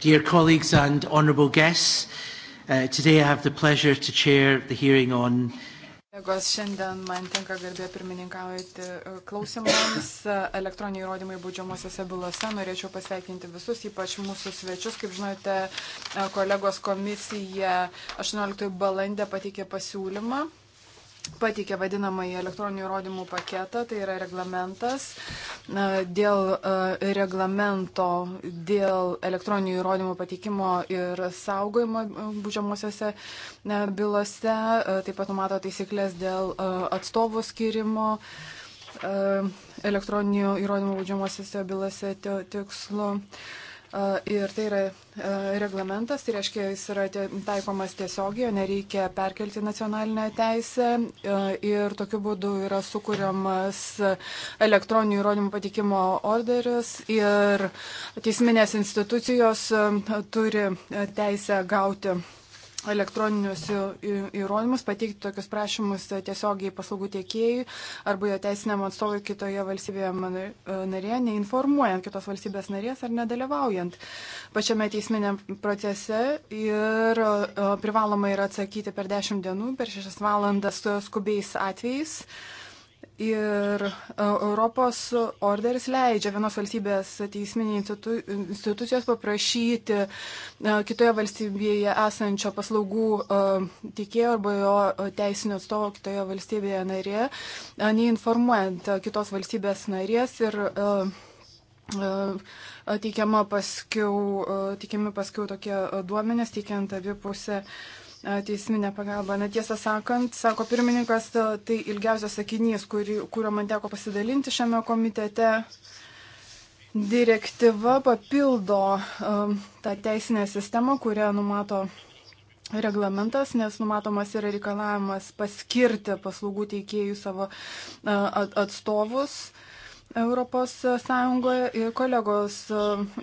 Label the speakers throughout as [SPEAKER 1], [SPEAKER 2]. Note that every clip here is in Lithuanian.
[SPEAKER 1] Dear colleagues and honourable guests, uh, today I have the pleasure to chair the hearing on
[SPEAKER 2] Kolegos, šiandien man tenka garbė pirmininkauti uh, klausimams. Uh, elektroniniai įrodymai būdžiamosiose bylose. Norėčiau pasveikinti visus, ypač mūsų svečius. Kaip žinote, uh, kolegos komisija 18 balandė pateikė pasiūlymą pateikė vadinamąjį elektroninių įrodymų paketą, tai yra reglamentas. Dėl e, reglamento, dėl elektroninių įrodymų pateikimo ir saugojimo e, būdžiamosiose e, bylose, taip pat numato taisyklės dėl atstovų skirimo elektroninių įrodymų būdžiamosiose bylose tikslo. Te Ir tai yra reglamentas, tai reiškia, jis yra taikomas tiesiogiai, jo nereikia perkelti nacionalinę teisę. Ir tokiu būdu yra sukūriamas elektroninių įrodymų patikimo orderis. Ir teisminės institucijos turi teisę gauti elektroninius įrodymus, pateikti tokius prašymus tiesiogiai paslaugų tiekėjui arba jo teisiniam atstovui kitoje valstybėje e, narėje, neinformuojant kitos valstybės narės ar nedalyvaujant pačiame teisminėm procese. Ir e, privaloma yra atsakyti per 10 dienų, per 6 valandas skubiais atvejais. Ir e, Europos orderis leidžia vienos valstybės teisminį institu, institucijos paprašyti e, kitoje valstybėje esančio paslaugų e, teikėjo arba jo teisinio atstovo kitoje valstybėje narė, neinformuojant kitos valstybės narės ir teikiama paskiau, teikiami paskiau tokie duomenės, teikiant abipusę. pusę teisminę pagalbą. Na tiesą sakant, sako pirmininkas, tai ilgiausias sakinys, kuri, kurio man teko pasidalinti šiame komitete. Direktyva papildo um, tą teisinę sistemą, kurią numato reglamentas, nes numatomas yra reikalavimas paskirti paslaugų teikėjų savo uh, atstovus. Uh, Europos Sąjungoje ir kolegos e,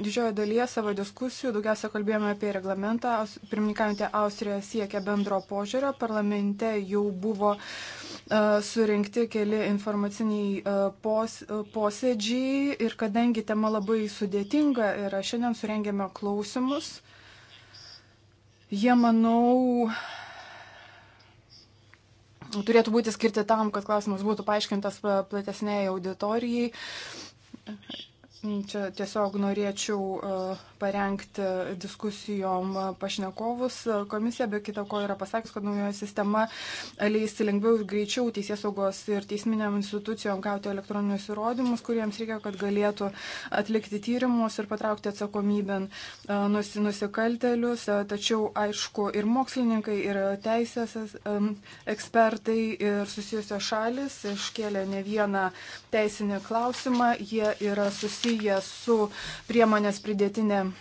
[SPEAKER 2] didžiojo dalyje savo diskusijų daugiausia kalbėjome apie reglamentą. Pirmininkaujantė Austrija siekia bendro požiūrio. Parlamente jau buvo e, surinkti keli informaciniai e, pos, posėdžiai ir kadangi tema labai sudėtinga yra, šiandien surengėme klausimus. Jie, manau, turėtų būti skirti tam, kad klausimas būtų paaiškintas platesnėje auditorijai. Mm, čia tiesiog norėčiau e, parengti diskusijom pašnekovus. Komisija be kita ko yra pasakęs, kad naujoji sistema leis lengviau ir greičiau teisės saugos ir teisminėm institucijom gauti elektroninius įrodymus, kuriems reikia, kad galėtų atlikti tyrimus ir patraukti atsakomybėn e, nusikaltelius. E, tačiau, aišku, ir mokslininkai, ir teisės ekspertai, ir susijusios šalis iškėlė ne vieną teisinį klausimą. Jie yra susiję susiję su priemonės pridėtinė e,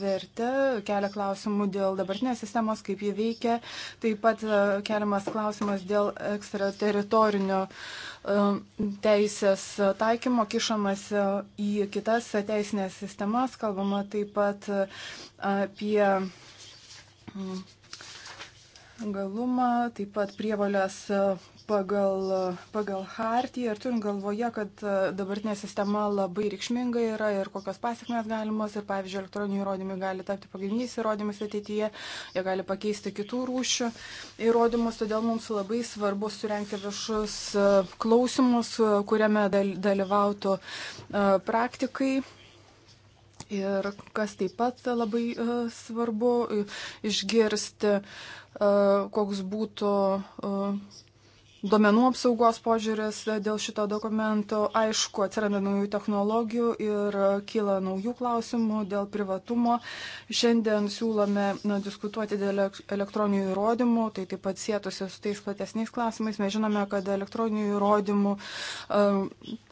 [SPEAKER 2] vertė, kelia klausimų dėl dabartinės sistemos, kaip jį veikia, taip pat e, keliamas klausimas dėl ekstrateritorinio e, teisės taikymo, kišamas į kitas teisinės sistemas, kalbama taip pat apie mm, galumą, taip pat prievalės pagal, pagal hartiją ir turim galvoje, kad e, dabartinė sistema labai reikšminga yra ir kokios pasiekmes galimos ir, pavyzdžiui, elektroniniai įrodymai gali tapti pagrindiniais įrodymais ateityje, jie gali pakeisti kitų rūšių įrodymus, todėl mums labai svarbu surenkti viešus e, klausimus, e, kuriame dalyvautų praktikai. Ir kas taip pat labai uh, svarbu išgirsti, uh, koks būtų uh, duomenų apsaugos požiūris dėl šito dokumento. Aišku, atsiranda naujų technologijų ir kyla naujų klausimų dėl privatumo. Šiandien siūlome na, diskutuoti dėl elektroninių įrodymų, tai taip pat sėtusi su tais platesniais klausimais. Mes žinome, kad elektroninių įrodymų. Uh,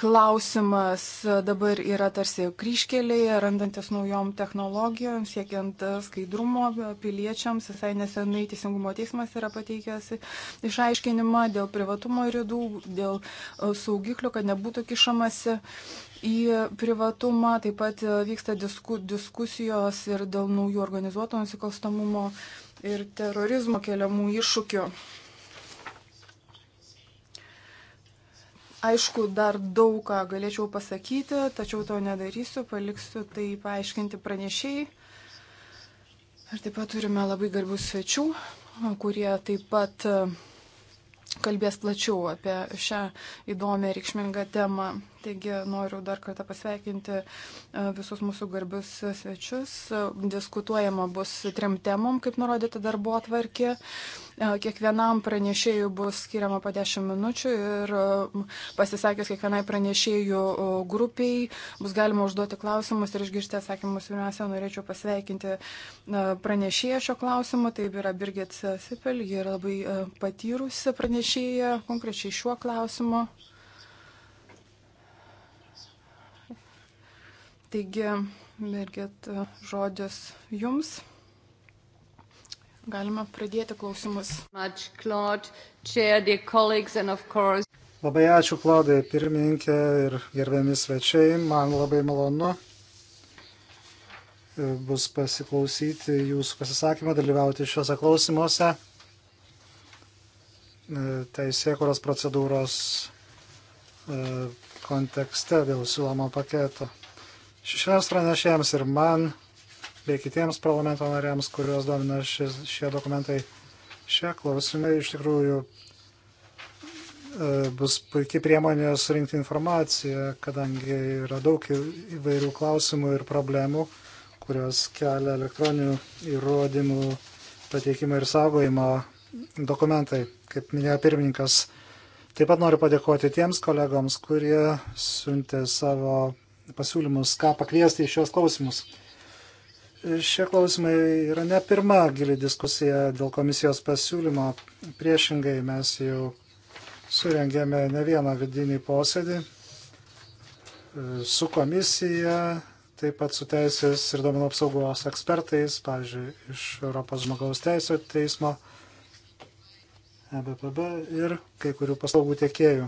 [SPEAKER 2] Klausimas dabar yra tarsi kryškelėje, randantis naujom technologijom, siekiant skaidrumo piliečiams. Visai nesenai Teisingumo teismas yra pateikęs išaiškinimą dėl privatumo rydų, dėl e, saugiklių, kad nebūtų kišamasi į privatumą. Taip pat e, vyksta disku, diskusijos ir dėl naujų organizuoto nusikalstamumo ir terorizmo keliamų iššūkių. Aišku, dar daug ką galėčiau pasakyti, tačiau to nedarysiu, paliksiu tai paaiškinti pranešėjai. Ir taip pat turime labai garbių svečių, kurie taip pat e, kalbės plačiau apie šią įdomią reikšmingą temą. Taigi noriu dar kartą pasveikinti e, visus mūsų garbius svečius. Diskutuojama bus trim temom, kaip nurodyta darbo atvarkė. Kiekvienam pranešėjui bus skiriama po 10 minučių ir pasisakius kiekvienai pranešėjų grupiai bus galima užduoti klausimus ir išgirsti atsakymus. Pirmiausia, norėčiau pasveikinti pranešėją šio klausimu. Taip yra Birgit Sipel, ji yra labai patyrusi pranešėja konkrečiai šiuo klausimu. Taigi, mergit, žodis jums. Galima pradėti klausimus. Much, Claude,
[SPEAKER 3] chair, dear colleagues, and of course.
[SPEAKER 4] Labai ačiū, Klaudai, pirmininkė ir gerbiami svečiai. Man labai malonu e, bus pasiklausyti jūsų pasisakymą, dalyvauti šiuose klausimuose. E, teisėkuros procedūros e, kontekste dėl siūlomo paketo. Šešiems pranešėjams ir man bei kitiems parlamento nariams, kuriuos domina šis, šie dokumentai. Šie klausimai iš tikrųjų e, bus puikiai priemonė surinkti informaciją, kadangi yra daug įvairių klausimų ir problemų, kurios kelia elektroninių įrodymų pateikimą ir saugojimą dokumentai, kaip minėjo pirmininkas. Taip pat noriu padėkoti tiems kolegoms, kurie siuntė savo pasiūlymus, ką pakviesti į šios klausimus. Šie klausimai yra ne pirma gili diskusija dėl komisijos pasiūlymo. Priešingai mes jau surengėme ne vieną vidinį posėdį e, su komisija, taip pat su teisės ir domenų apsaugos ekspertais, pavyzdžiui, iš Europos žmogaus teisų teismo, EBPB ir kai kurių paslaugų tiekėjų.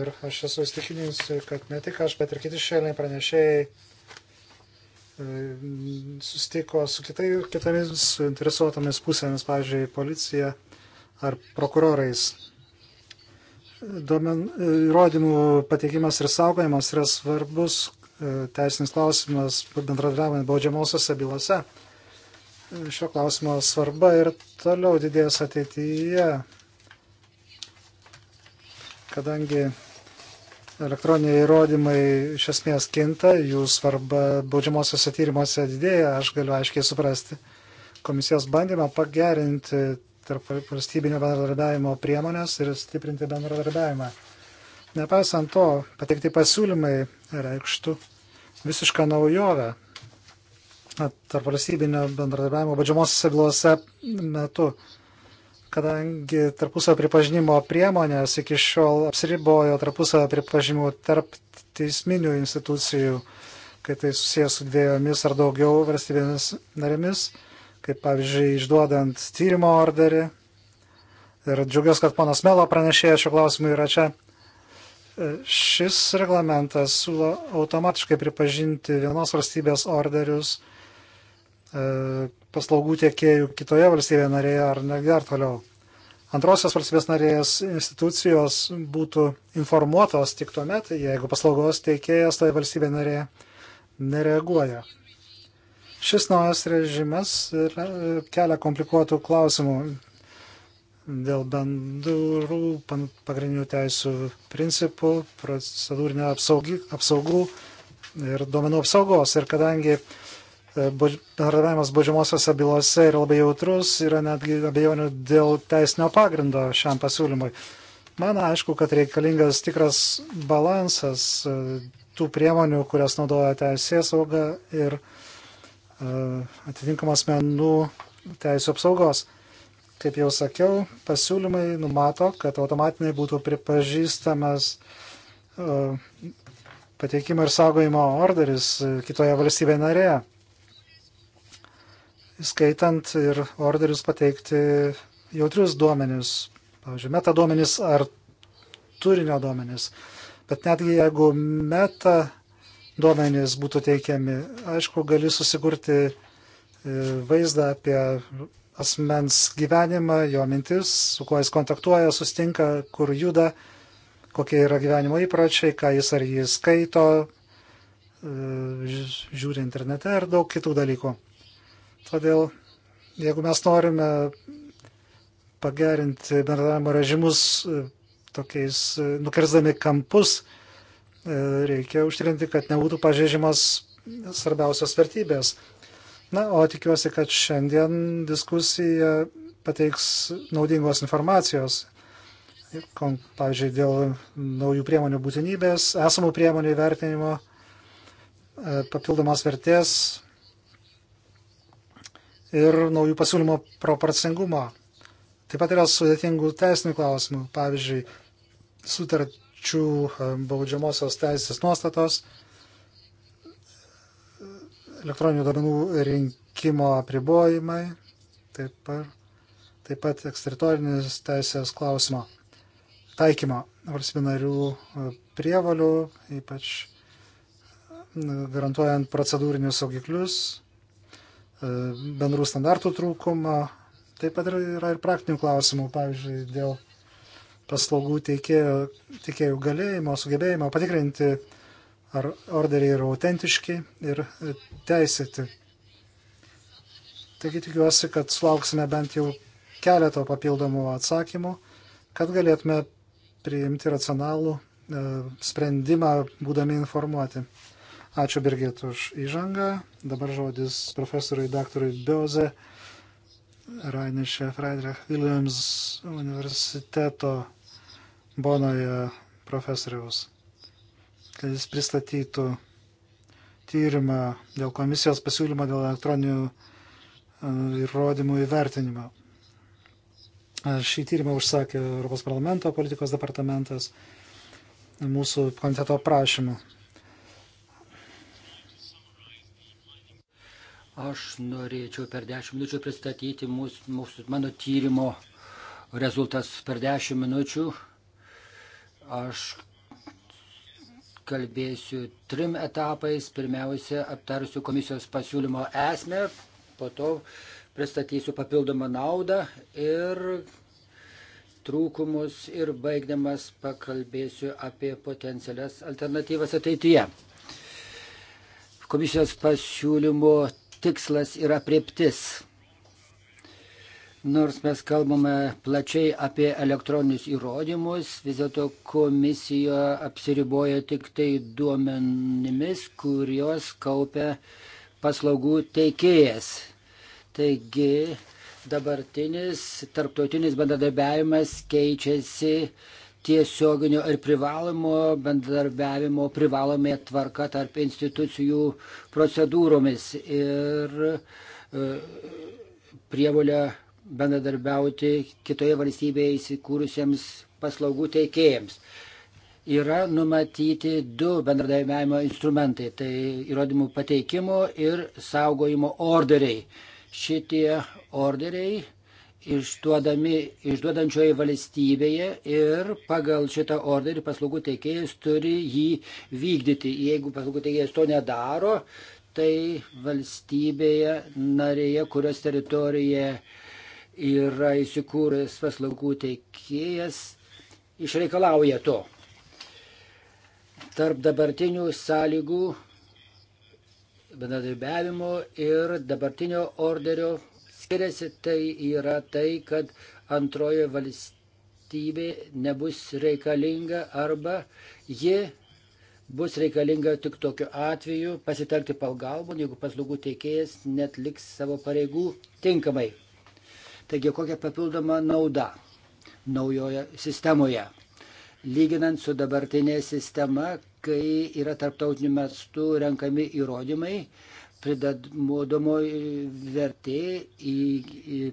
[SPEAKER 4] Ir aš esu įstikinusi, kad ne tik aš, bet ir kiti šėliniai pranešėjai E, sustiko su kitai, kitomis suinteresuotomis pusėmis, pavyzdžiui, policija ar prokurorais. Duomen, e, įrodymų pateikimas ir saugojimas yra svarbus e, teisinis klausimas bendradarbiavant baudžiamosiose bylose. Šio klausimo svarba ir toliau didės ateityje, kadangi elektroniniai įrodymai iš esmės kinta, jų svarba baudžiamosiuose tyrimuose didėja, aš galiu aiškiai suprasti. Komisijos bandymą pagerinti tarp valstybinio bendradarbiavimo priemonės ir stiprinti bendradarbiavimą. Nepaisant to, pateikti pasiūlymai reikštų visišką naujovę tarp valstybinio bendradarbiavimo baudžiamosiose bylose metu kadangi tarpusavio pripažinimo priemonės iki šiol apsiribojo tarpusavio pripažinimu tarp teisminių institucijų, kai tai susijęs su dviejomis ar daugiau valstybėmis narėmis, kaip pavyzdžiui išduodant tyrimo orderį. Ir džiugiuosi, kad ponas Melo pranešėjas šio klausimu yra čia. Šis reglamentas siūlo automatiškai pripažinti vienos valstybės orderius e, paslaugų tiekėjų kitoje valstybėje narėje ar net dar toliau. Antrosios valstybės narės institucijos būtų informuotos tik tuo metu, jeigu paslaugos teikėjas toje valstybėje narėje nereaguoja. Šis naujas režimas kelia komplikuotų klausimų dėl bendrų pagrindinių teisų principų, procedūrinio apsaugi, apsaugų ir duomenų apsaugos. Ir kadangi uh, E, bendradarbiavimas baudžiamosiose bylose yra labai jautrus, yra netgi abejonių dėl teisinio pagrindo šiam pasiūlymui. Man aišku, kad reikalingas tikras balansas e, tų priemonių, kurias naudoja teisės sauga ir e, atitinkamas menų teisų apsaugos. Kaip jau sakiau, pasiūlymai numato, kad automatiniai būtų pripažįstamas pateikimo ir saugojimo orderis kitoje valstybėje narėje skaitant ir orderius pateikti jautrius duomenis, pavyzdžiui, meta duomenis ar turinio duomenis. Bet netgi jeigu meta duomenys būtų teikiami, aišku, gali susikurti e, vaizdą apie asmens gyvenimą, jo mintis, su kuo jis kontaktuoja, sustinka, kur juda, kokie yra gyvenimo įpročiai, ką jis ar jis skaito, e, žiūri internete ir daug kitų dalykų. Todėl, jeigu mes norime pagerinti bendravimo režimus e, tokiais e, nukersdami kampus, e, reikia užtikrinti, kad nebūtų pažeidžiamas svarbiausios vertybės. Na, o tikiuosi, kad šiandien diskusija pateiks naudingos informacijos, pavyzdžiui, dėl naujų priemonių būtinybės, esamų priemonių įvertinimo, papildomos vertės ir naujų pasiūlymų proporcingumo. Taip pat yra sudėtingų teisinių klausimų, pavyzdžiui, sutarčių e, baudžiamosios teisės nuostatos, elektroninių duomenų rinkimo apribojimai, taip pat, taip pat eksteritorinis teisės klausimo taikymo valstybinarių e, prievalių, ypač e, garantuojant procedūrinius saugiklius, E, bendrų standartų trūkumo. Taip pat yra ir praktinių klausimų, pavyzdžiui, dėl paslaugų teikėjo, teikėjų galėjimo, sugebėjimo patikrinti, ar orderiai yra autentiški ir teisėti. Taigi tikiuosi, kad sulauksime bent jau keleto papildomų atsakymų, kad galėtume priimti racionalų e, sprendimą, būdami informuoti. Ačiū Birgit už įžangą. Dabar žodis profesoriui daktarui Bioze, Rainišė Friedrich Williams universiteto Bonoje profesoriaus, kad jis pristatytų tyrimą dėl komisijos pasiūlymo dėl elektroninių e, įrodymų įvertinimo. E, šį tyrimą užsakė Europos parlamento politikos departamentas mūsų komiteto prašymu.
[SPEAKER 5] Aš norėčiau per 10 minučių pristatyti mūsų, mūsų, mano tyrimo rezultas per 10 minučių. Aš kalbėsiu trim etapais. Pirmiausia, aptarsiu komisijos pasiūlymo esmę, po to pristatysiu papildomą naudą ir trūkumus ir baigdamas pakalbėsiu apie potencialias alternatyvas ateityje. Komisijos pasiūlymo tikslas yra prieptis. Nors mes kalbame plačiai apie elektroninius įrodymus, vis dėlto komisija apsiriboja tik tai duomenimis, kuriuos kaupia paslaugų teikėjas. Taigi dabartinis tarptautinis bendradarbiavimas keičiasi uh, tiesioginio ir privalomo bendradarbiavimo privalomė tvarka tarp institucijų procedūromis ir e, prievolę bendradarbiauti kitoje valstybėje įsikūrusiems paslaugų teikėjams. Yra numatyti du bendradarbiavimo instrumentai - tai įrodymų pateikimo ir saugojimo orderiai. Šitie orderiai išduodami išduodančioje valstybėje ir pagal šitą orderį paslaugų teikėjas turi jį vykdyti. Jeigu paslaugų teikėjas to nedaro, tai valstybėje narėje, kurios teritorijoje yra įsikūręs paslaugų teikėjas, išreikalauja to. Tarp dabartinių sąlygų bendradarbiavimo ir dabartinio orderio skiriasi, tai yra tai, kad antroji valstybė nebus reikalinga arba ji bus reikalinga tik tokiu atveju pasitelkti pagalbą, jeigu paslaugų teikėjas net liks savo pareigų tinkamai. Taigi kokia papildoma nauda naujoje sistemoje? Lyginant su dabartinė sistema, kai yra tarptautiniu mestu renkami įrodymai, pridamodomoji vertė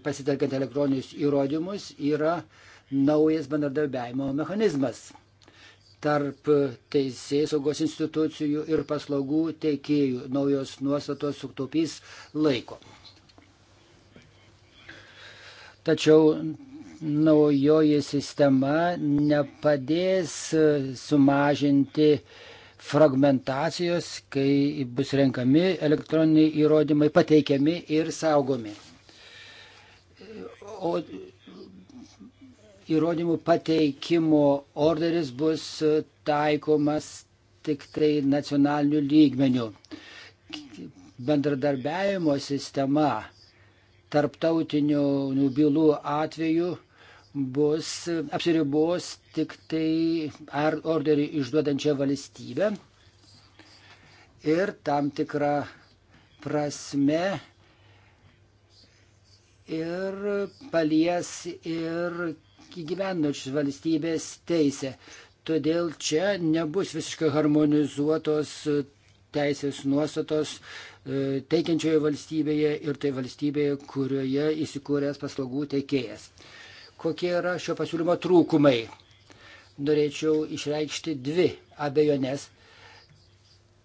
[SPEAKER 5] pasitelkiant elektroninius įrodymus yra naujas bendradarbiavimo mechanizmas tarp teisės saugos institucijų ir paslaugų teikėjų. Naujos nuostatos sutaupys laiko. Tačiau naujoji sistema nepadės sumažinti fragmentacijos, kai bus renkami elektroniniai įrodymai, pateikiami ir saugomi. O įrodymų pateikimo orderis bus taikomas tik tai nacionaliniu lygmeniu. Bendradarbiavimo sistema tarptautinių bylų atveju bus apsiribos tik tai ar orderį išduodančią valstybę ir tam tikrą prasme ir palies ir gyvenančios valstybės teisę. Todėl čia nebus visiškai harmonizuotos teisės nuostatos e, teikiančioje valstybėje ir tai valstybėje, kurioje įsikūręs paslaugų teikėjas kokie yra šio pasiūlymo trūkumai. Norėčiau išreikšti dvi abejonės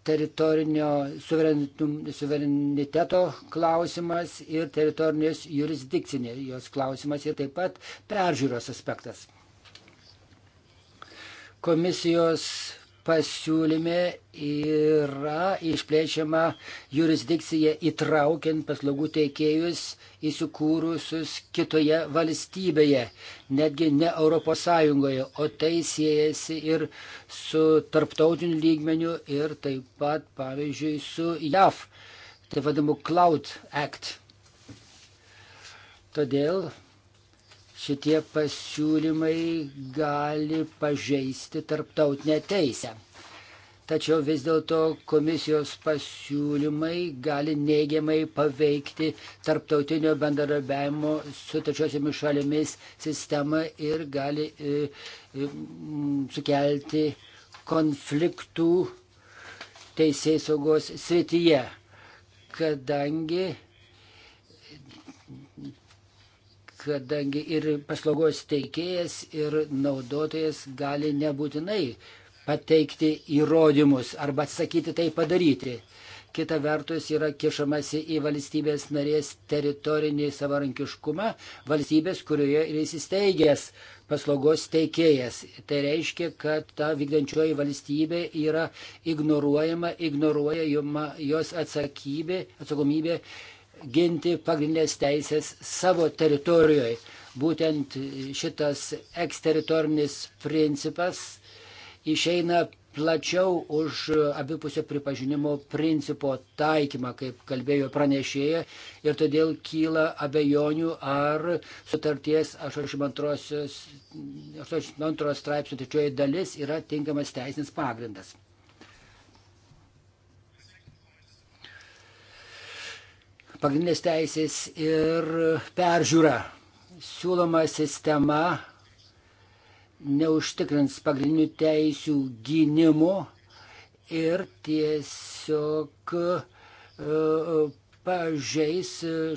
[SPEAKER 5] teritorinio suvereniteto klausimas ir teritorinės jurisdikcinės jos klausimas ir taip pat peržiūros aspektas. Komisijos pasiūlyme yra išplėčiama jurisdikcija įtraukiant paslaugų teikėjus įsikūrusius kitoje valstybėje, netgi ne ES, o tai siejasi ir su tarptautiniu lygmeniu ir taip pat, pavyzdžiui, su JAV, tai vadinamu Cloud Act. Todėl šitie pasiūlymai gali pažeisti tarptautinę teisę. Tačiau vis dėlto komisijos pasiūlymai gali neigiamai paveikti tarptautinio bendradarbiavimo su trečiosiomis šalimis sistemą ir gali e, e, sukelti konfliktų teisės saugos srityje, kadangi kadangi ir paslaugos teikėjas, ir naudotojas gali nebūtinai pateikti įrodymus arba atsakyti tai padaryti. Kita vertus yra kišamasi į valstybės narės teritorinį savarankiškumą valstybės, kurioje yra įsisteigęs paslaugos teikėjas. Tai reiškia, kad ta vykdančioji valstybė yra ignoruojama, ignoruoja jos atsakybė, atsakomybė ginti pagrindinės teisės savo teritorijoje. Būtent šitas eksteritorinis principas išeina plačiau už abipusio pripažinimo principo taikymą, kaip kalbėjo pranešėja, ir todėl kyla abejonių, ar sutarties 82, 82 straipsnio trečioji dalis yra tinkamas teisinis pagrindas. pagrindinės teisės ir peržiūra. Siūloma sistema neužtikrins pagrindinių teisių gynimo ir tiesiog e, e, pažeis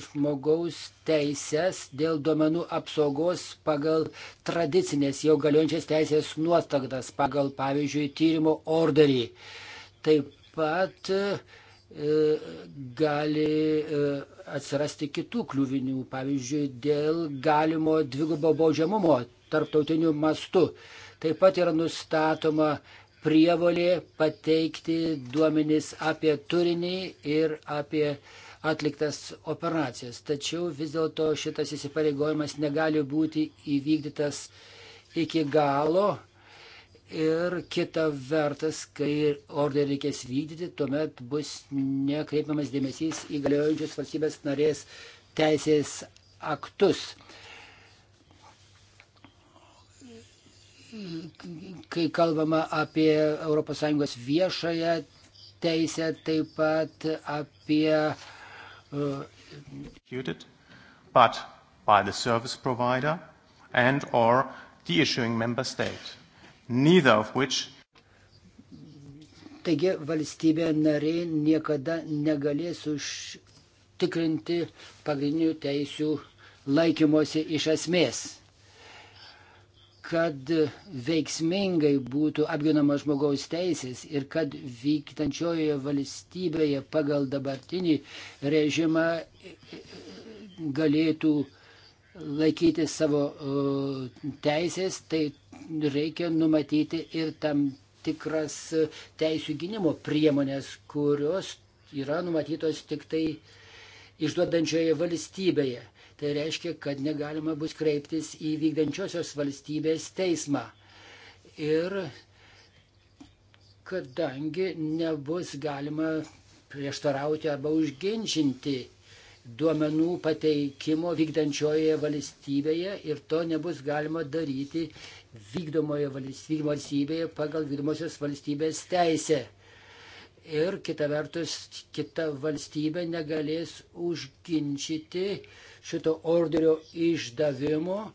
[SPEAKER 5] žmogaus teises dėl duomenų apsaugos pagal tradicinės jau galiojančias teisės nuostatas, pagal pavyzdžiui tyrimo orderį. Taip pat uh, E, gali e, atsirasti kitų kliūvinių, pavyzdžiui, dėl galimo dvigubo baudžiamumo tarptautiniu mastu. Taip pat yra nustatoma prievolė pateikti duomenys apie turinį ir apie atliktas operacijas. Tačiau vis dėlto šitas įsipareigojimas negali būti įvykdytas iki galo, ir kita vertas, kai orderį reikės vykdyti, tuomet bus nekreipiamas dėmesys į galiojančius valstybės narės teisės aktus. Kai kalbama apie ES viešąją teisę, taip pat apie. Uh,
[SPEAKER 1] by the service provider and or the issuing member state neither of which
[SPEAKER 5] Taigi valstybė narė niekada negalės užtikrinti pagrindinių teisių laikymosi iš esmės. Kad veiksmingai būtų apginama žmogaus teisės ir kad vyktančiojoje valstybėje pagal dabartinį režimą galėtų uh, laikyti savo teisės, tai reikia numatyti ir tam tikras teisų gynimo priemonės, kurios yra numatytos tik tai išduodančioje valstybėje. Tai reiškia, kad negalima bus kreiptis į vykdančiosios valstybės teismą. Ir kadangi nebus galima prieštarauti arba užginčinti duomenų pateikimo vykdančioje valstybėje ir to nebus galima daryti vykdomoje valstybėje pagal vykdomosios valstybės teisę. Ir kita vertus, kita valstybė negalės užginčyti šito orderio išdavimo e,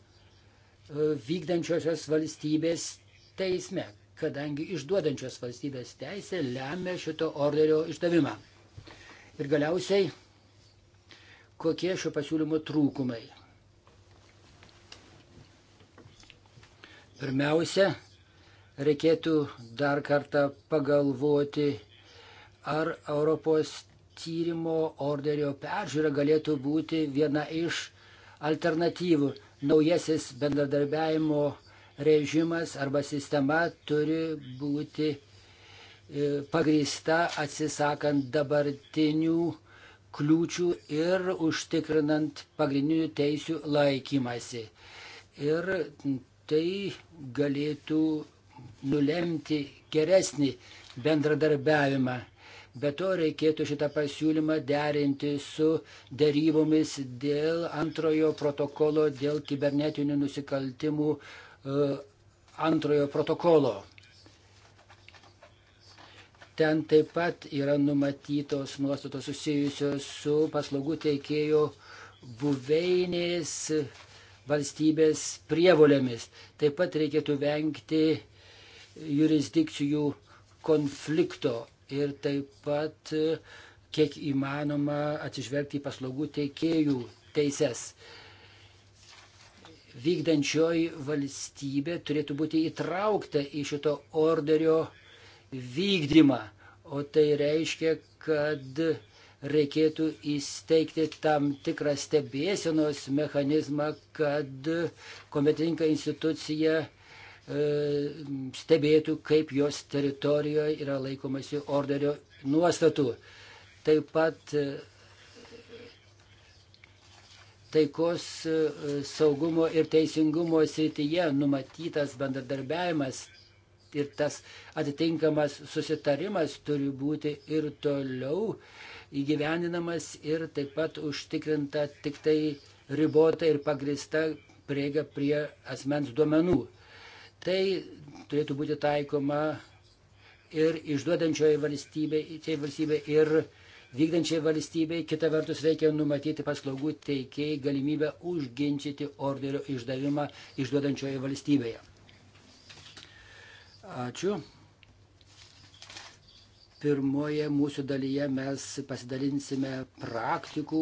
[SPEAKER 5] vykdančiosios valstybės teisme, kadangi išduodančios valstybės teisė lemia šito orderio išdavimą. Ir galiausiai kokie šio pasiūlymo trūkumai. Pirmiausia, reikėtų dar kartą pagalvoti, ar Europos tyrimo orderio peržiūra galėtų būti viena iš alternatyvų. Naujasis bendradarbiavimo režimas arba sistema turi būti e, pagrįsta atsisakant dabartinių kliūčių ir užtikrinant pagrindinių teisių laikymasi. Ir tai galėtų nulemti geresnį bendradarbiavimą. Be to reikėtų šitą pasiūlymą derinti su dėrybomis dėl antrojo protokolo, dėl kibernetinių nusikaltimų e, antrojo protokolo. Ten taip pat yra numatytos nuostatos susijusios su paslaugų teikėjo buveinės valstybės prievolėmis. Taip pat reikėtų vengti jurisdikcijų konflikto ir taip pat kiek įmanoma atsižvelgti į paslaugų teikėjų teises. Vykdančioji valstybė turėtų būti įtraukta į šito orderio vykdymą. O tai reiškia, kad reikėtų įsteigti tam tikrą stebėsienos mechanizmą, kad kompetinga institucija e, stebėtų, kaip jos teritorijoje yra laikomasi orderio nuostatų. Taip pat e, taikos e, saugumo ir teisingumo srityje numatytas bendradarbiavimas ir tas atitinkamas susitarimas turi būti ir toliau įgyveninamas ir taip pat užtikrinta tik tai ribota ir pagrista prieiga prie asmens duomenų. Tai turėtų būti taikoma ir išduodančioje valstybėje, valstybė, ir vykdančiai valstybei, kita vertus reikia numatyti paslaugų teikėjai galimybę užginčyti orderio išdavimą išduodančioje valstybėje. Ačiū. Pirmoje mūsų dalyje mes pasidalinsime praktikų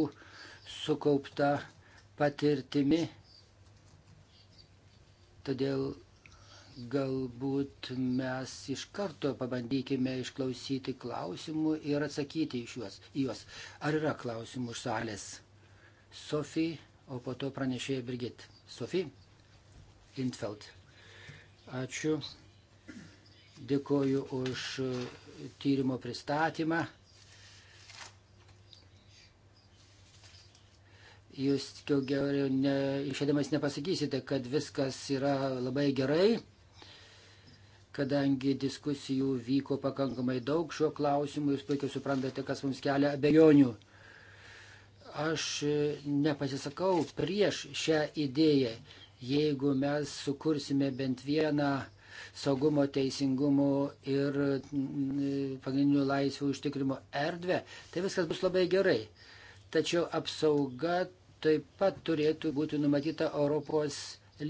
[SPEAKER 5] sukauptą patirtimi. Todėl galbūt mes iš karto pabandykime išklausyti klausimų ir atsakyti iš juos, į juos. Ar yra klausimų iš salės? Sofija, o po to pranešėja Brigit. Sofija Lindfeld. Ačiū. Dėkoju už e, tyrimo pristatymą. Jūs, kiek geriau, ne, išėdamas nepasakysite, kad viskas yra labai gerai, kadangi diskusijų vyko pakankamai daug šiuo klausimu, jūs puikiai suprantate, kas mums kelia abejonių. Aš e, nepasisakau prieš šią idėją, jeigu mes sukursime bent vieną uh, saugumo, teisingumo ir mm, pagrindinių laisvių užtikrimo erdvę, tai viskas bus labai gerai. Tačiau apsauga taip pat turėtų būti numatyta Europos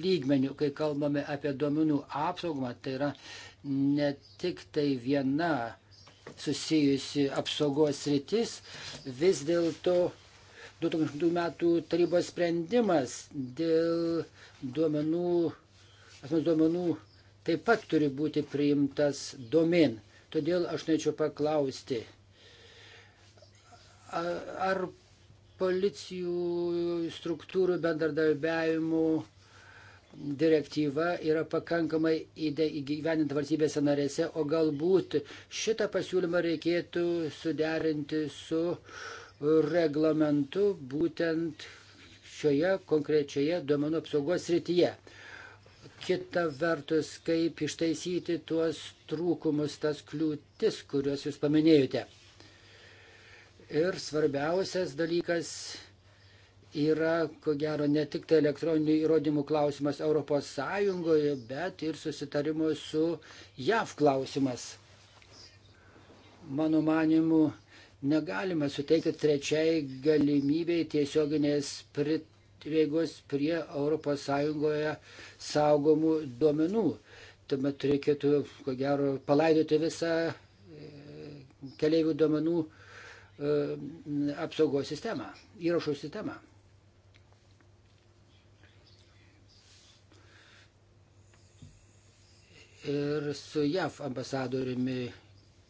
[SPEAKER 5] lygmenių, kai kalbame apie duomenų apsaugą, tai yra ne tik tai viena susijusi apsaugos rytis, vis dėlto 2000 metų tarybos sprendimas dėl duomenų, asmens duomenų taip pat turi būti priimtas domin. Todėl aš norėčiau paklausti, ar policijų struktūrų bendradarbiavimų direktyva yra pakankamai įgyveninta valstybėse narėse, o galbūt šitą pasiūlymą reikėtų suderinti su reglamentu būtent šioje konkrečioje duomenų apsaugos srityje kita vertus, kaip ištaisyti tuos trūkumus, tas kliūtis, kuriuos jūs paminėjote. Ir svarbiausias dalykas yra, ko gero, ne tik tai elektroninių įrodymų klausimas ES, bet ir susitarimo su JAV klausimas. Mano manimu, negalima suteikti trečiai galimybei tiesioginės prit prieigos prie ES saugomų duomenų. Tuomet reikėtų, ko gero, palaidoti visą e, keliaivių duomenų e, apsaugos sistemą, įrašų sistemą. Ir su JAV ambasadoriumi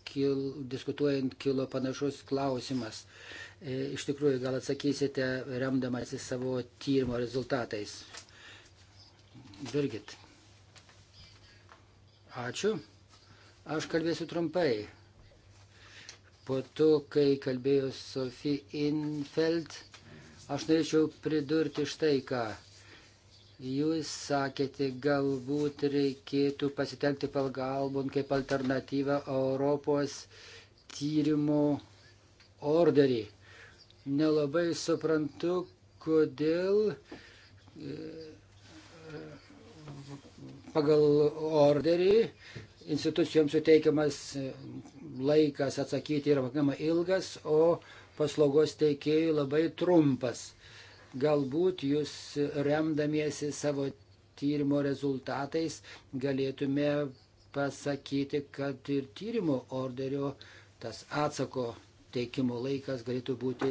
[SPEAKER 5] kil, diskutuojant kilo panašus klausimas. E, iš tikrųjų gal atsakysite remdamasi savo tyrimo rezultatais. Birgit. Ačiū. Aš kalbėsiu trumpai. Po to, kai kalbėjo Sofie Infeld, aš norėčiau pridurti štai ką. Jūs sakėte, galbūt reikėtų pasitelkti pagalbon kaip alternatyvą Europos tyrimo orderį nelabai suprantu, kodėl e, pagal orderį institucijoms suteikiamas laikas atsakyti yra pakankamai ilgas, o paslaugos teikėjų labai trumpas. Galbūt jūs remdamiesi savo tyrimo rezultatais galėtume pasakyti, kad ir tyrimo orderio tas atsako teikimo laikas galėtų būti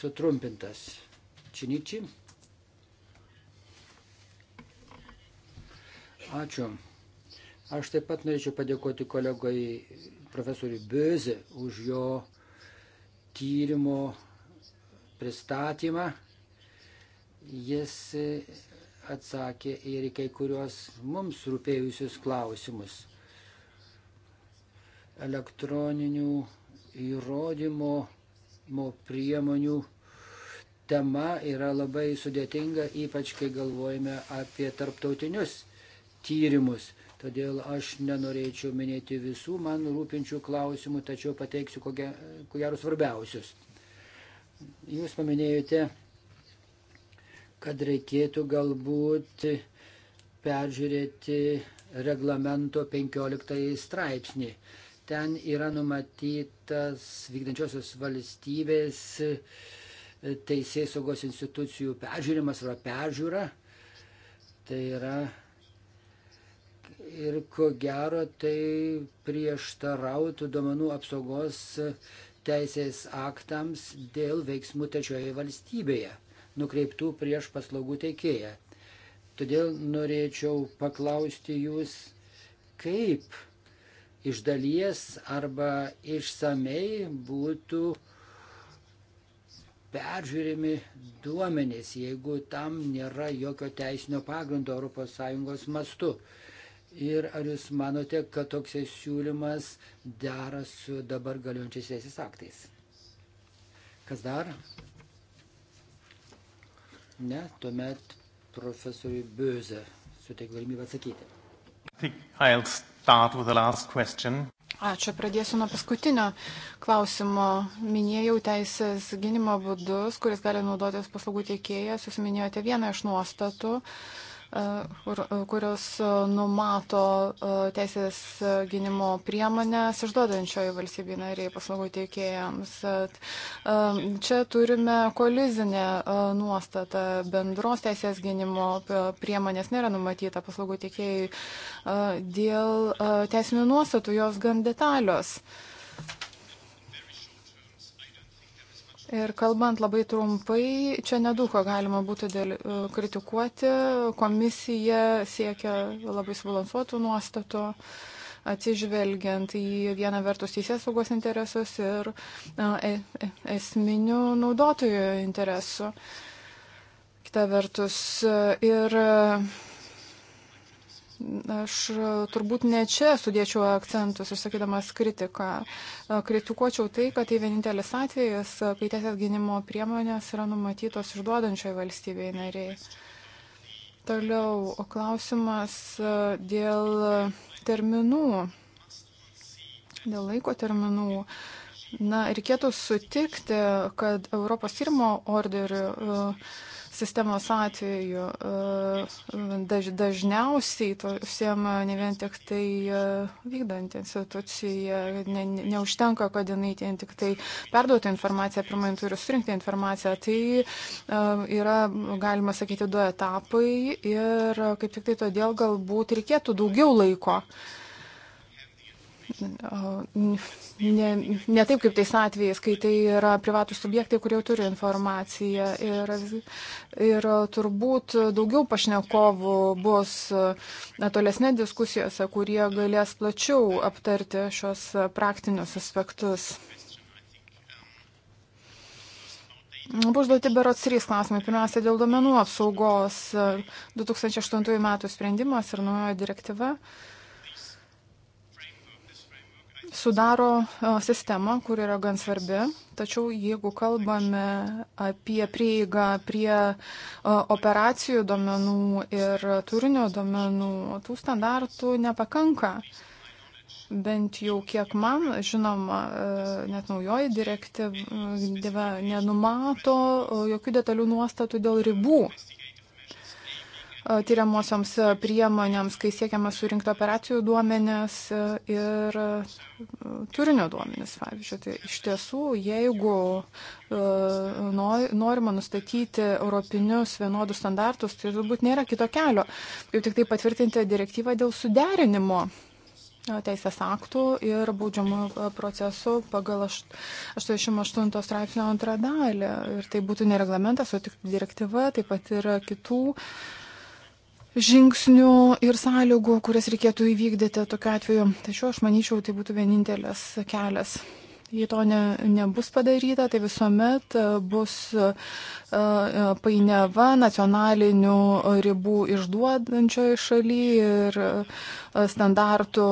[SPEAKER 5] sutrumpintas. Činiči. Ačiū. Aš taip pat norėčiau padėkoti kolegai profesoriui Böze už jo tyrimo pristatymą. Jis atsakė ir kai kuriuos mums rūpėjusius klausimus elektroninių įrodymo priemonių tema yra labai sudėtinga, ypač kai galvojame apie tarptautinius tyrimus. Todėl aš nenorėčiau minėti visų man rūpinčių klausimų, tačiau pateiksiu ko gero svarbiausius. Jūs paminėjote, kad reikėtų galbūt peržiūrėti reglamento 15 straipsnį ten yra numatytas vykdančiosios valstybės e, teisės saugos institucijų peržiūrimas arba peržiūra. Tai yra ir ko gero tai prieštarautų duomenų apsaugos teisės aktams dėl veiksmų trečioje valstybėje nukreiptų prieš paslaugų teikėją. Todėl norėčiau paklausti jūs, kaip iš dalies arba išsamei būtų peržiūrimi duomenys, jeigu tam nėra jokio teisinio pagrindo ES mastu. Ir ar jūs manote, kad toks siūlymas dera su dabar galiojančiais teisės aktais? Kas dar? Ne, tuomet profesoriui Böze suteikia
[SPEAKER 1] galimybę atsakyti. Ačiū,
[SPEAKER 2] pradėsiu nuo paskutinio klausimo. Minėjau teisės gynimo būdus, kuris gali naudotis paslaugų teikėjas. Jūs minėjote vieną iš nuostatų. Uh, kurios numato e, teisės gynimo priemonės išduodančioji valstybė nariai paslaugų teikėjams. E, čia turime kolizinę e, nuostatą. Bendros teisės gynimo priemonės nėra numatyta paslaugų teikėjai dėl teisinių nuostatų, jos gan detalios. Uh, Ir kalbant labai trumpai, čia nedaug ko galima būtų dėl, e, kritikuoti. Komisija siekia labai subalansuotų nuostatų atsižvelgiant į vieną vertus teisės saugos interesus ir e, e, esminių naudotojų interesų. Kita vertus ir Aš turbūt ne čia sudėčiau akcentus, išsakydamas kritiką. Kritikuočiau tai, kad tai vienintelis atvejis, kai teisės gynimo priemonės yra numatytos išduodančioje valstybėje nariai. Toliau klausimas e, dėl terminų, dėl laiko terminų. Na, reikėtų sutikti, kad Europos tyrimo orderių. Uh, sistemos atveju e, daž, dažniausiai to užsiema ne vien tik tai e, vykdanti institucija, ne, ne, neužtenka, kad jinai ten tik tai perduotų informaciją, pirmai turi surinkti informaciją. Tai e, yra, galima sakyti, du etapai ir kaip tik tai todėl galbūt reikėtų daugiau laiko. Uh, ne, ne taip kaip tais atvejais, kai tai yra privatus subjektai, kurie jau turi informaciją. Ir, ir turbūt daugiau pašnekovų bus tolesnė diskusijose, kurie galės plačiau aptarti šios praktinius aspektus. Buvo užduoti berots trys klausimai. Pirmiausia, dėl domenų apsaugos 2008 metų sprendimas ir naujoji direktyva. Uh, sudaro e, sistemą, kur yra gan svarbi, tačiau jeigu kalbame apie prieigą prie e, operacijų domenų ir turinio domenų, tų standartų nepakanka. Bent jau kiek man žinoma, e, net naujoji direktyva nenumato jokių detalių nuostatų dėl ribų tyriamosioms priemonėms, kai siekiama surinkti operacijų duomenės ir turinio duomenės. Pavyzdžiui, tai iš tiesų, jeigu norima nustatyti europinius vienodus standartus, tai turbūt nėra kito kelio. Jau tik tai patvirtinti direktyvą dėl suderinimo teisės aktų ir baudžiamų procesų pagal 88 straipsnio antrą dalį. Ir tai būtų ne reglamentas, o tik direktyva, taip pat ir kitų uh, žingsnių ir sąlygų, kurias reikėtų įvykdyti tokiu atveju. Tačiau aš manyčiau, tai būtų vienintelis kelias. Jei to ne, nebus padaryta, tai visuomet e, bus uh, painiava nacionalinių ribų išduodančioje šalyje ir standartų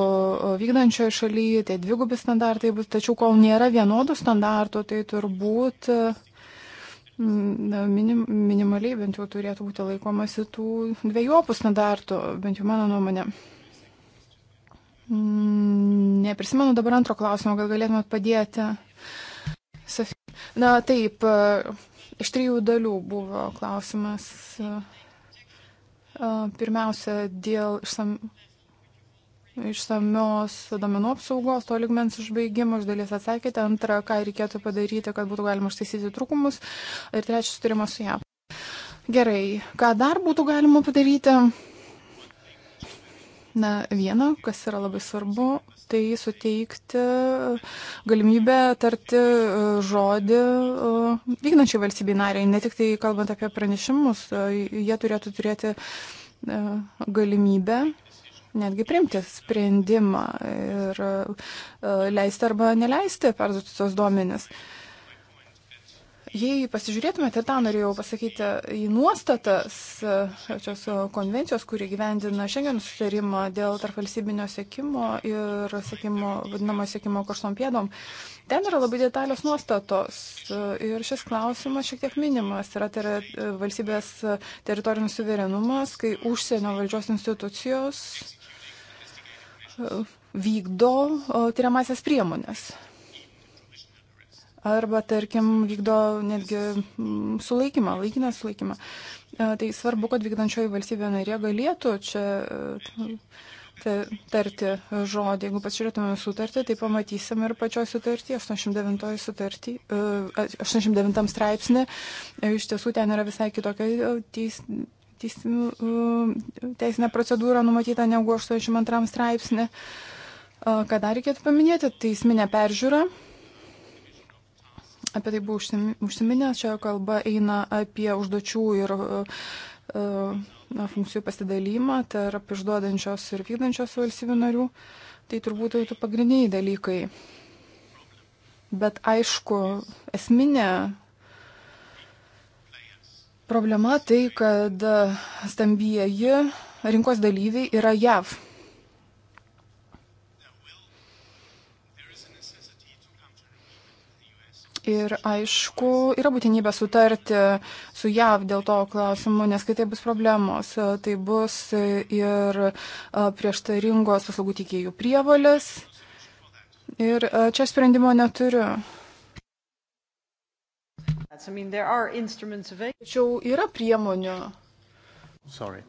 [SPEAKER 2] vykdančioje šalyje, tai dvigubi standartai bus. Tačiau kol nėra vienodų standartų, tai turbūt uh, na, minim, minimaliai bent jau turėtų būti laikomasi tų dviejopų standartų, bent jau mano nuomonė. Mm, neprisimenu dabar antro klausimo, gal galėtumėt padėti. Na taip, iš trijų dalių buvo klausimas. Pirmiausia, dėl išsam išsamios domenų apsaugos, to ligmens užbaigimo, iš dalies atsakėte. Antra, ką reikėtų padaryti, kad būtų galima užtaisyti trūkumus. Ir trečias, turimas su ją. Gerai, ką dar būtų galima padaryti? Na, viena, kas yra labai svarbu, tai suteikti galimybę tarti e, žodį e, vykdančiai valstybei nariai, ne tik tai kalbant apie pranešimus, e, jie turėtų turėti galimybę netgi primti sprendimą ir e, leisti arba neleisti perduoti tos duomenis. Jei pasižiūrėtumėte, tą norėjau pasakyti, į nuostatas šios e, konvencijos, kuri gyvendina šiandien susitarimą dėl tarpvalstybinio sėkimo ir sėkimo, vadinamo sėkimo karštom pėdom, ten yra labai detalios nuostatos e, ir šis klausimas šiek tiek minimas. Yra, tai yra valstybės teritorinis suverenumas, kai užsienio valdžios institucijos vykdo tyriamasias priemonės. Arba, tarkim, vykdo netgi mm, sulaikymą, laikiną sulaikymą. E, tai svarbu, kad vykdančioji valstybė narė galėtų čia e, tarti žodį. Jeigu pasižiūrėtume sutartį, tai pamatysim ir pačioj sutartį, 89, sutartį, 89 straipsnį. E, iš tiesų ten yra visai kitokia teis, E, teisinę procedūrą numatytą negu 82 straipsnį. E, ką dar reikėtų paminėti, teisminė peržiūra. Apie tai buvau užsiminęs, čia kalba eina apie užduočių ir e, na, funkcijų pasidalymą tarp išduodančios ir vykdančios valstybių narių. Tai turbūt būtų pagrindiniai dalykai. Bet aišku, esminė Problema tai, kad stambieji rinkos dalyviai yra JAV. Ir aišku, yra būtinybė sutarti su JAV dėl to klausimu, nes kitaip bus problemos. Tai bus ir prieštaringos paslaugų teikėjų prievalės. Ir čia sprendimo neturiu. I mean, Tačiau yra priemonių.
[SPEAKER 1] Sorry.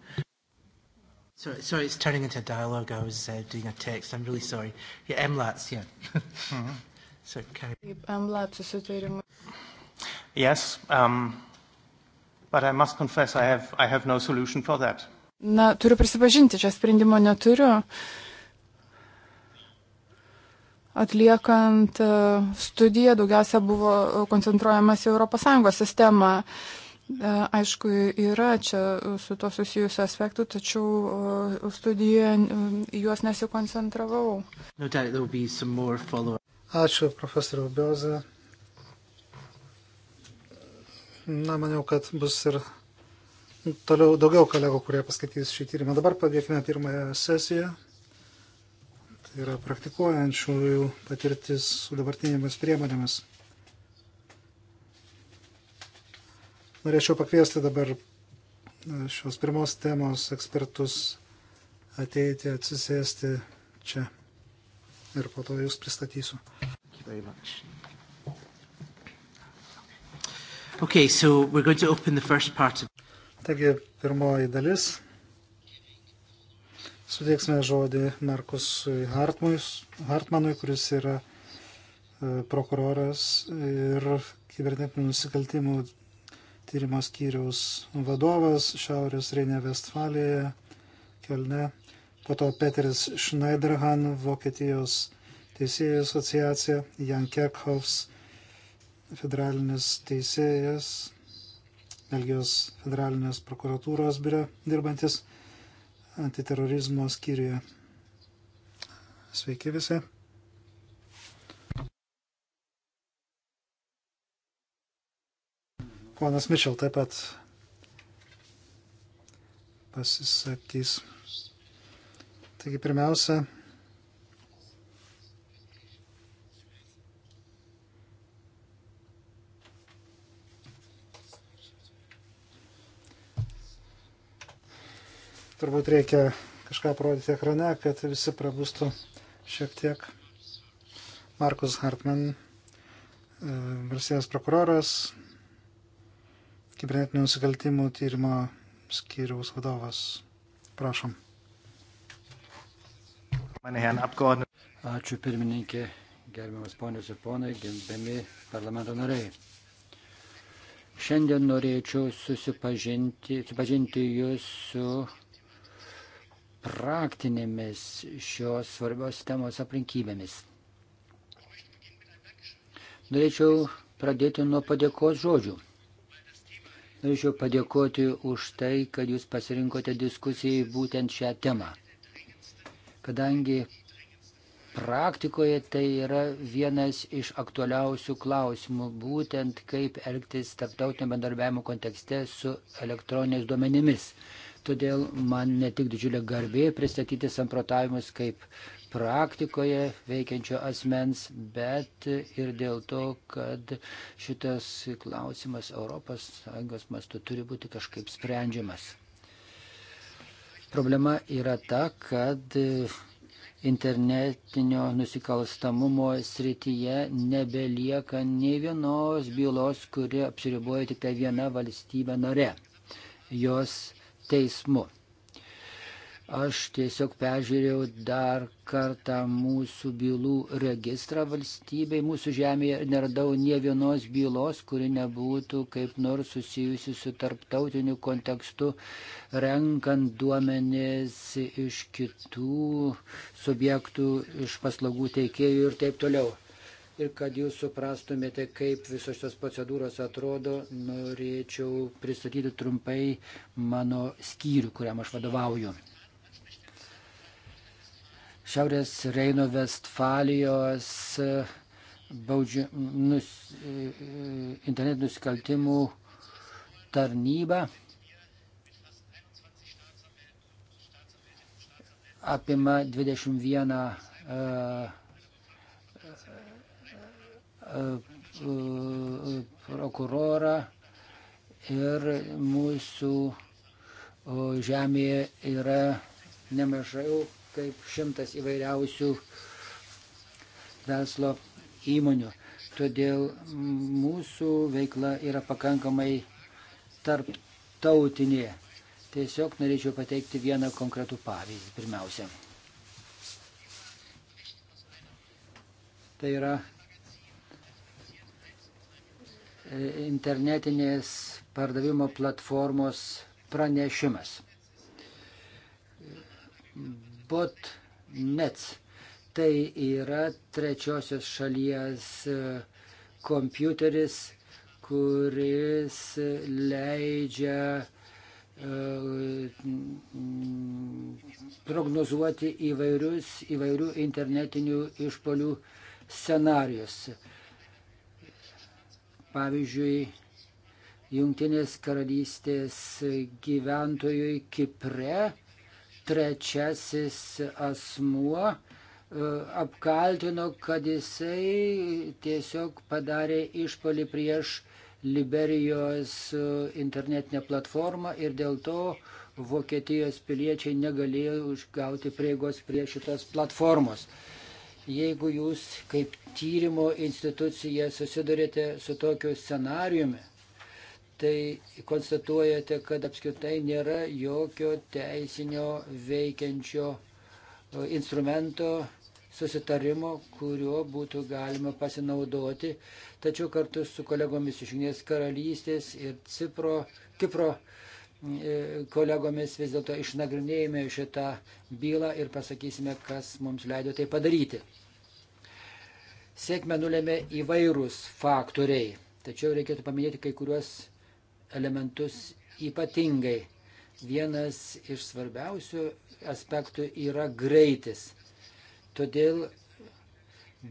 [SPEAKER 1] Sorry, sorry, it's turning into dialogue. I was uh, doing a text. I'm really sorry. Yeah, MLATs, yeah. mm -hmm. So, carry. Taip,
[SPEAKER 2] MLAT susitarimai.
[SPEAKER 1] Yes, um, but I must confess I have, I have no solution for that.
[SPEAKER 2] Na, turiu prisipažinti, čia sprendimo neturiu. Uh, Atliekant e, studiją daugiausia buvo koncentruojamas į ES sistemą. E, aišku, yra čia su to susijusių aspektų, tačiau e, studijoje juos nesikoncentravau.
[SPEAKER 1] No
[SPEAKER 4] Ačiū, profesoriu Bioza. Na, maniau, kad bus ir toliau daugiau kolegų, kurie paskaitys šį tyrimą. Dabar pradėkime pirmąją sesiją yra praktikuojančiųjų patirtis su dabartinėmis priemonėmis. Norėčiau pakviesti dabar e, šios pirmos temos ekspertus ateiti, atsisėsti čia ir po to jūs pristatysiu.
[SPEAKER 1] Okay, so of...
[SPEAKER 4] Taigi, pirmoji dalis Suteiksime žodį Markusui Hartmanui, kuris yra e, prokuroras ir kibernetinių nusikaltimų tyrimo skyriaus vadovas Šiaurės Reinė Vestfalijoje, Kelne. Po to Peteris Schneiderhan, Vokietijos teisėjų asociacija, Jan Kerkhoffs, federalinis teisėjas, Belgijos federalinės prokuratūros biure dirbantis antiterorizmo skyriuje. Sveiki visi. Ponas Mičel taip pat pasisakys. Taigi pirmiausia, turbūt reikia kažką parodyti ekrane, kad visi prabūstų šiek tiek. Markus Hartman, e, valstybės prokuroras, kibernetinių nusikaltimų tyrimo skyriaus vadovas. Prašom.
[SPEAKER 5] Ačiū pirmininkė, gerbiamas ponios ir ponai, gerbiami parlamento nariai. Šiandien norėčiau susipažinti, susipažinti jūs su praktinėmis šios svarbios temos aplinkybėmis. Norėčiau pradėti nuo padėkos žodžių. Norėčiau padėkoti už tai, kad jūs pasirinkote diskusijai būtent šią temą. Kadangi praktikoje tai yra vienas iš aktualiausių klausimų, būtent kaip elgtis tarptautinio bendarbiavimo kontekste su elektroniniais duomenimis. Todėl man ne tik didžiulė garbė pristatyti samprotavimus kaip praktikoje veikiančio asmens, bet ir dėl to, kad šitas klausimas ES mastu turi būti kažkaip sprendžiamas. Problema yra ta, kad internetinio nusikalstamumo srityje nebelieka nei vienos bylos, kuri apsiriboja tik tai viena valstybė nare. Jos teismu. Aš tiesiog peržiūrėjau dar kartą mūsų bylų registrą valstybei. Mūsų žemėje neradau nie vienos bylos, kuri nebūtų kaip nors susijusi su tarptautiniu kontekstu, renkant duomenės iš kitų subjektų, iš paslaugų teikėjų ir taip toliau ir kad jūs suprastumėte, kaip visos šios procedūros atrodo, norėčiau pristatyti trumpai mano skyrių, kuriam aš vadovauju. Šiaurės Reino Vestfalijos e, baudži... nus... E, e, internet nusikaltimų tarnyba apima 21 uh, prokurorą ir mūsų žemėje yra nemažai kaip šimtas įvairiausių verslo įmonių. Todėl mūsų veikla yra pakankamai tarptautinė. Tiesiog norėčiau pateikti vieną konkretų pavyzdį pirmiausia. Tai yra internetinės pardavimo platformos pranešimas. Botnets tai yra trečiosios šalies e, kompiuteris, kuris leidžia e, prognozuoti įvairius, įvairių internetinių išpolių scenarius. Pavyzdžiui, Junktinės karalystės gyventojui Kipre trečiasis asmuo e, apkaltino, kad jisai tiesiog padarė išpolį prieš Liberijos e, internetinę platformą ir dėl to Vokietijos piliečiai negalėjo užgauti prieigos prie šitos platformos jeigu jūs kaip tyrimo institucija susidurite su tokiu scenariumi, tai konstatuojate, kad apskritai nėra jokio teisinio veikiančio instrumento susitarimo, kuriuo būtų galima pasinaudoti. Tačiau kartu su kolegomis iš Jungtinės karalystės ir Cipro, Kipro kolegomis vis dėlto išnagrinėjame šitą bylą ir pasakysime, kas mums leido tai padaryti. Sėkmę nulėmė įvairūs faktoriai, tačiau reikėtų paminėti kai kuriuos elementus ypatingai. Vienas iš svarbiausių aspektų yra greitis. Todėl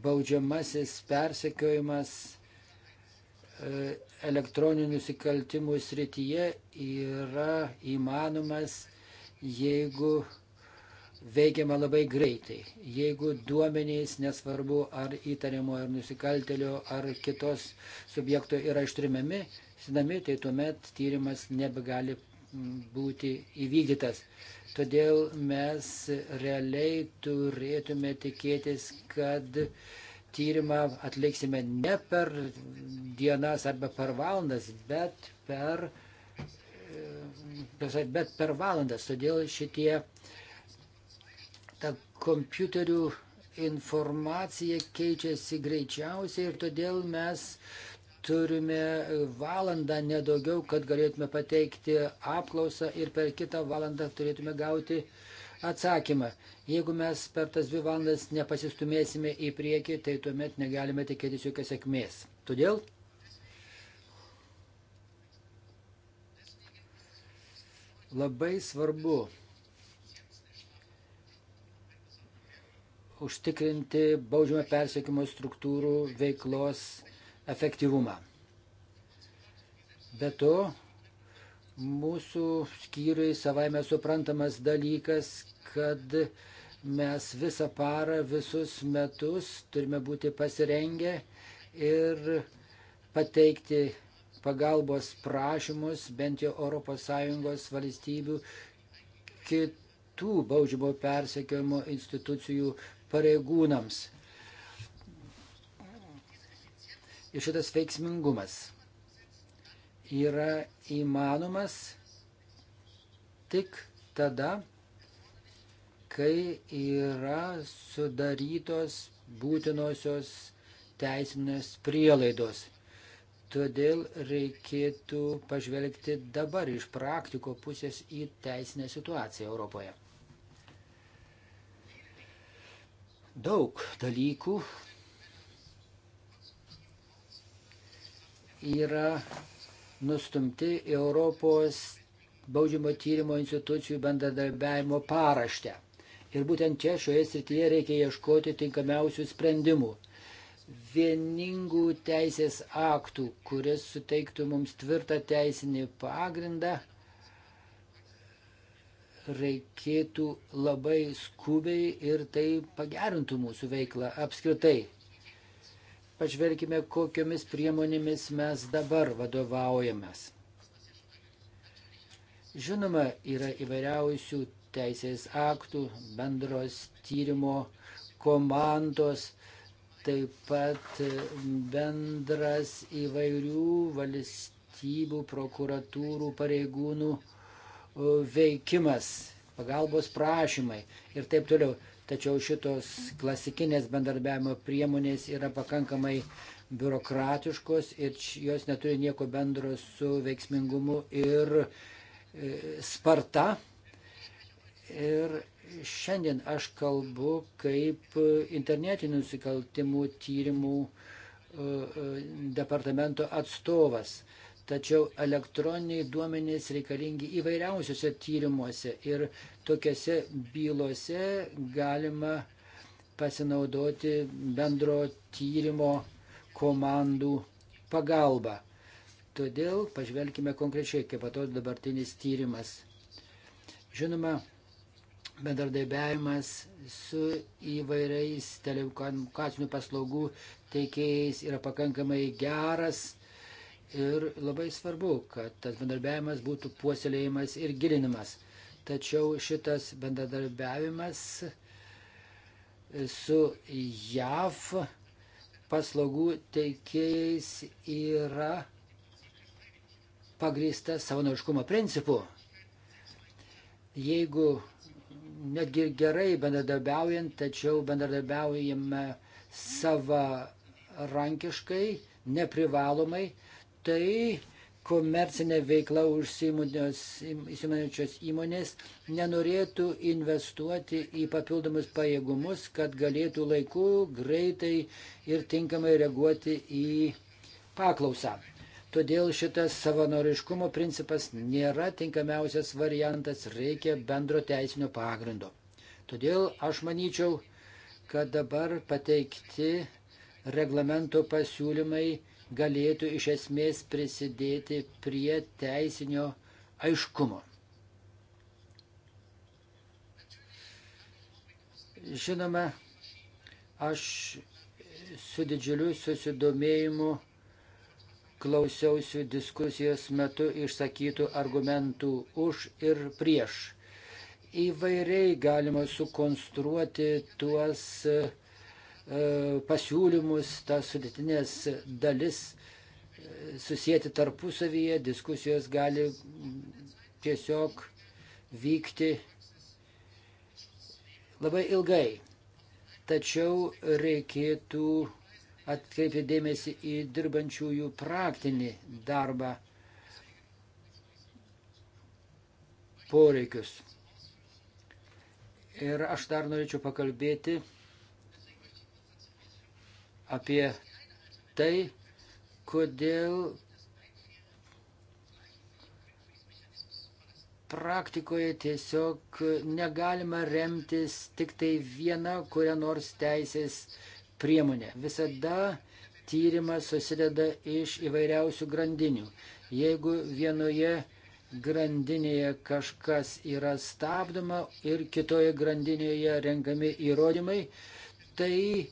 [SPEAKER 5] baudžiamasis persekiojimas elektroninių nusikaltimų srityje yra įmanomas, jeigu veikiama labai greitai. Jeigu duomenys, nesvarbu ar įtariamo, ar nusikaltelio, ar kitos subjekto yra ištrimami, sinami, tai tuomet tyrimas nebegali mm, būti įvykdytas. Todėl mes realiai turėtume tikėtis, kad tyrimą atliksime ne per dienas arba per valandas, bet per, e, bet per valandas. Todėl šitie ta kompiuterių informacija keičiasi greičiausiai ir todėl mes turime valandą nedaugiau, kad galėtume pateikti apklausą ir per kitą valandą turėtume gauti uh, atsakymą. Jeigu mes per tas dvi valandas nepasistumėsime į priekį, tai tuomet negalime tikėtis jokios sėkmės. Todėl labai svarbu užtikrinti baudžiamą persiekimo struktūrų veiklos efektyvumą. Be to, mūsų skyriui savaime suprantamas dalykas kad mes visą parą, visus metus turime būti pasirengę ir pateikti pagalbos prašymus bent jau ES valstybių kitų baudžiamo persekiojimo institucijų pareigūnams. Ir šitas veiksmingumas yra įmanomas tik tada, kai yra sudarytos būtinosios teisinės prielaidos. Todėl reikėtų pažvelgti dabar iš praktiko pusės į teisinę situaciją Europoje. Daug dalykų yra nustumti Europos baudžiamo tyrimo institucijų bendradarbiavimo paraštę. Ir būtent čia šioje srityje reikia ieškoti tinkamiausių sprendimų. Vieningų teisės aktų, kuris suteiktų mums tvirtą teisinį pagrindą, reikėtų labai skubiai ir tai pagerintų mūsų veiklą apskritai. Pažvelkime, kokiomis priemonėmis mes dabar vadovaujamės. Žinoma, yra įvairiausių teisės aktų, bendros tyrimo komandos, taip pat bendras įvairių valstybių prokuratūrų pareigūnų veikimas, pagalbos prašymai ir taip toliau. Tačiau šitos klasikinės bendarbiavimo priemonės yra pakankamai biurokratiškos ir jos neturi nieko bendro su veiksmingumu ir e, sparta Ir šiandien aš kalbu kaip internetinių nusikaltimų tyrimų e, e, departamento atstovas. Tačiau elektroniniai duomenys reikalingi įvairiausiose tyrimuose ir tokiuose bylose galima pasinaudoti bendro tyrimo komandų pagalba. Todėl pažvelkime konkrečiai, kaip atrodo dabartinis tyrimas. Žinoma, bendradarbiavimas su įvairiais telekomunikacinių paslaugų teikėjais yra pakankamai geras ir labai svarbu, kad tas bendradarbiavimas būtų puoselėjimas ir gilinimas. Tačiau šitas bendradarbiavimas su JAV paslaugų teikėjais yra pagrįsta savanoriškumo principu. Jeigu netgi gerai bendradarbiaujant, tačiau bendradarbiaujame savarankiškai, neprivalomai, tai komercinė veikla užsimančios įmonės nenorėtų investuoti į papildomus pajėgumus, kad galėtų laiku, greitai ir tinkamai reaguoti į paklausą. Todėl šitas savanoriškumo principas nėra tinkamiausias variantas, reikia bendro teisinio pagrindo. Todėl aš manyčiau, kad dabar pateikti reglamento pasiūlymai galėtų iš esmės prisidėti prie teisinio aiškumo. Žinoma, aš su didžiuliu susidomėjimu klausiausi diskusijos metu išsakytų argumentų už ir prieš. Įvairiai galima sukonstruoti tuos e, pasiūlymus, tas sudėtinės dalis e, susijęti tarpusavyje, diskusijos gali tiesiog vykti labai ilgai. Tačiau reikėtų atkreipė dėmesį į dirbančiųjų praktinį darbą poreikius. Ir aš dar norėčiau pakalbėti apie tai, kodėl praktikoje tiesiog negalima remtis tik tai viena kuria nors teisės priemonė. Visada tyrimas susideda iš įvairiausių grandinių. Jeigu vienoje grandinėje kažkas yra stabdoma ir kitoje grandinėje renkami įrodymai, tai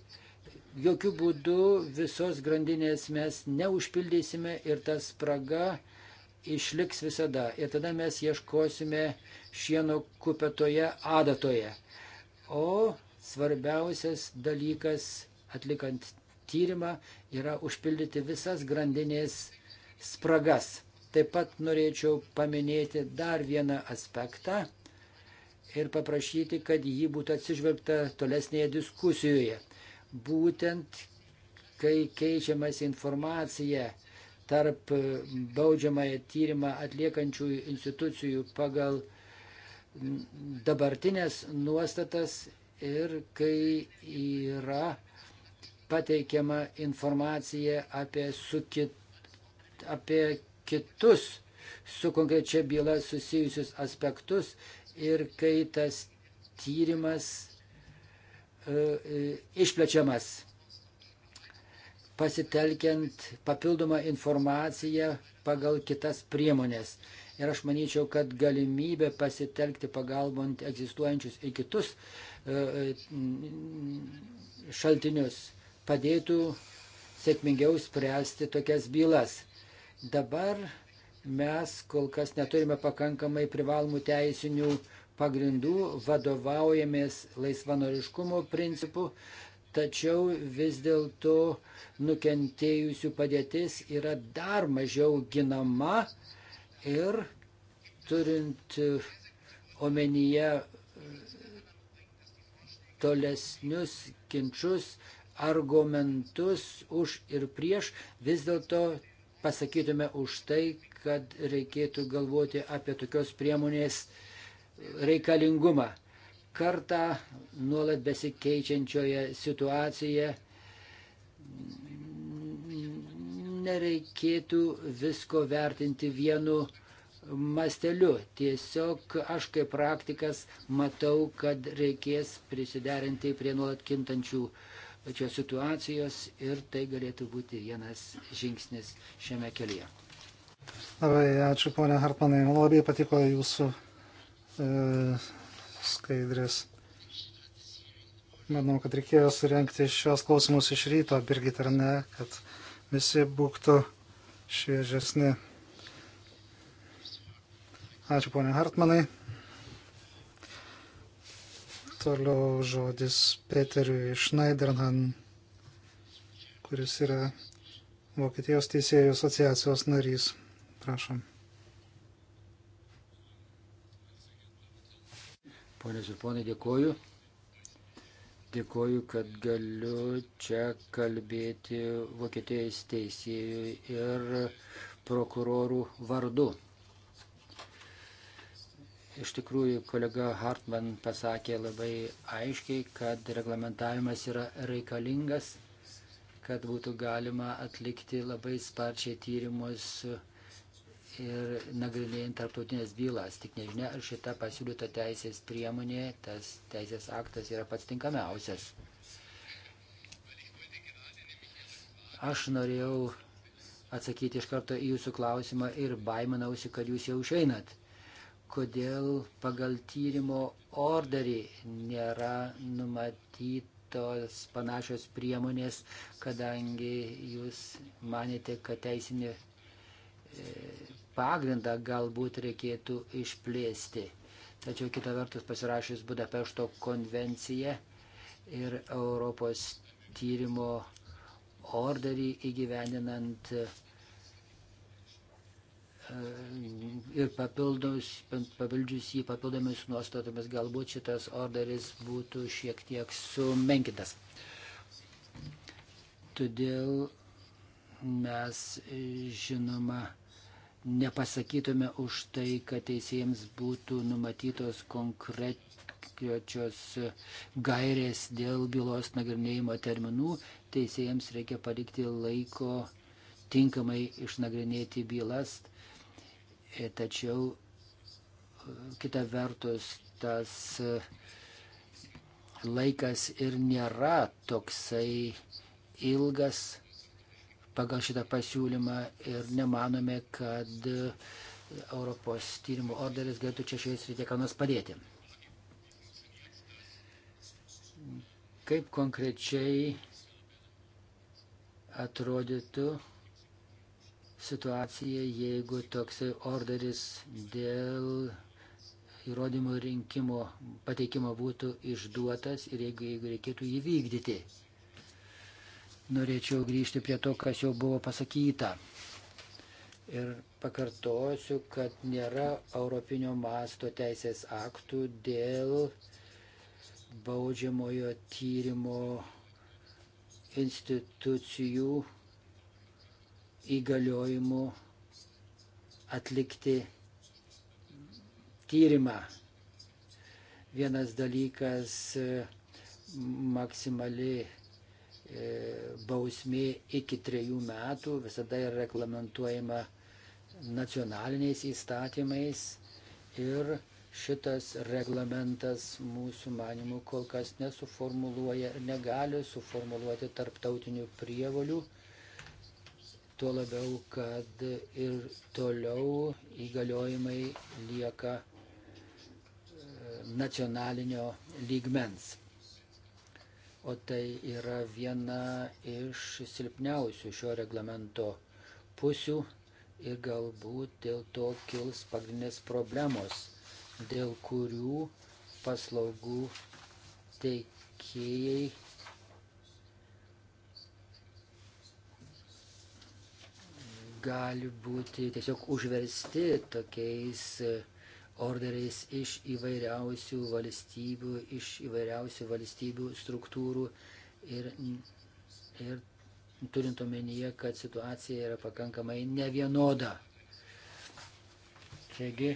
[SPEAKER 5] jokių būdų visos grandinės mes neužpildysime ir ta spraga išliks visada. Ir tada mes ieškosime šieno kupetoje adatoje. O svarbiausias dalykas atlikant tyrimą yra užpildyti visas grandinės spragas. Taip pat norėčiau paminėti dar vieną aspektą ir paprašyti, kad jį būtų atsižvelgta tolesnėje diskusijoje. Būtent, kai keičiamas informacija tarp baudžiamąją tyrimą atliekančių institucijų pagal dabartinės nuostatas ir kai yra pateikiama informacija apie, su kit, apie kitus su konkrečia byla susijusius aspektus ir kai tas tyrimas e, e, išplečiamas, pasitelkiant papildomą informaciją pagal kitas priemonės. Ir aš manyčiau, kad galimybė pasitelkti pagalbant egzistuojančius ir kitus e, e šaltinius padėtų sėkmingiau spręsti tokias bylas. Dabar mes kol kas neturime pakankamai privalomų teisinių pagrindų, vadovaujamės laisvanoriškumo principu, tačiau vis dėlto nukentėjusių padėtis yra dar mažiau ginama ir turint omenyje tolesnius ginčius argumentus už ir prieš, vis dėlto pasakytume už tai, kad reikėtų galvoti apie tokios priemonės reikalingumą. Kartą nuolat besikeičiančioje situacijoje nereikėtų visko vertinti vienu masteliu. Tiesiog aš kaip praktikas matau, kad reikės prisiderinti prie nuolat kintančių uh, pačios situacijos ir tai galėtų būti vienas žingsnis šiame kelyje.
[SPEAKER 4] Labai ačiū, ponia Hartmanai. Man labai patiko jūsų e, skaidrės. Manau, kad reikėjo surenkti šios klausimus iš ryto, Birgit, ar ne, kad visi būtų šviežesni. Ačiū, ponia Hartmanai. Toliau žodis Peteriui Schneiderhan, kuris yra Vokietijos teisėjų asociacijos narys. Prašom.
[SPEAKER 5] Pone ir ponai, dėkoju. Dėkoju, kad galiu čia kalbėti Vokietijos teisėjų ir prokurorų vardu. Iš tikrųjų, kolega Hartman pasakė labai aiškiai, kad reglamentavimas yra reikalingas, kad būtų galima atlikti labai sparčiai tyrimus ir nagrinėjant tarptautinės bylas. Tik nežinia, ar šita pasiūlyta teisės priemonė, tas teisės aktas yra pats tinkamiausias. Aš norėjau atsakyti iš karto į jūsų klausimą ir baiminausi, kad jūs jau išeinat kodėl pagal tyrimo orderį nėra numatytos panašios priemonės, kadangi jūs manėte, kad teisinį e, pagrindą galbūt reikėtų išplėsti. Tačiau kita vertus pasirašys Budapešto konvenciją ir Europos tyrimo orderį įgyveninant uh, ir papildus, papildžius jį papildomis nuostatomis, galbūt šitas orderis būtų šiek tiek sumenkintas. Todėl mes, žinoma, nepasakytume už tai, kad teisėjams būtų numatytos konkrečios gairės dėl bylos nagrinėjimo terminų. Teisėjams reikia palikti laiko tinkamai išnagrinėti bylas E, tačiau e, kita vertus tas e, laikas ir nėra toksai ilgas pagal šitą pasiūlymą ir nemanome, kad Europos tyrimų orderis galėtų čia šioje srityje ką nors padėti. Kaip konkrečiai atrodytų situacija, jeigu toksai orderis dėl įrodymų rinkimo pateikimo būtų išduotas ir jeigu, jeigu reikėtų jį vykdyti. Norėčiau grįžti prie to, kas jau buvo pasakyta. Ir pakartosiu, kad nėra europinio masto teisės aktų dėl baudžiamojo tyrimo institucijų įgaliojimų atlikti tyrimą. Vienas dalykas e, maksimali e, bausmė iki trejų metų visada yra reglamentuojama nacionaliniais įstatymais ir šitas reglamentas mūsų manimų kol kas nesuformuluoja ir negali suformuluoti tarptautinių prievolių tuo labiau, kad ir toliau įgaliojimai lieka e, nacionalinio lygmens. O tai yra viena iš silpniausių šio reglamento pusių ir galbūt dėl to kils pagrindinės problemos, dėl kurių paslaugų teikėjai gali būti tiesiog užversti tokiais e, orderiais iš įvairiausių valstybių, iš įvairiausių valstybių struktūrų ir, ir turint omenyje, kad situacija yra pakankamai nevienoda. Taigi,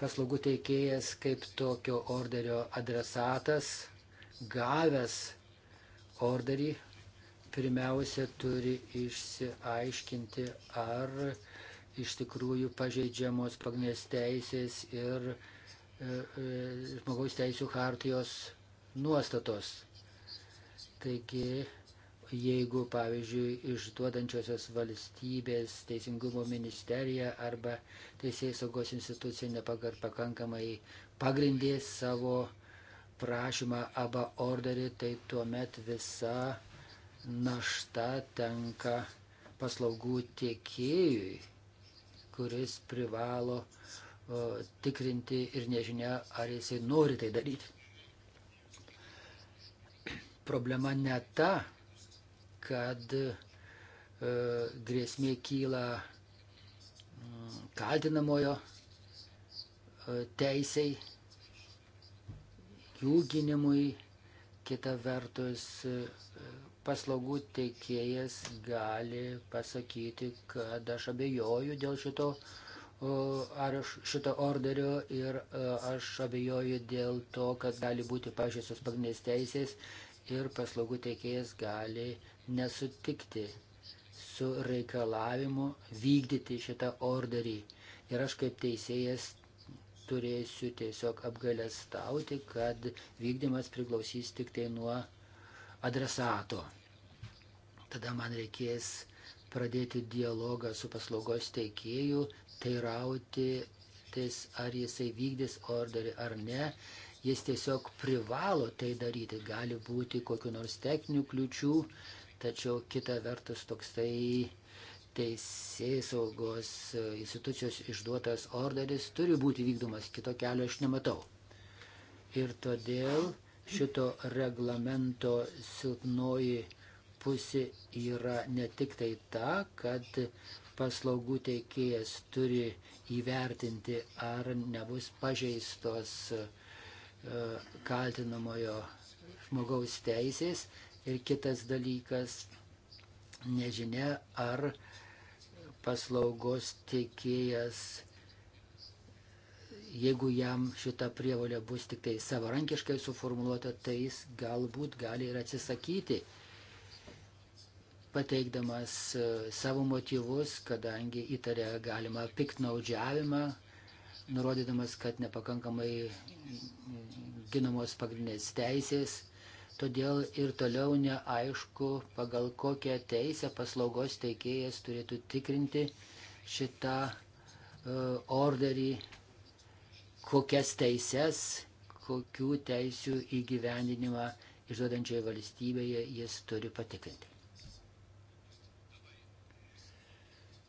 [SPEAKER 5] paslaugų teikėjas kaip tokio orderio adresatas, gavęs orderį, pirmiausia turi išsiaiškinti, ar iš tikrųjų pažeidžiamos pagrindinės teisės ir e, e, žmogaus teisų hartijos nuostatos. Taigi, jeigu, pavyzdžiui, išduodančiosios valstybės teisingumo ministerija arba teisėjai saugos institucija nepakankamai pagrindė savo prašymą arba orderį, tai tuomet visa našta tenka paslaugų tiekėjui, kuris privalo o, tikrinti ir nežinia, ar jisai nori tai daryti. Problema ne ta, kad e, grėsmė kyla mm, kaltinamojo e, teisiai, jų gynimui, kita vertus e, paslaugų teikėjas gali pasakyti, kad aš abejoju dėl šito, ar aš šito orderio ir e, aš abejoju dėl to, kad gali būti pažįstos pagrindinės teisės ir paslaugų teikėjas gali nesutikti su reikalavimu vykdyti šitą orderį. Ir aš kaip teisėjas turėsiu tiesiog apgalėstauti, kad vykdymas priklausys tik tai nuo adresato. Tada man reikės pradėti dialogą su paslaugos teikėju, teirautis, ar jisai vykdys orderį ar ne. Jis tiesiog privalo tai daryti. Gali būti kokiu nors techninių kliučių, tačiau kita vertus toksai teisės saugos institucijos išduotas orderis turi būti vykdomas, kito kelio aš nematau. Ir todėl šito reglamento silpnoji pusė yra ne tik tai ta, kad paslaugų teikėjas turi įvertinti, ar nebus pažeistos e, kaltinamojo žmogaus teisės. Ir kitas dalykas, nežinia, ar paslaugos teikėjas jeigu jam šita prievalė bus tik tai savarankiškai suformuoluota, tai jis galbūt gali ir atsisakyti pateikdamas e, savo motyvus, kadangi įtarė galima piktnaudžiavimą, nurodydamas, kad nepakankamai ginamos pagrindinės teisės. Todėl ir toliau neaišku, pagal kokią teisę paslaugos teikėjas turėtų tikrinti šitą uh, orderį, kokias teises, kokių teisių įgyvendinimą išduodančioje valstybėje jis turi patikrinti.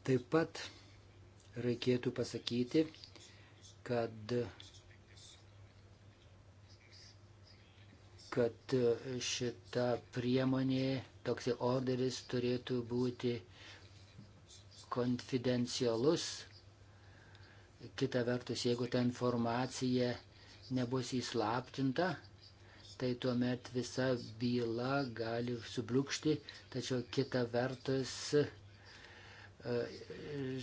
[SPEAKER 5] Taip pat reikėtų pasakyti, kad, kad šita priemonė, toks orderis turėtų būti konfidencialus. Kita vertus, jeigu ta informacija nebus įslaptinta, tai tuomet visa byla gali subliūkšti, tačiau kita vertus E,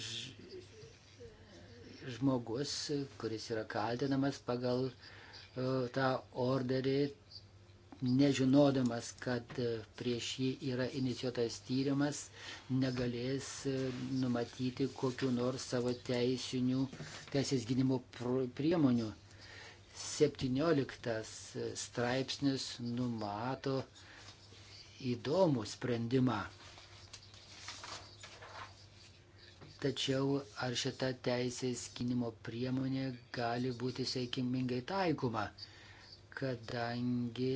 [SPEAKER 5] žmogus, kuris yra kaltinamas pagal e, tą orderį, nežinodamas, kad e, prieš jį yra inicijuotas tyrimas, negalės numatyti kokiu nors savo teisinių, teisės gynimo priemonių. 17 straipsnis numato įdomų sprendimą. Tačiau ar šita teisės gynimo priemonė gali būti sėkmingai taikoma, kadangi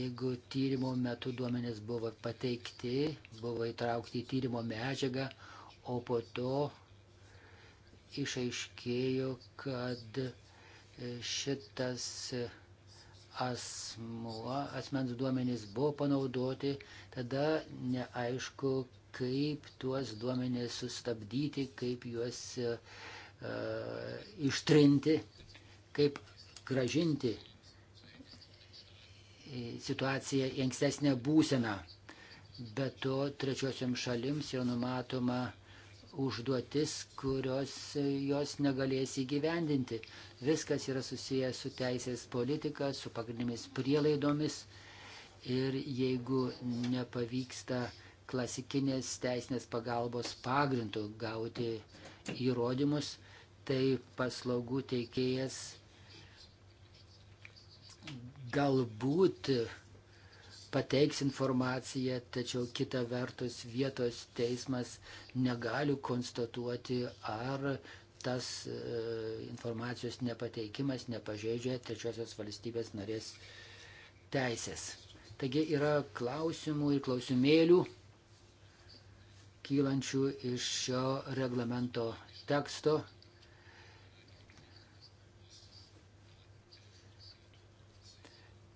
[SPEAKER 5] jeigu tyrimo metu duomenės buvo pateikti, buvo įtraukti į tyrimo medžiagą, o po to išaiškėjo, kad e, šitas asmuo, asmens duomenys buvo panaudoti, tada neaišku, kaip tuos duomenės sustabdyti, kaip juos uh, ištrinti, kaip gražinti situaciją į ankstesnę būseną. Be to, trečiosiam šalims jau numatoma užduotis, kurios jos negalės įgyvendinti. Viskas yra susijęs su teisės politika, su pagrindinėmis prielaidomis ir jeigu nepavyksta uh, klasikinės teisinės pagalbos pagrindų gauti įrodymus, tai paslaugų teikėjas galbūt pateiks informaciją, tačiau kita vertus vietos teismas negali konstatuoti, ar tas e, informacijos nepateikimas nepažeidžia trečiosios valstybės narės teisės. Taigi yra klausimų ir klausimėlių kylančių iš šio reglamento teksto.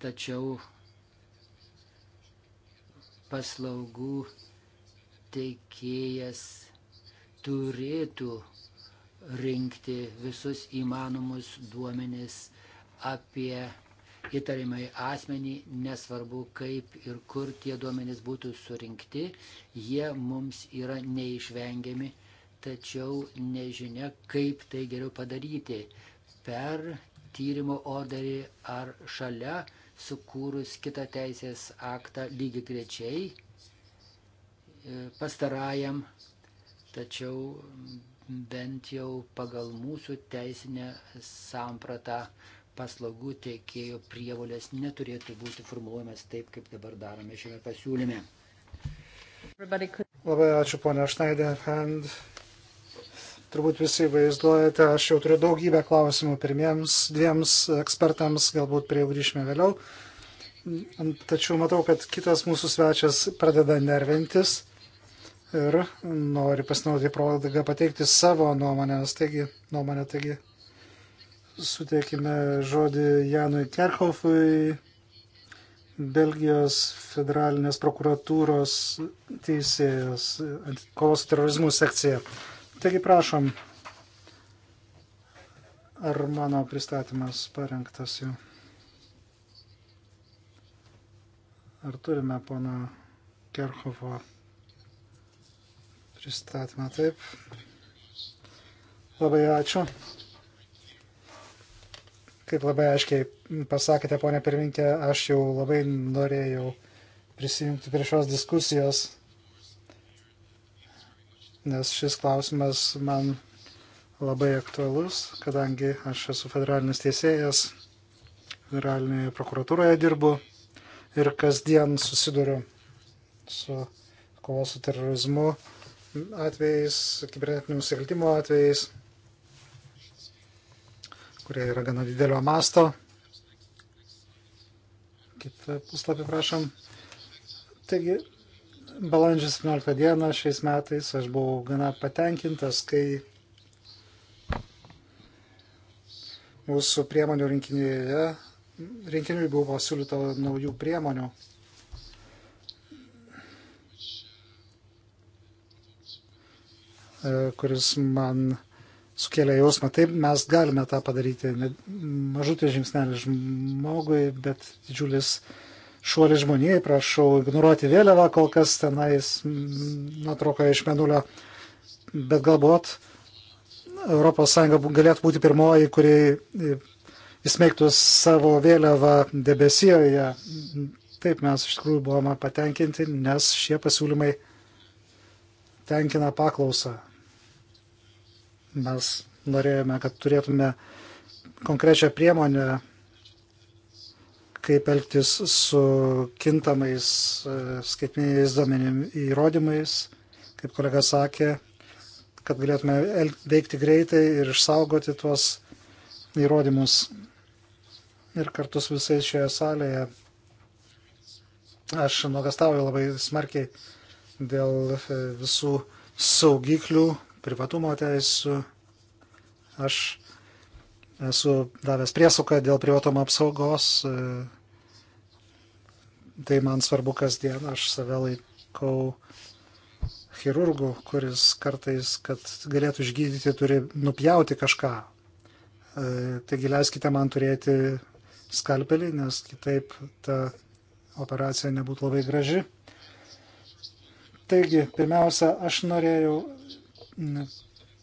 [SPEAKER 5] Tačiau paslaugų teikėjas turėtų rinkti visus įmanomus duomenis apie įtariamai asmenį, nesvarbu kaip ir kur tie duomenys būtų surinkti, jie mums yra neišvengiami, tačiau nežinia, kaip tai geriau padaryti per tyrimo orderį ar šalia sukūrus kitą teisės aktą lygiai grečiai e, pastarajam, tačiau bent jau pagal mūsų teisinę sampratą paslaugų tiekėjo prievolės neturėtų būti formuluojamas taip, kaip dabar darome šiame pasiūlyme.
[SPEAKER 4] Labai ačiū, ponia Šneiderhand. Turbūt visi vaizduojate, aš jau turiu daugybę klausimų pirmiems dviems ekspertams, galbūt prie jų grįžime vėliau. Tačiau matau, kad kitas mūsų svečias pradeda nervintis ir nori pasinaudoti progą pateikti savo nuomonės, taigi, nuomonę, taigi suteikime žodį Janui Kerhofui, Belgijos federalinės prokuratūros teisėjas, kovos su terorizmu sekcija. Taigi prašom, ar mano pristatymas parengtas jau? Ar turime pono Kerhofo pristatymą? Taip. Labai ačiū. Kaip labai aiškiai pasakėte, ponė pirminkė, aš jau labai norėjau prisijungti prie šios diskusijos, nes šis klausimas man labai aktualus, kadangi aš esu federalinis teisėjas, federalinėje prokuratūroje dirbu ir kasdien susiduriu su kovos su terorizmu atvejais, kibernetinių nusikaltimo atvejais kurie yra gana didelio masto. Kitą puslapį prašom. Taigi, balandžio 17 dieną šiais metais aš buvau gana patenkintas, kai mūsų priemonių rinkinyje, rinkiniui buvo siūlyta naujų priemonių. E, kuris man sukėlė jausmą, taip mes galime tą padaryti. Mažutis žingsnelis žmogui, bet didžiulis šuolis žmonijai, prašau ignoruoti vėliavą, kol kas tenais mm, nuotrauka iš menulio, bet galbūt ES galėtų būti pirmoji, kuri e, įsmeigtų savo vėliavą debesijoje. Taip mes iš tikrųjų buvome patenkinti, nes šie pasiūlymai tenkina paklausą. Mes norėjome, kad turėtume konkrečią priemonę, kaip elgtis su kintamais e, skaitminiais duomenimis įrodymais, kaip kolega sakė, kad galėtume veikti greitai ir išsaugoti tuos įrodymus. Ir kartu su visais šioje salėje aš nuogastauju labai smarkiai dėl e, visų saugiklių privatumo teisų. Aš esu davęs priesuką dėl privatumo apsaugos. Tai man svarbu kasdien. Aš save laikau chirurgu, kuris kartais, kad galėtų išgydyti, turi nupjauti kažką. Taigi leiskite man turėti skalpelį, nes kitaip ta operacija nebūtų labai graži. Taigi, pirmiausia, aš norėjau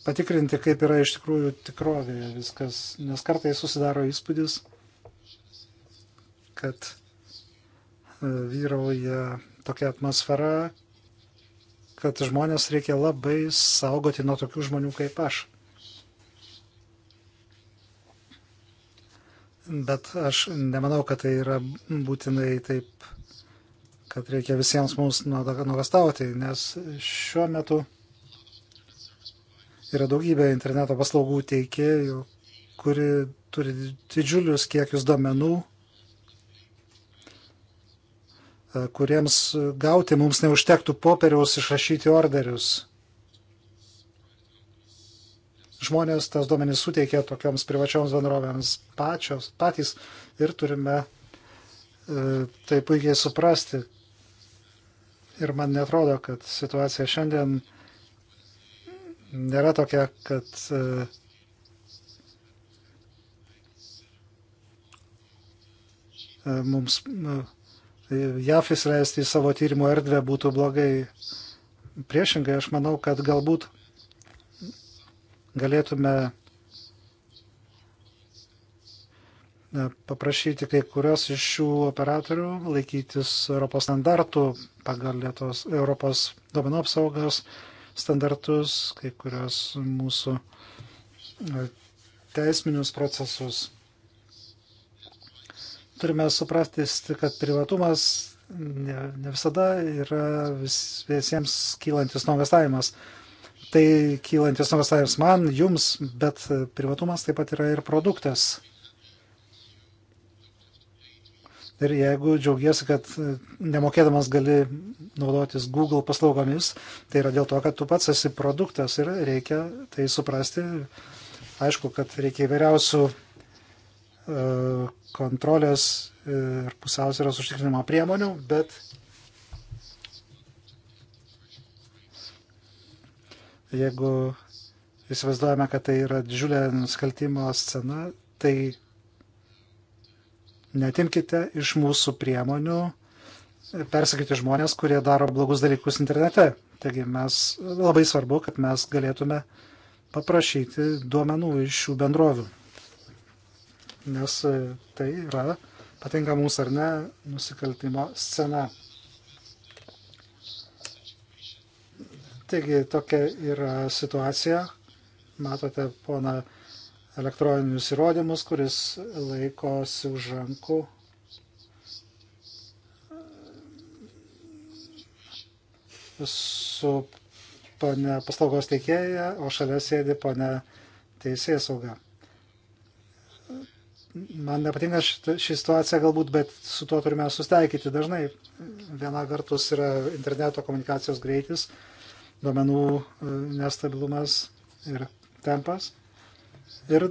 [SPEAKER 4] patikrinti, kaip yra iš tikrųjų tikrovėje viskas, nes kartais susidaro įspūdis, kad e, vyrauja tokia atmosfera, kad žmonės reikia labai saugoti nuo tokių žmonių kaip aš. Bet aš nemanau, kad tai yra būtinai taip, kad reikia visiems mums nuogastauti, nes šiuo metu Yra daugybė interneto paslaugų teikėjų, kuri turi didžiulius kiekius domenų, e, kuriems gauti mums neužtektų popieriaus išrašyti orderius. Žmonės tas duomenys suteikia tokioms privačioms bendrovėms pačios, patys ir turime e, tai puikiai suprasti. Ir man netrodo, kad situacija šiandien e, nėra tokia, kad e, e, mums nu, e, JAF įsileisti į savo tyrimo erdvę būtų blogai. Priešingai, aš manau, kad galbūt galėtume paprašyti kai kurios iš šių operatorių laikytis Europos standartų pagal Lietuvos, Europos duomenų apsaugos standartus, kai kurios mūsų e, teisminius procesus. Turime suprasti, kad privatumas ne, ne visada yra vis, visiems kylantis nuogastavimas. Tai kylantis nuogastavimas man, jums, bet privatumas taip pat yra ir produktas Ir jeigu džiaugiesi, kad e, nemokėdamas gali naudotis Google paslaugomis, tai yra dėl to, kad tu pats esi produktas ir reikia tai suprasti. Aišku, kad reikia įvairiausių e, kontrolės ir pusiausvėros užtikrinimo priemonių, bet jeigu įsivaizduojame, kad tai yra didžiulė nusikaltimo scena, tai netimkite iš mūsų priemonių persekyti žmonės, kurie daro blogus dalykus internete. Taigi mes labai svarbu, kad mes galėtume paprašyti duomenų iš šių bendrovių. Nes e, tai yra, patinka mums ar ne, nusikaltimo scena. Taigi tokia yra situacija. Matote, pona elektroninius įrodymus, kuris laikosi už rankų. su pane paslaugos teikėja, o šalia sėdi pane teisėja sauga. Man nepatinka ši, ši situacija galbūt, bet su tuo turime sustaikyti. Dažnai viena vertus yra interneto komunikacijos greitis, duomenų e, nestabilumas ir tempas. Ir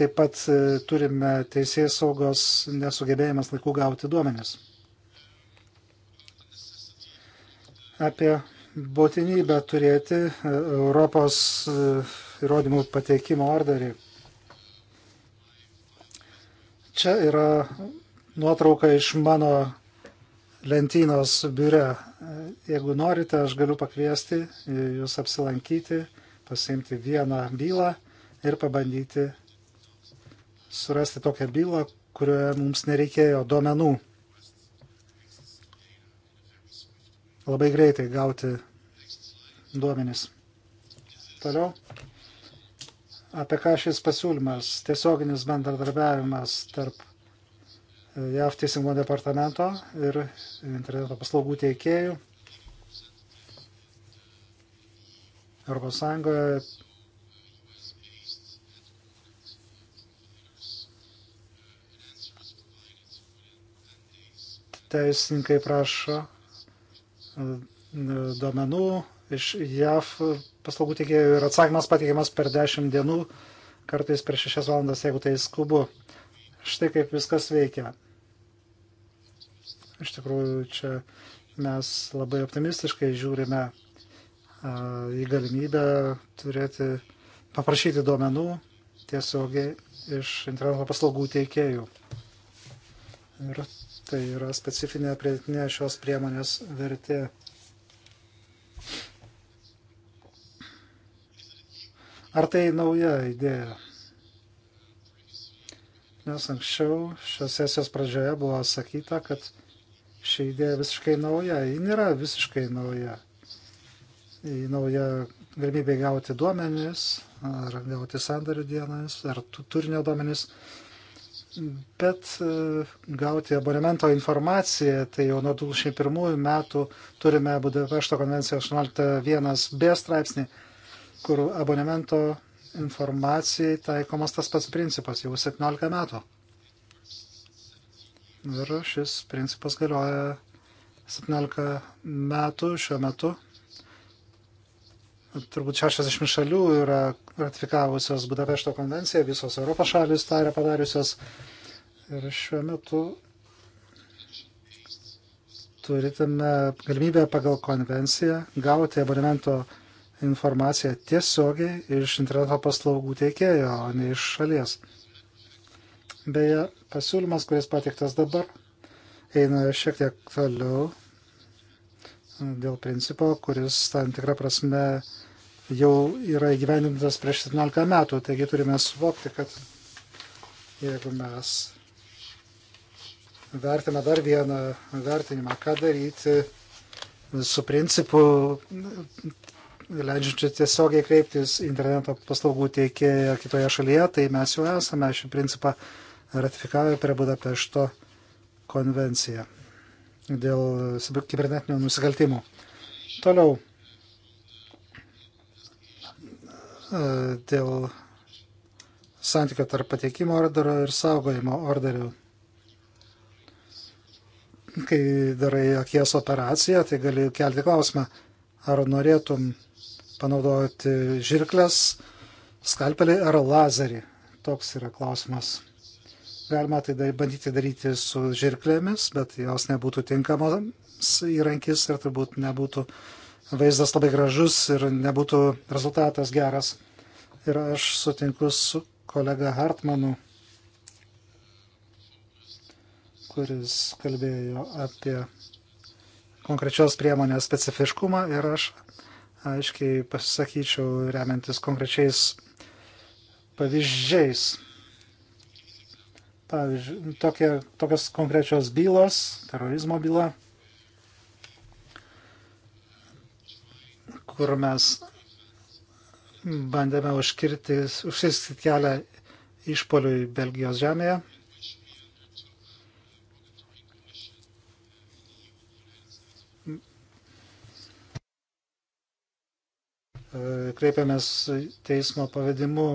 [SPEAKER 4] taip pat e, turime teisės saugos nesugebėjimas laikų gauti duomenis. Apie būtinybę turėti e, Europos e, įrodymų pateikimo orderį. Čia yra nuotrauka iš mano lentynos biure. Jeigu norite, aš galiu pakviesti jūs apsilankyti, pasiimti vieną bylą ir pabandyti surasti tokią bylą, kurioje mums nereikėjo duomenų. Labai greitai gauti duomenis. Toliau. Apie ką šis pasiūlymas? Tiesioginis bendradarbiavimas tarp e, JAV teisingumo departamento ir interneto paslaugų teikėjų. Europos Sąjungoje teisininkai prašo e, duomenų iš JAV paslaugų teikėjų ir atsakymas pateikiamas per 10 dienų, kartais per 6 valandas, jeigu tai skubu. Štai kaip viskas veikia. Iš tikrųjų, čia mes labai optimistiškai žiūrime e, į galimybę turėti, paprašyti duomenų tiesiogiai iš interneto paslaugų teikėjų. Ir Tai yra specifinė pridėtinė šios priemonės vertė. Ar tai nauja idėja? Nes anksčiau šios sesijos pradžioje buvo sakyta, kad ši idėja visiškai nauja. Ji nėra visiškai nauja. Ji nauja galimybė gauti duomenis, ar gauti sandarių dienas, ar turinio duomenis bet e, gauti abonemento informaciją, tai jau nuo 2001 metų turime Budapešto konvencijos 18.1b straipsnį, kur abonemento informacijai taikomas tas pats principas jau 17 metų. Ir šis principas galioja 17 metų šiuo metu turbūt 60 šalių yra ratifikavusios Budapešto konvenciją, visos Europos šalis tą yra padariusios. Ir šiuo metu turime galimybę pagal konvenciją gauti abonemento informaciją tiesiogiai iš interneto paslaugų teikėjo, o ne iš šalies. Beje, pasiūlymas, kuris patiktas dabar, eina šiek tiek toliau dėl principo, kuris tam tikrą prasme jau yra įgyvendintas prieš 17 metų. Taigi turime suvokti, kad jeigu mes vertime dar vieną vertinimą, ką daryti su principu, leidžiančiu tiesiogiai kreiptis interneto paslaugų teikėją kitoje šalyje, tai mes jau esame šį principą ratifikavę prie Budapešto konvenciją dėl kibernetinių nusikaltimų. Toliau e, dėl santykio tarp pateikimo orderio ir saugojimo orderio. Kai darai akies operaciją, tai gali kelti klausimą, ar norėtum panaudoti žirklės, skalpelį ar lazerį. Toks yra klausimas. Galima tai bandyti daryti su žirklėmis, bet jos nebūtų tinkamas įrankis ir turbūt nebūtų vaizdas labai gražus ir nebūtų rezultatas geras. Ir aš sutinku su kolega Hartmanu, kuris kalbėjo apie konkrečios priemonės specifiškumą ir aš aiškiai pasisakyčiau remiantis konkrečiais pavyzdžiais. Pavyzdžiui, tokie, tokios konkrečios bylos, terorizmo byla, kur mes bandėme užkirti, užsisti kelią išpoliui Belgijos žemėje. Kreipiamės teismo pavadimu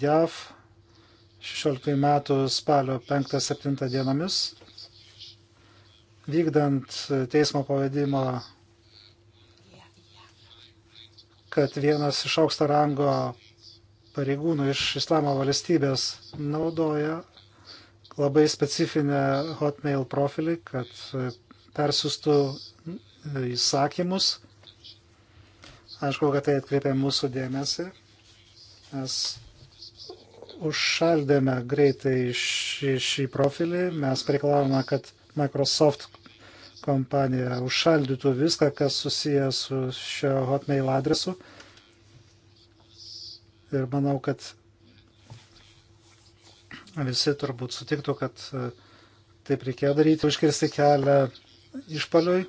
[SPEAKER 4] JAV 16 metų spalio 5-7 dienomis, vykdant teismo pavadimo, kad vienas iš aukšto rango pareigūnų iš Islamo valstybės naudoja labai specifinę Hotmail profilį, kad persiustų įsakymus. Aišku, kad tai atkreipia mūsų dėmesį, nes užšaldėme greitai šį, šį profilį. Mes reikalavome, kad Microsoft kompanija užšaldytų viską, kas susiję su šio hotmail adresu. Ir manau, kad visi turbūt sutiktų, kad e, taip reikėjo daryti, užkirsti kelią išpaliui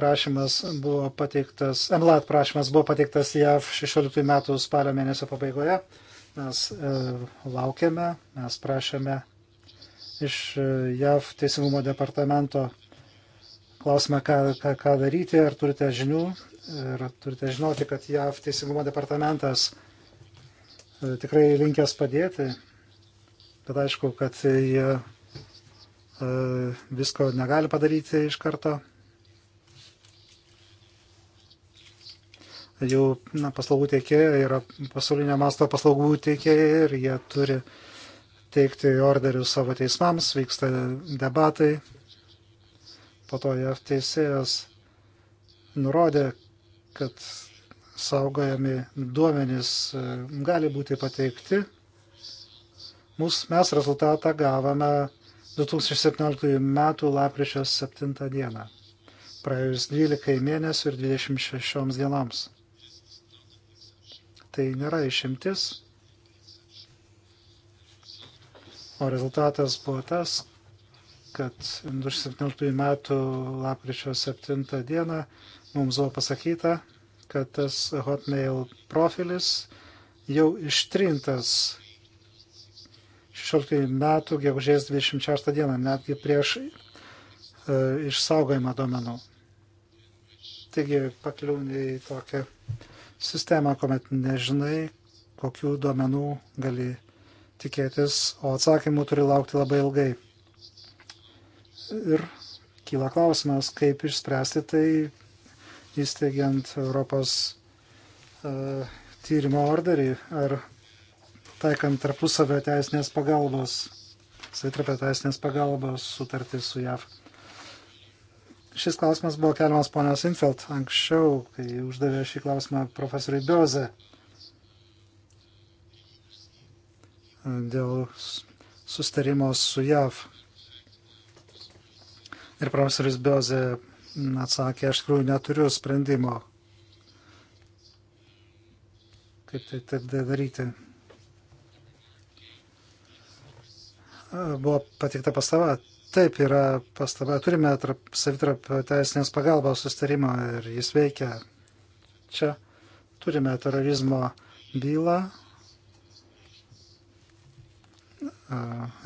[SPEAKER 4] prašymas buvo pateiktas, MLAT prašymas buvo pateiktas JAV 16 metų spalio mėnesio pabaigoje. Mes e, laukiame, mes prašėme iš e, JAV Teisingumo departamento klausimą, ką, ką, ką daryti, ar turite žinių. Ir turite žinoti, kad JAV Teisingumo departamentas e, tikrai linkęs padėti. Bet aišku, kad jie e, visko negali padaryti iš karto jau na, paslaugų teikėjai yra pasaulinio masto paslaugų teikėjai ir jie turi teikti orderius savo teismams, vyksta debatai. Po to JAV teisėjas nurodė, kad saugojami duomenys e, gali būti pateikti. Mūs, mes rezultatą gavome 2017 m. lapkričio 7 d. praėjus 12 mėnesių ir 26 dienoms tai nėra išimtis, o rezultatas buvo tas, kad 2017 metų lapkričio 7 dieną mums buvo pasakyta, kad tas Hotmail profilis jau ištrintas 16 metų gegužės 26 dieną, netgi prieš e, išsaugojimą domenų. Taigi pakliūnė į tokią sistemą, kuomet nežinai, kokių duomenų gali tikėtis, o atsakymų turi laukti labai ilgai. Ir kyla klausimas, kaip išspręsti tai įsteigiant Europos uh, tyrimo orderį ar taikant tarpusavio teisinės pagalbos, savitrapė teisinės pagalbos sutartį su JAV. Šis klausimas buvo keliamas ponios Infeld anksčiau, kai uždavė šį klausimą profesoriui Bioze dėl sustarimo su JAV. Ir profesorius Bioze atsakė, aš tikrųjų neturiu sprendimo, kaip tai taip daryti. Buvo patikta pastava, Taip yra pastaba, turime savitrapio teisinės pagalbos sustarimą ir jis veikia. Čia turime terorizmo bylą.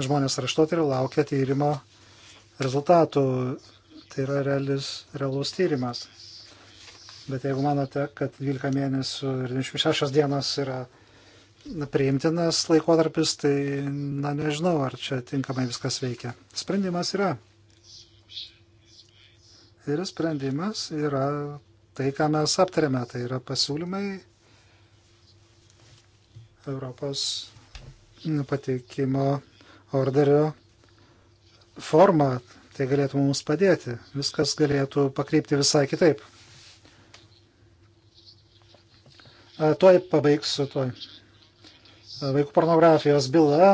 [SPEAKER 4] Žmonės raštuoti ir laukia tyrimo rezultatų. Tai yra realis, realus tyrimas. Bet jeigu manote, kad 12 mėnesių ir 26 dienos yra priimtinas laikotarpis, tai na, nežinau, ar čia tinkamai viskas veikia. Sprendimas yra. Ir sprendimas yra tai, ką mes aptarėme, tai yra pasiūlymai Europos pateikimo orderio forma, tai galėtų mums padėti. Viskas galėtų pakreipti visai kitaip. A, tuoj pabaigsiu, tuoj vaikų pornografijos byla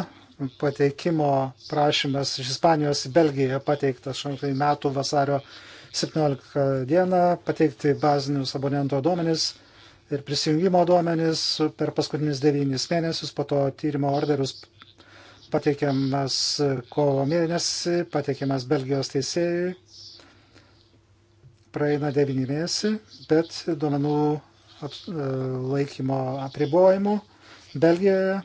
[SPEAKER 4] pateikimo prašymas iš Ispanijos į Belgiją pateiktas 16 metų vasario 17 dieną, pateikti bazinius abonento duomenis ir prisijungimo duomenis per paskutinius 9 mėnesius, po to tyrimo orderius pateikiamas kovo mėnesį, pateikiamas Belgijos teisėjui, praeina 9 mėnesiai, bet duomenų laikymo apribojimų Belgijoje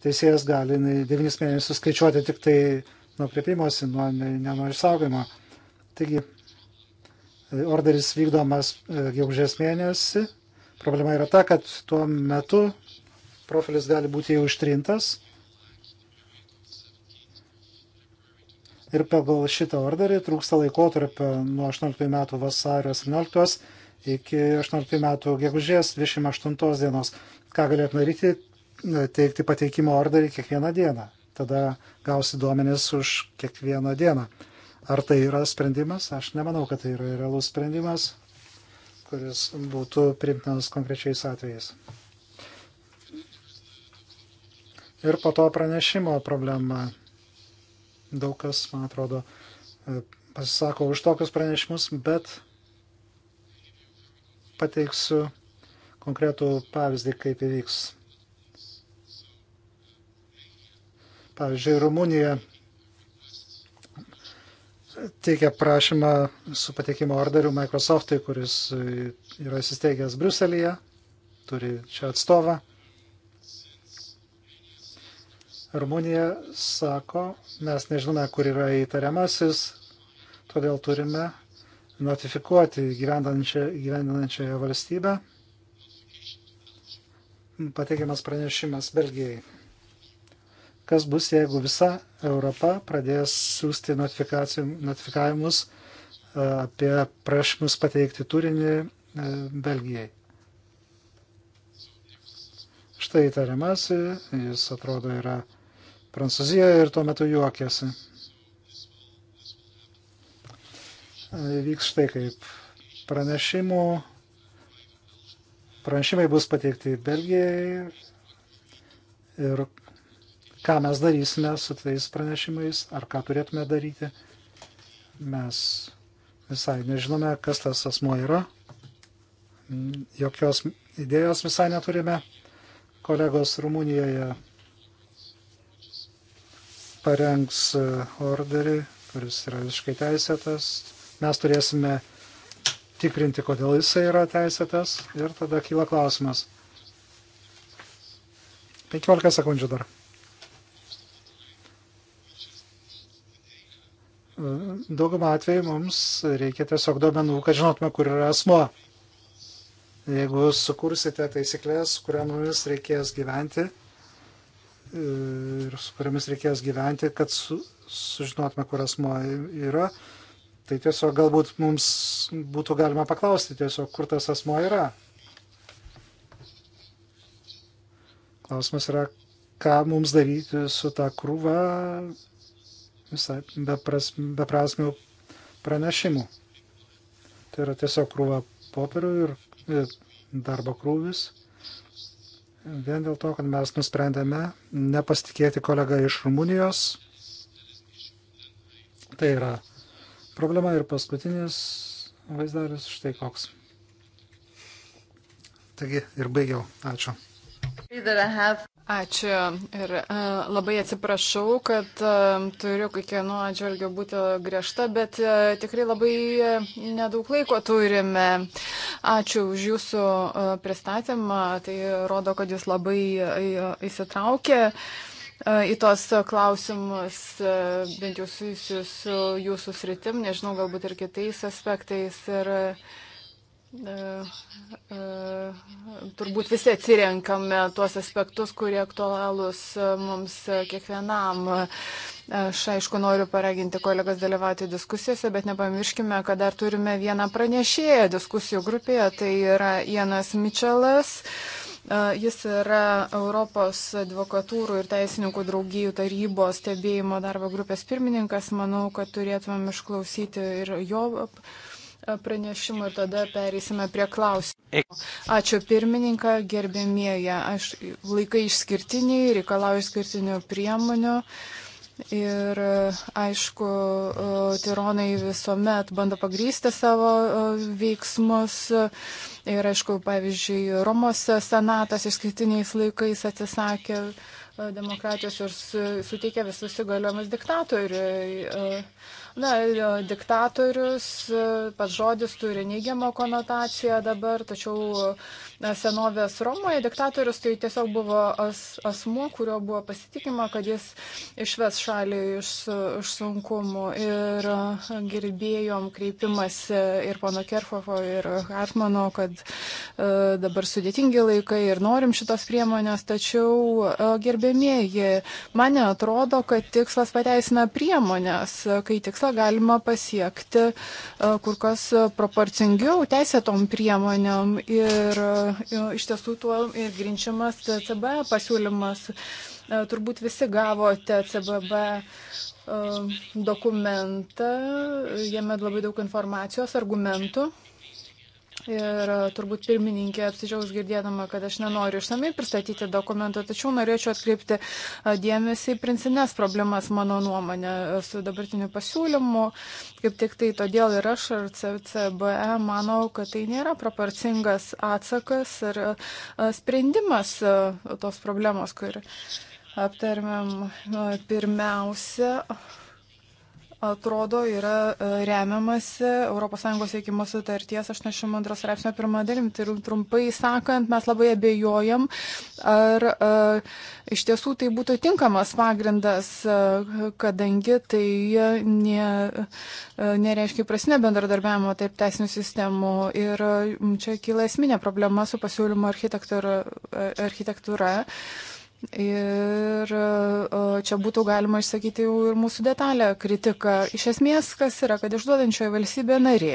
[SPEAKER 4] teisėjas gali 9 mėnesius skaičiuoti tik tai nuo kreipimosi, nuo, ne nuo išsaugojimo. Taigi, orderis vykdomas e, gegužės mėnesį. Problema yra ta, kad tuo metu profilis gali būti jau ištrintas. Ir pagal šitą orderį trūksta laikotarpio nuo 18 metų vasario 17 iki 18 metų gegužės 28 dienos. Ką galėtume daryti? Teikti pateikimo orderį kiekvieną dieną. Tada gausi duomenis už kiekvieną dieną. Ar tai yra sprendimas? Aš nemanau, kad tai yra realus sprendimas, kuris būtų primtinas konkrečiais atvejais. Ir po to pranešimo problema. Daug kas, man atrodo, e, pasisako už tokius pranešimus, bet pateiksiu konkretų pavyzdį, kaip įvyks. Pavyzdžiui, Rumunija teikia prašymą su pateikimo orderiu Microsoftui, kuris yra įsisteigęs Bruselėje, turi čia atstovą. Rumunija sako, mes nežinome, kur yra įtariamasis, todėl turime notifikuoti gyvendančiąją valstybę. Pateikiamas pranešimas Belgijai. Kas bus, jeigu visa Europa pradės siūsti notifikavimus e, apie prašymus pateikti turinį e, Belgijai? Štai įtariamas, jis atrodo yra Prancūzijoje ir tuo metu juokėsi. vyks štai kaip pranešimų. Pranešimai bus pateikti Belgijai ir ką mes darysime su tais pranešimais, ar ką turėtume daryti. Mes visai nežinome, kas tas asmo yra. Jokios idėjos visai neturime. Kolegos Rumunijoje parengs orderį, kuris yra visiškai teisėtas, mes turėsime tikrinti, kodėl jisai yra teisėtas ir tada kyla klausimas. 15 sekundžių dar. Daugumą atveju mums reikia tiesiog duomenų, kad žinotume, kur yra asmo. Jeigu sukursite taisyklės, kuriomis reikės gyventi ir su kuriamis reikės gyventi, kad su, sužinotume, kur asmo yra, Tai tiesiog galbūt mums būtų galima paklausti tiesiog, kur tas asmo yra. Klausimas yra, ką mums daryti su tą krūvą visai bepras, beprasmių pranešimų. Tai yra tiesiog krūva popierių ir, ir darbo krūvis. Vien dėl to, kad mes nusprendėme nepasitikėti kolegą iš Rumunijos. Tai yra problema ir paskutinis vaizdelis štai koks. Taigi ir baigiau. Ačiū.
[SPEAKER 2] Ačiū ir uh, labai atsiprašau, kad uh, turiu kiekvienu atžvilgiu būti griežta, bet uh, tikrai labai uh, nedaug laiko turime. Ačiū už jūsų uh, pristatymą, tai rodo, kad jūs labai uh, įsitraukė. Uh, E, į tos klausimus, e, bent jau susijusius su jūsų sritim, nežinau, galbūt ir kitais aspektais. Ir uh, uh, turbūt visi atsirenkame tuos aspektus, kurie aktualūs mums kiekvienam. Aš aišku noriu paraginti kolegas dalyvauti diskusijose, bet nepamirškime, kad dar turime vieną pranešėją diskusijų grupėje, tai yra Janas Mičelas. Uh, Jis yra Europos advokatūrų ir teisininkų draugijų tarybos stebėjimo darbo grupės pirmininkas. Manau, kad turėtumėm išklausyti ir jo pranešimų ir tada perėsime prie klausimų. Ačiū pirmininką, gerbėmėje. Aš laikai išskirtiniai, reikalauju išskirtinių priemonių. Uh, Ir aišku, tironai visuomet bando pagrysti savo veiksmus. Ir aišku, pavyzdžiui, Romos senatas išskirtiniais laikais atsisakė demokratijos ir suteikė visus įgaliojimus diktatoriui. Na ir e, diktatorius, e, pats žodis turi neigiamą konotaciją dabar, tačiau e, senovės Romoje diktatorius tai tiesiog buvo as, asmuo, kurio buvo pasitikima, kad jis išves šalį iš, iš sunkumų. Ir girdėjom kreipimas ir pono Kerfofo, ir Hartmano, kad dabar sudėtingi laikai ir norim šitos priemonės, tačiau gerbėmėji, man netrodo, kad tikslas pateisina priemonės, kai tikslas tikslą galima pasiekti e, kur kas proporcingiau teisėtom priemonėm ir e, iš tiesų tuo ir grinčiamas CB pasiūlymas. E, turbūt visi gavote CBB dokumentą, jame labai daug informacijos, argumentų. Ir e, turbūt pirmininkė apsidžiaugs girdėdama, kad aš nenoriu išsamei pristatyti dokumento, tačiau norėčiau atkreipti e, dėmesį į principinės problemas mano nuomonė e, su dabartiniu pasiūlymu. Kaip tik tai todėl ir aš ir CCBE manau, kad tai nėra proporcingas atsakas ir sprendimas tos problemos, kur aptarmėm pirmiausia atrodo yra e, remiamasi ES veikimo sutarties 82 straipsnio pirmą dalim. Tai trumpai sakant, mes labai abejojam, ar a, e, iš tiesų tai būtų tinkamas pagrindas, a, e, kadangi tai ne, a, nereiškia prasinė bendradarbiavimo tarp teisinių sistemų. Ir a, čia kyla esminė problema su pasiūlymo architektūra. architektūra. A, Ir e, čia būtų galima išsakyti jau ir mūsų detalę kritiką. Iš esmės, kas yra, kad išduodančioji valstybė narė.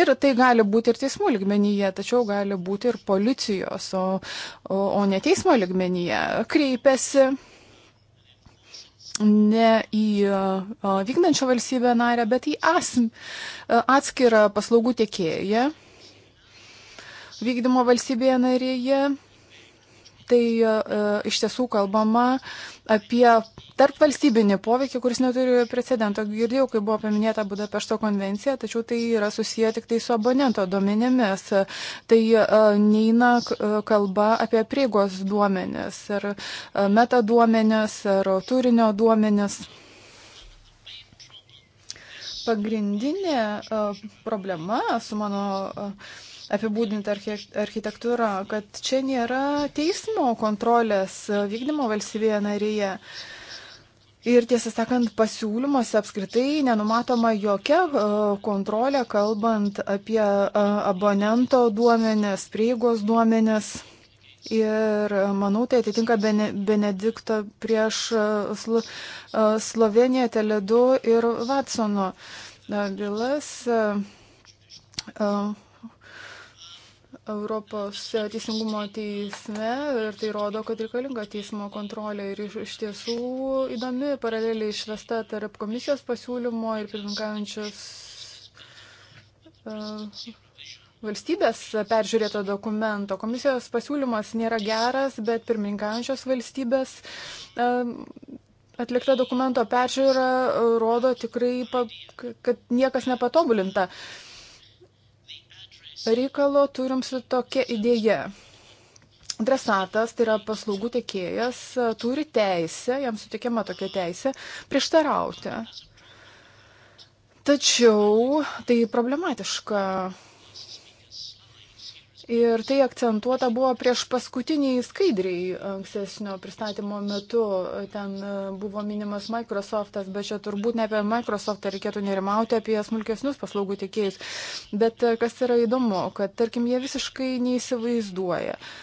[SPEAKER 2] Ir tai gali būti ir teismų ligmenyje, tačiau gali būti ir policijos, o, o, o ne teismo ligmenyje. Kreipiasi ne į e, vykdančią valstybę narę, bet į asm, e, atskirą paslaugų tiekėją vykdymo valstybėje narėje tai e, iš tiesų kalbama apie tarp valstybinį poveikį, kuris neturi precedento. Girdėjau, kai buvo paminėta Budapešto konvencija, tačiau tai yra susiję tik tai su abonento duomenėmis. Tai e, neina e, kalba apie prieigos duomenis, ar metaduomenis, ar turinio duomenis pagrindinė problema su mano apibūdinti architektūrą, kad čia nėra teismo kontrolės e, vykdymo valstybėje narėje. Ir tiesą sakant, pasiūlymuose apskritai nenumatoma jokia e, kontrolė, kalbant apie e, abonento duomenės, prieigos duomenės. Ir manau, tai atitinka Benediktą prieš Sloveniją, Teledu ir Vatsono bylas. Uh, Europos teisingumo teisme ir tai rodo, kad reikalinga teismo kontrolė ir iš, iš tiesų įdomi paralelė išvesta tarp komisijos pasiūlymo ir pirmininkaujančios uh, valstybės peržiūrėto dokumento. Komisijos pasiūlymas nėra geras, bet pirmininkaujančios valstybės uh, atlikta dokumento peržiūra rodo tikrai, kad niekas nepatobulinta. Uh, reikalo turim su tokia idėja. Adresatas, tai yra paslaugų tiekėjas, turi teisę, jam sutikiama tokia teisė, prieštarauti. Tačiau tai problematiška Ir tai akcentuota buvo prieš paskutiniai skaidriai ankstesnio pristatymo metu. Ten e, buvo minimas Microsoftas, bet čia turbūt ne apie Microsoftą reikėtų nerimauti, apie smulkesnius paslaugų tiekėjus. Bet e, kas yra įdomu, kad tarkim jie visiškai neįsivaizduoja. Uh,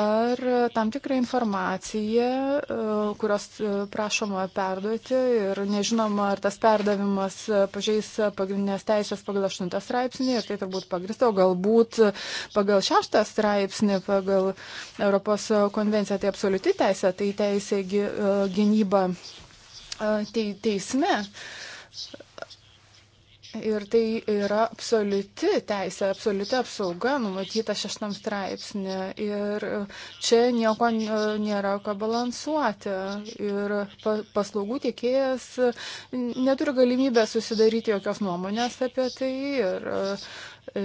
[SPEAKER 2] ar tam tikrą informaciją, e, kurios e, prašoma perduoti ir nežinoma, ar tas perdavimas pažeis pagrindinės teisės pagal 8 straipsnį ir tai turbūt pagrįsta, o galbūt pagal 6 straipsnį, pagal Europos konvenciją, tai absoliuti teisė, tai teisė e, gynyba teisme. Ir tai yra absoliuti teisė, absoliuti apsauga numatyta šeštam straipsnė. Ir čia nieko nėra ką balansuoti. Ir paslaugų tiekėjas neturi galimybę susidaryti jokios nuomonės apie tai. Ir,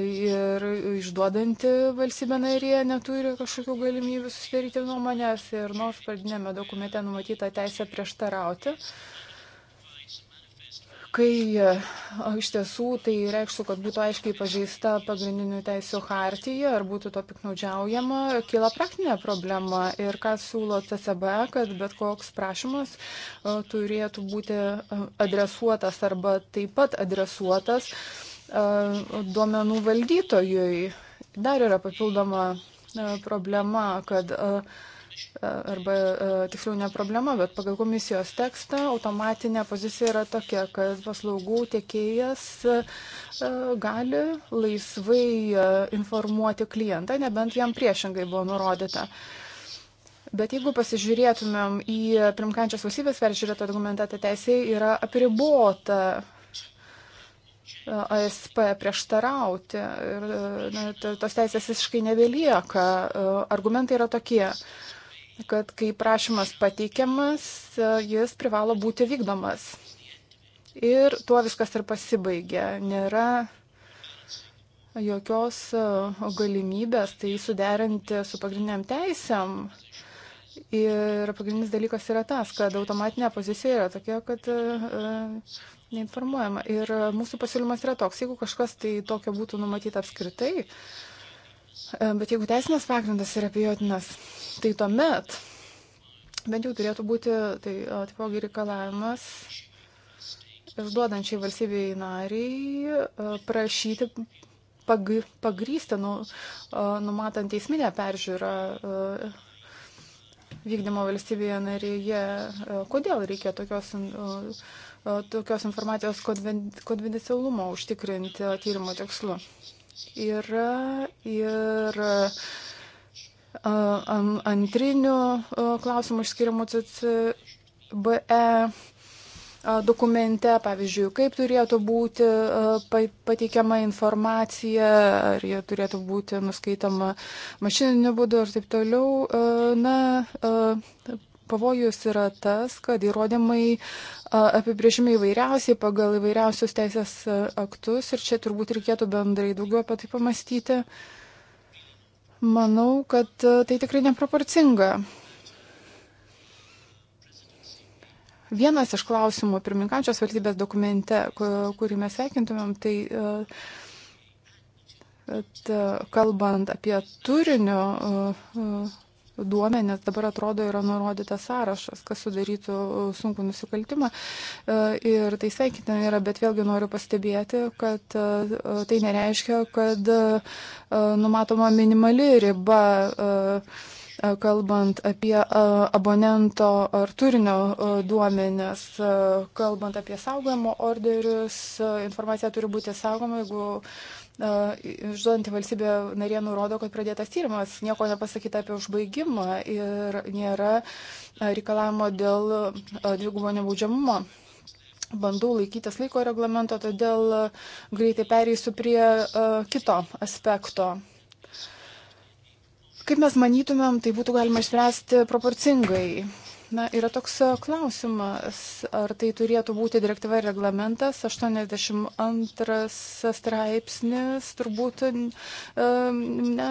[SPEAKER 2] ir išduodanti valstybė narėje neturi kažkokių galimybių susidaryti nuomonės. Ir nors pradinėme dokumente numatyta teisė prieštarauti. Uh, kai iš tiesų tai reikštų, kad būtų aiškiai pažeista pagrindinių teisų hartyje ar būtų to piknaudžiaujama, kyla praktinė problema. Ir ką siūlo TCB, kad bet koks prašymas turėtų būti adresuotas arba taip pat adresuotas duomenų valdytojui. Dar yra papildoma problema, kad uh, arba tiksliau ne problema, bet pagal komisijos tekstą automatinė pozicija yra tokia, kad paslaugų tiekėjas gali laisvai informuoti klientą, nebent jam priešingai buvo nurodyta. Bet jeigu pasižiūrėtumėm į primkančias valstybės peržiūrėtą dokumentą, tai teisė yra apribota ASP prieštarauti ir na, tos teisės visiškai nebelieka. Argumentai yra tokie. Uh, kad kai prašymas pateikiamas, jis privalo būti vykdomas. Ir tuo viskas ir pasibaigia. Nėra jokios e, galimybės tai suderinti su pagrindiniam teisėm. Ir pagrindinis dalykas yra tas, kad automatinė pozicija yra tokia, kad e, e, neinformuojama. Ir mūsų pasiūlymas yra toks, jeigu kažkas tai tokio būtų numatyta apskritai, E, bet jeigu teisinės pagrindas yra abejotinas, tai tuomet bent jau turėtų būti tai e, taipogi reikalavimas išduodančiai valstybei nariai e, prašyti pag, pagrystę, nu, numatant teisminę peržiūrą vykdymo valstybėje narėje, kodėl reikia tokios tokios informacijos konfidencialumo užtikrinti tyrimo tikslu yra ir antrinių klausimų išskirimų CCBE dokumente, pavyzdžiui, kaip turėtų būti pateikiama informacija, ar jie turėtų būti nuskaitama mašininiu būdu ir taip toliau. Na, pavojus yra tas, kad įrodymai apibrėžimai įvairiausiai pagal įvairiausius teisės aktus ir čia turbūt reikėtų bendrai daugiau apie tai pamastyti. Manau, kad tai tikrai neproporcinga. Vienas iš klausimų pirmininkančios valstybės dokumente, kurį mes sveikintumėm, tai uh, Bet kalbant apie turinio duomenės, dabar atrodo yra nurodytas sąrašas, kas sudarytų uh, sunku nusikaltimą. Uh, ir tai sveikintina yra, bet vėlgi noriu pastebėti, kad uh, tai nereiškia, kad numatoma minimali riba kalbant apie abonento ar turinio duomenės, kalbant apie saugojimo orderius, informacija turi būti saugoma, jeigu išduodanti valstybė narė nurodo, kad pradėtas tyrimas, nieko nepasakyta apie užbaigimą ir nėra reikalavimo dėl dvigubo nebaudžiamumo. Bandau laikytis laiko reglamento, todėl greitai pereisiu prie kito aspekto. Kaip mes manytumėm, tai būtų galima išspręsti proporcingai. Na, yra toks e, klausimas, ar tai turėtų būti direktyva ir reglamentas, 82 straipsnis, turbūt e, ne,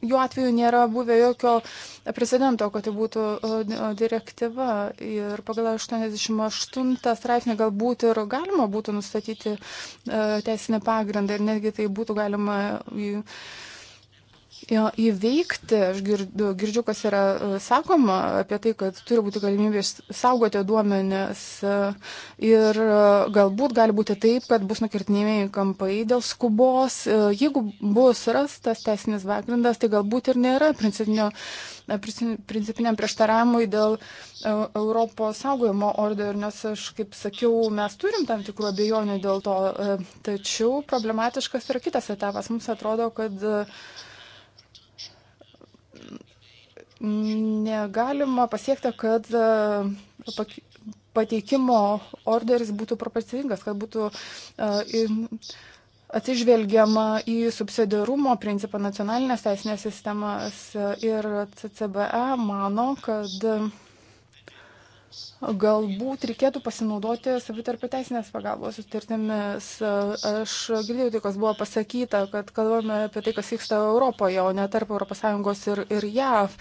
[SPEAKER 2] jų atveju nėra buvę jokio precedento, kad tai būtų e, direktyva. Ir pagal 88 straipsnį galbūt ir galima būtų nustatyti teisinį pagrindą ir netgi tai būtų galima įveikti. Aš girdžiu, girdžiu, kas yra e, sakoma apie tai, kad turi būti galimybė saugoti duomenis e, ir e, galbūt gali būti taip, kad bus nukirtinėjami kampai dėl skubos. Jeigu bus rastas teisinis pagrindas, tai galbūt ir nėra principinio principiniam prieštaravimui dėl Europos saugojimo orderio, nes aš, kaip sakiau, mes turim tam tikrų abejonių dėl to, tačiau problematiškas yra kitas etapas. Mums atrodo, kad uh, negalima pasiekti, kad e, pateikimo orderis būtų proporcingas, kad būtų e, atsižvelgiama į subsidiarumo principą nacionalinės teisinės sistemas e, ir CCBE mano, kad Galbūt reikėtų pasinaudoti savitarpio teisinės pagalbos sutartimis. Aš girdėjau tai, kas buvo pasakyta, kad kalbame apie tai, kas vyksta Europoje, o ne tarp ES ir, ir JAV.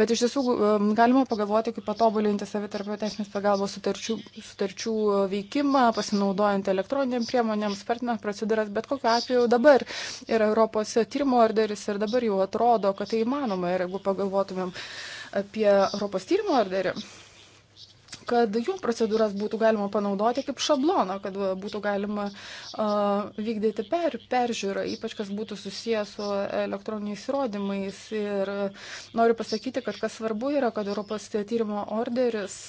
[SPEAKER 2] Bet iš tiesų galima pagalvoti, kaip patobulinti savitarpio teisinės pagalbos sutarčių, sutarčių veikimą, pasinaudojant elektroniniam priemonėm, spartinant procedūras. Bet kokiu atveju dabar yra Europos tyrimo orderis ir dabar jau atrodo, kad tai įmanoma. Ir jeigu pagalvotumėm apie Europos tyrimo orderį kad jų procedūras būtų galima panaudoti kaip šabloną, kad būtų galima uh, vykdyti per, peržiūrą, ypač kas būtų susijęs su elektroniniais įrodymais. Ir noriu pasakyti, kad kas svarbu yra, kad Europos tyrimo orderis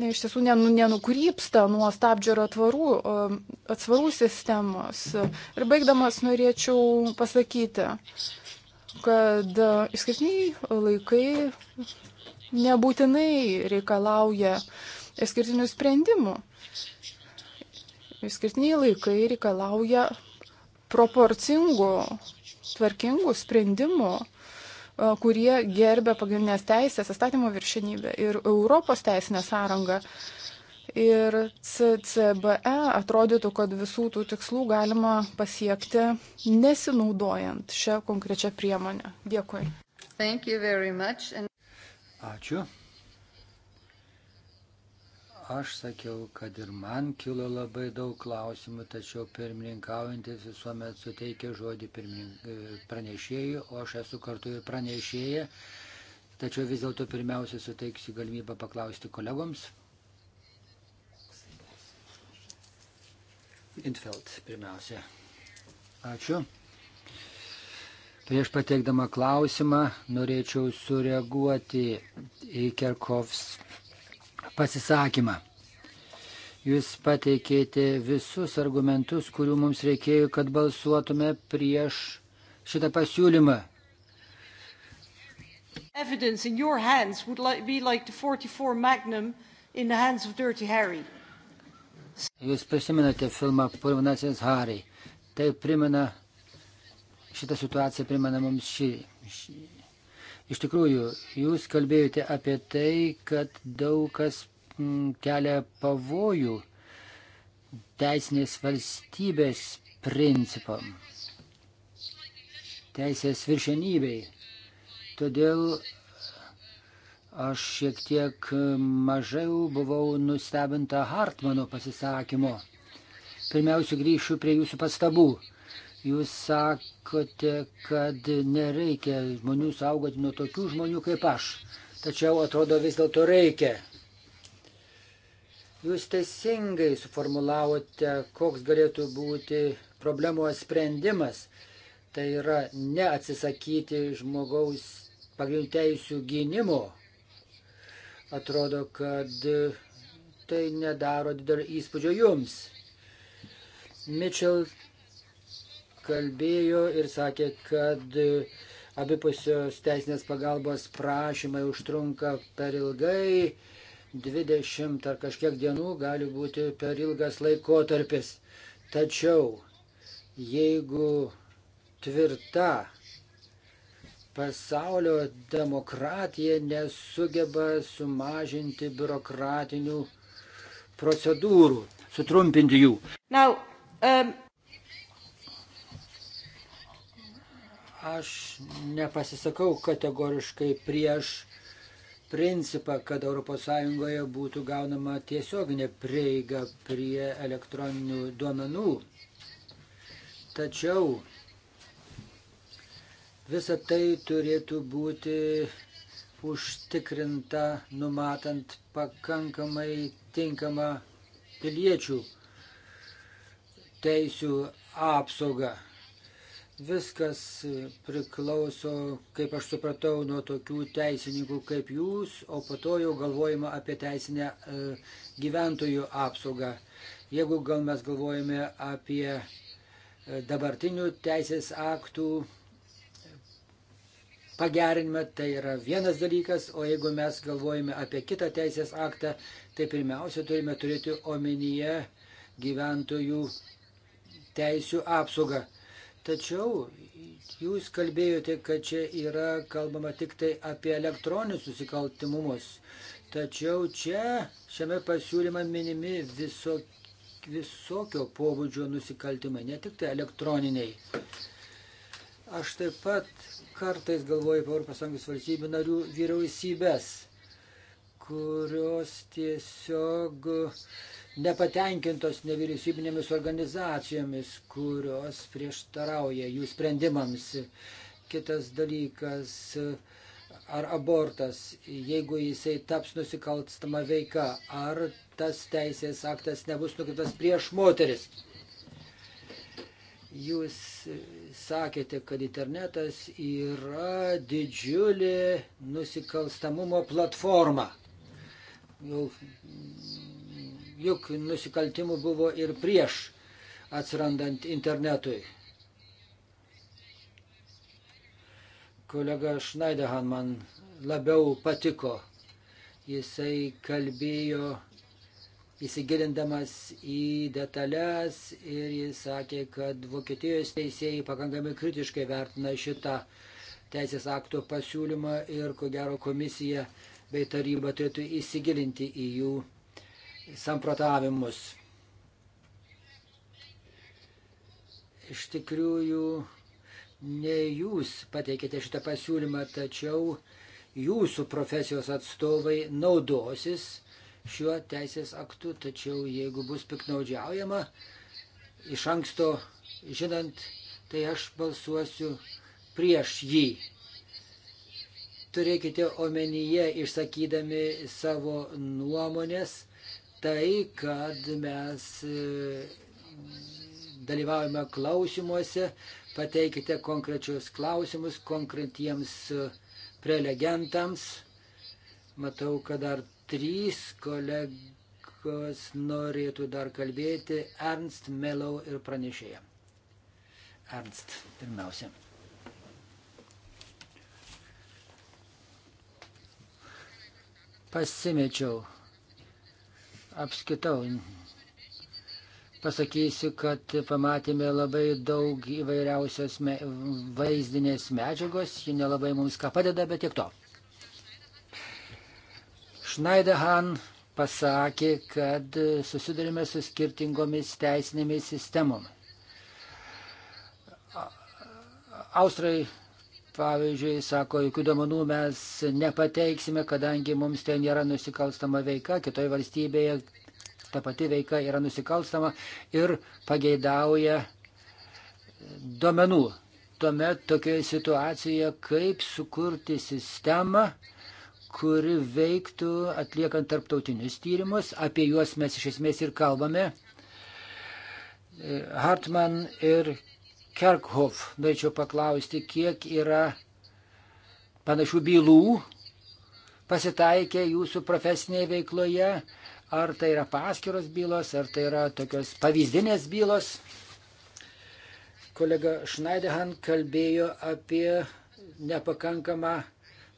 [SPEAKER 2] iš tiesų nenukrypsta nuo stabdžio ir atvarų, atsvarų sistemos. Ir baigdamas norėčiau pasakyti, kad išskirtiniai laikai nebūtinai reikalauja išskirtinių sprendimų. Išskirtiniai laikai reikalauja proporcingų, tvarkingų sprendimų, kurie gerbia pagrindinės teisės, įstatymo viršenybę ir Europos teisinę sąrangą. Ir CCBE atrodytų, kad visų tų tikslų galima pasiekti nesinaudojant šią konkrečią priemonę. Dėkui.
[SPEAKER 3] And... Ačiū.
[SPEAKER 5] Aš sakiau, kad ir man kilo labai daug klausimų, tačiau pirmininkaujantis visuomet suteikia žodį pranešėjai, o aš esu kartu ir pranešėja. Tačiau vis dėlto pirmiausia suteiksiu galimybę paklausti kolegoms. Intfeld pirmiausia. Ačiū. Prieš pateikdama klausimą norėčiau sureaguoti į Kerkovs pasisakymą. Jūs pateikėte visus argumentus, kurių mums reikėjo, kad balsuotume prieš šitą pasiūlymą.
[SPEAKER 3] Evidence in your hands would like, be like the 44 Magnum in the
[SPEAKER 1] hands of Dirty Harry.
[SPEAKER 5] Jūs prisimenate filmą Purvinasis Harry. Tai primena, šitą situaciją primena mums šį. šį. Iš tikrųjų, jūs kalbėjote apie tai, kad daug kas m, mm, kelia pavojų teisinės valstybės principam, teisės viršenybei. Todėl Aš šiek tiek mažiau buvau nustebinta Hartmano pasisakymo. Pirmiausia, grįšiu prie jūsų pastabų. Jūs sakote, kad nereikia žmonių saugoti nuo tokių žmonių kaip aš. Tačiau atrodo vis dėlto reikia. Jūs teisingai suformulavote, koks galėtų būti problemos sprendimas. Tai yra neatsisakyti žmogaus pagrindų teisų gynimo Atrodo, kad tai nedaro didelio įspūdžio jums. Mitchell kalbėjo ir sakė, kad abipusios teisinės pagalbos prašymai užtrunka per ilgai, 20 ar kažkiek dienų gali būti per ilgas laikotarpis. Tačiau jeigu tvirta Pasaulio demokratija nesugeba sumažinti biurokratinių procedūrų, sutrumpinti jų. Now, um... Aš nepasisakau kategoriškai prieš principą, kad ES būtų gaunama tiesioginė prieiga prie elektroninių duomenų. Tačiau Visa tai turėtų būti užtikrinta numatant pakankamai tinkamą piliečių teisių apsaugą. Viskas priklauso, kaip aš supratau, nuo tokių teisininkų kaip jūs, o po to jau galvojama apie teisinę e, gyventojų apsaugą. Jeigu gal mes galvojame apie e, dabartinių teisės aktų pagerinimą, tai yra vienas dalykas, o jeigu mes galvojame apie kitą teisės aktą, tai pirmiausia turime turėti omenyje gyventojų teisių apsaugą. Tačiau jūs kalbėjote, kad čia yra kalbama tik tai apie elektroninius susikaltimumus. Tačiau čia šiame pasiūlyme minimi viso, visokio pobūdžio nusikaltimai, ne tik tai elektroniniai. Aš taip pat kartais galvoju apie Europos Sąjungos valstybių narių vyriausybės, kurios tiesiog nepatenkintos nevyriausybinėmis organizacijomis, kurios prieštarauja jų sprendimams. Kitas dalykas, ar abortas, jeigu jisai taps nusikalstama veika, ar tas teisės aktas nebus nukreiptas prieš moteris. Jūs sakėte, kad internetas yra didžiulė nusikalstamumo platforma. Juk nusikaltimų buvo ir prieš atsirandant internetui. Kolega Schneiderhan man labiau patiko. Jisai kalbėjo įsigilindamas į detalės ir jis sakė, kad Vokietijos teisėjai pakankamai kritiškai vertina šitą teisės akto pasiūlymą ir ko gero komisija bei taryba turėtų įsigilinti į jų samprotavimus. Iš tikrųjų, ne jūs pateikėte šitą pasiūlymą, tačiau jūsų profesijos atstovai naudosis šiuo teisės aktu, tačiau jeigu bus piknaudžiaujama, iš anksto žinant, tai aš balsuosiu prieš jį. Turėkite omenyje išsakydami savo nuomonės tai, kad mes e, dalyvaujame klausimuose, pateikite konkrečius klausimus konkretiems e, prelegentams. Matau, kad dar Trys kolegos norėtų dar kalbėti. Ernst, Melau ir pranešėja. Ernst, pirmiausia. Pasimečiau. Apskitau pasakysiu, kad pamatėme labai daug įvairiausios me, vaizdinės medžiagos, ji nelabai mums ką padeda, bet tiek to. Schneiderhan pasakė, kad susidurime su skirtingomis teisinėmis sistemomis. Austrai, pavyzdžiui, sako, jokių duomenų mes nepateiksime, kadangi mums ten nėra nusikalstama veika, kitoje valstybėje ta pati veika yra nusikalstama ir pageidauja duomenų. Tuomet tokioje situacijoje, kaip sukurti sistemą, kuri veiktų atliekant tarptautinius tyrimus, apie juos mes iš esmės ir kalbame. Hartman ir Kerkhoff, norėčiau paklausti, kiek yra panašių bylų pasitaikę jūsų profesinėje veikloje, ar tai yra paskiros bylos, ar tai yra tokios pavyzdinės bylos. Kolega Schneiderhan kalbėjo apie nepakankamą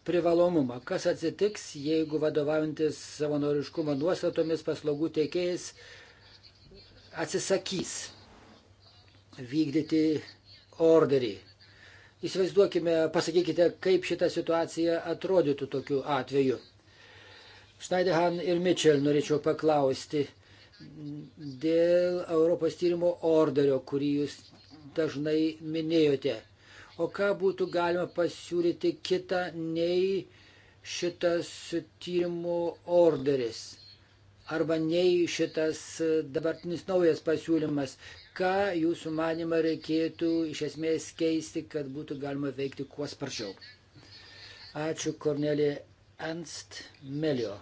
[SPEAKER 5] privalomumą. Kas atsitiks, jeigu vadovaujantis savanoriškumo nuostatomis paslaugų teikėjas atsisakys vykdyti orderį. Įsivaizduokime, pasakykite, kaip šita situacija atrodytų tokiu atveju. Schneiderhan ir Mitchell norėčiau paklausti dėl Europos tyrimo orderio, kurį jūs dažnai minėjote. O ką būtų galima pasiūlyti kitą nei šitas tyrimo orderis? Arba nei šitas dabartinis naujas pasiūlymas? Ką jūsų manimą reikėtų iš esmės keisti, kad būtų galima veikti kuo sparčiau? Ačiū Kornelija Ernst Melio.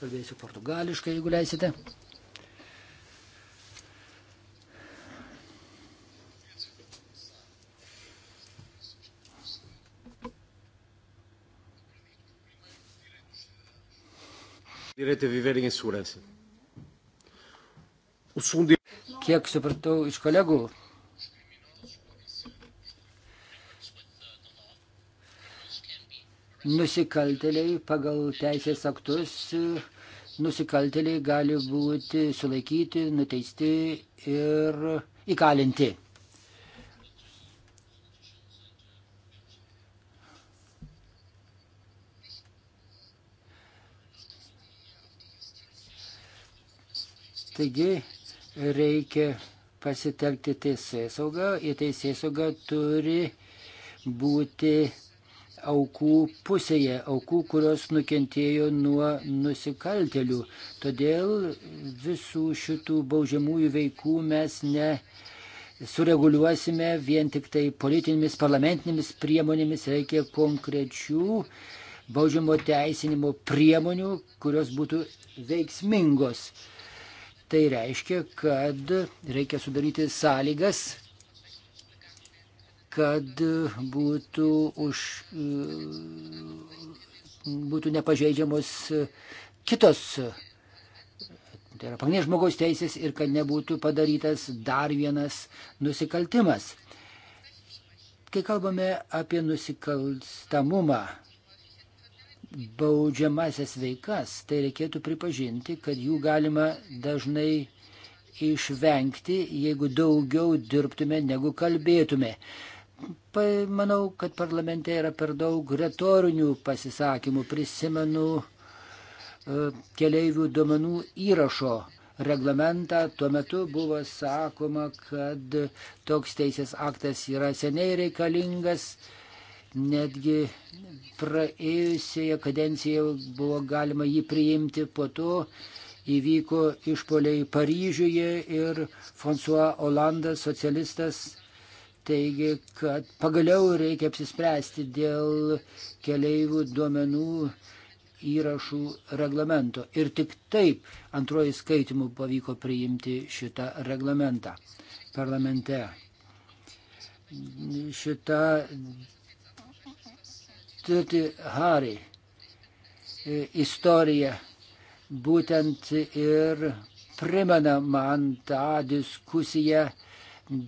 [SPEAKER 5] Kalbėsiu portugališkai, jeigu leisite.
[SPEAKER 4] Direito a
[SPEAKER 3] viver em segurança.
[SPEAKER 5] O segundo... Kiek supratau iš kolegų, nusikaltėliai pagal teisės aktus, nusikaltėliai gali būti sulaikyti, nuteisti ir įkalinti. Taigi reikia pasitelkti teisėsaugą ir teisėsauga turi būti aukų pusėje, aukų, kurios nukentėjo nuo nusikaltelių. Todėl visų šitų baudžiamųjų veikų mes ne sureguliuosime vien tik tai politinėmis, parlamentinėmis priemonėmis, reikia konkrečių baudžiamo teisinimo priemonių, kurios būtų veiksmingos. Tai reiškia, kad reikia sudaryti sąlygas, kad būtų, už, būtų nepažeidžiamos kitos, tai yra pagrindinės žmogaus teisės ir kad nebūtų padarytas dar vienas nusikaltimas. Kai kalbame apie nusikalstamumą, baudžiamasias veikas, tai reikėtų pripažinti, kad jų galima dažnai išvengti, jeigu daugiau dirbtume negu kalbėtume. Pa, manau, kad parlamente yra per daug retorinių pasisakymų. Prisimenu e, keleivių duomenų įrašo reglamentą. Tuo metu buvo sakoma, kad toks teisės aktas yra seniai reikalingas Netgi praėjusioje kadencijoje buvo galima jį priimti, po to įvyko išpoliai Paryžiuje ir François Hollandas, socialistas, teigė, kad pagaliau reikia apsispręsti dėl keleivių duomenų įrašų reglamento. Ir tik taip antroji skaitimų pavyko priimti šitą reglamentą parlamente. Šita Tuti Hari e, istorija būtent ir primena man tą diskusiją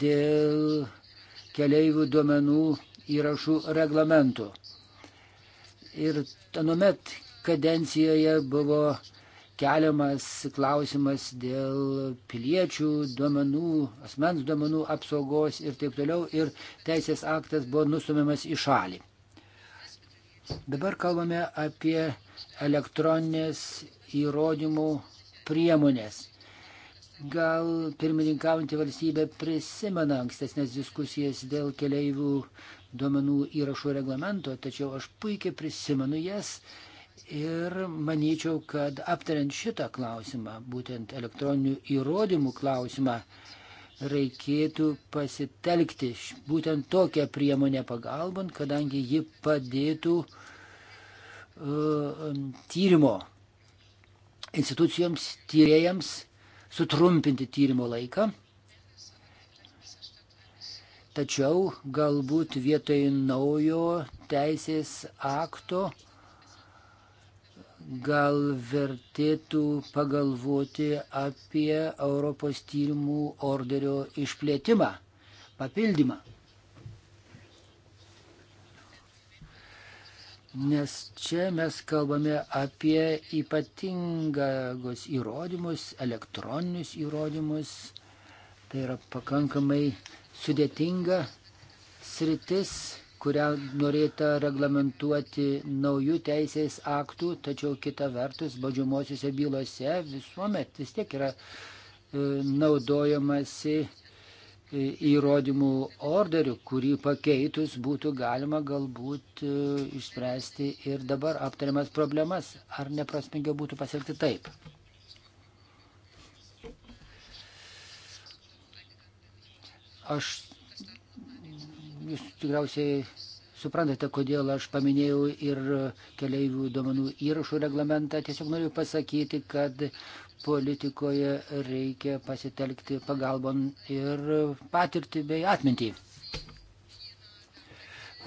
[SPEAKER 5] dėl keliaivių duomenų įrašų reglamento. Ir anuomet kadencijoje buvo keliamas klausimas dėl piliečių duomenų, asmens duomenų apsaugos ir taip toliau, ir teisės aktas buvo nustumiamas į šalį. Dabar kalbame apie elektroninės įrodymų priemonės. Gal pirmininkaujantį valstybę prisimena ankstesnės diskusijas dėl keleivių duomenų įrašų reglamento, tačiau aš puikiai prisimenu jas ir manyčiau, kad aptariant šitą klausimą, būtent elektroninių įrodymų klausimą, reikėtų pasitelkti būtent tokią priemonę pagalbant, kadangi ji padėtų uh, um, tyrimo institucijoms, tyrėjams sutrumpinti tyrimo laiką. Tačiau galbūt vietoj naujo teisės akto uh, gal vertėtų pagalvoti apie Europos tyrimų orderio išplėtimą, papildymą. Nes čia mes kalbame apie ypatingus įrodymus, elektroninius įrodymus. Tai yra pakankamai sudėtinga sritis kurią norėta reglamentuoti naujų teisės aktų, tačiau kita vertus baudžiamosiose bylose visuomet vis tiek yra e, naudojamasi e, įrodymų orderių, kurį pakeitus būtų galima galbūt e, išspręsti ir dabar aptariamas problemas. Ar neprasmingiau būtų pasielgti taip? Aš Jūs tikriausiai suprantate, kodėl aš paminėjau ir keliaivių duomenų įrašų reglamentą. Tiesiog noriu pasakyti, kad politikoje reikia pasitelkti pagalbon ir patirtį bei atmintį.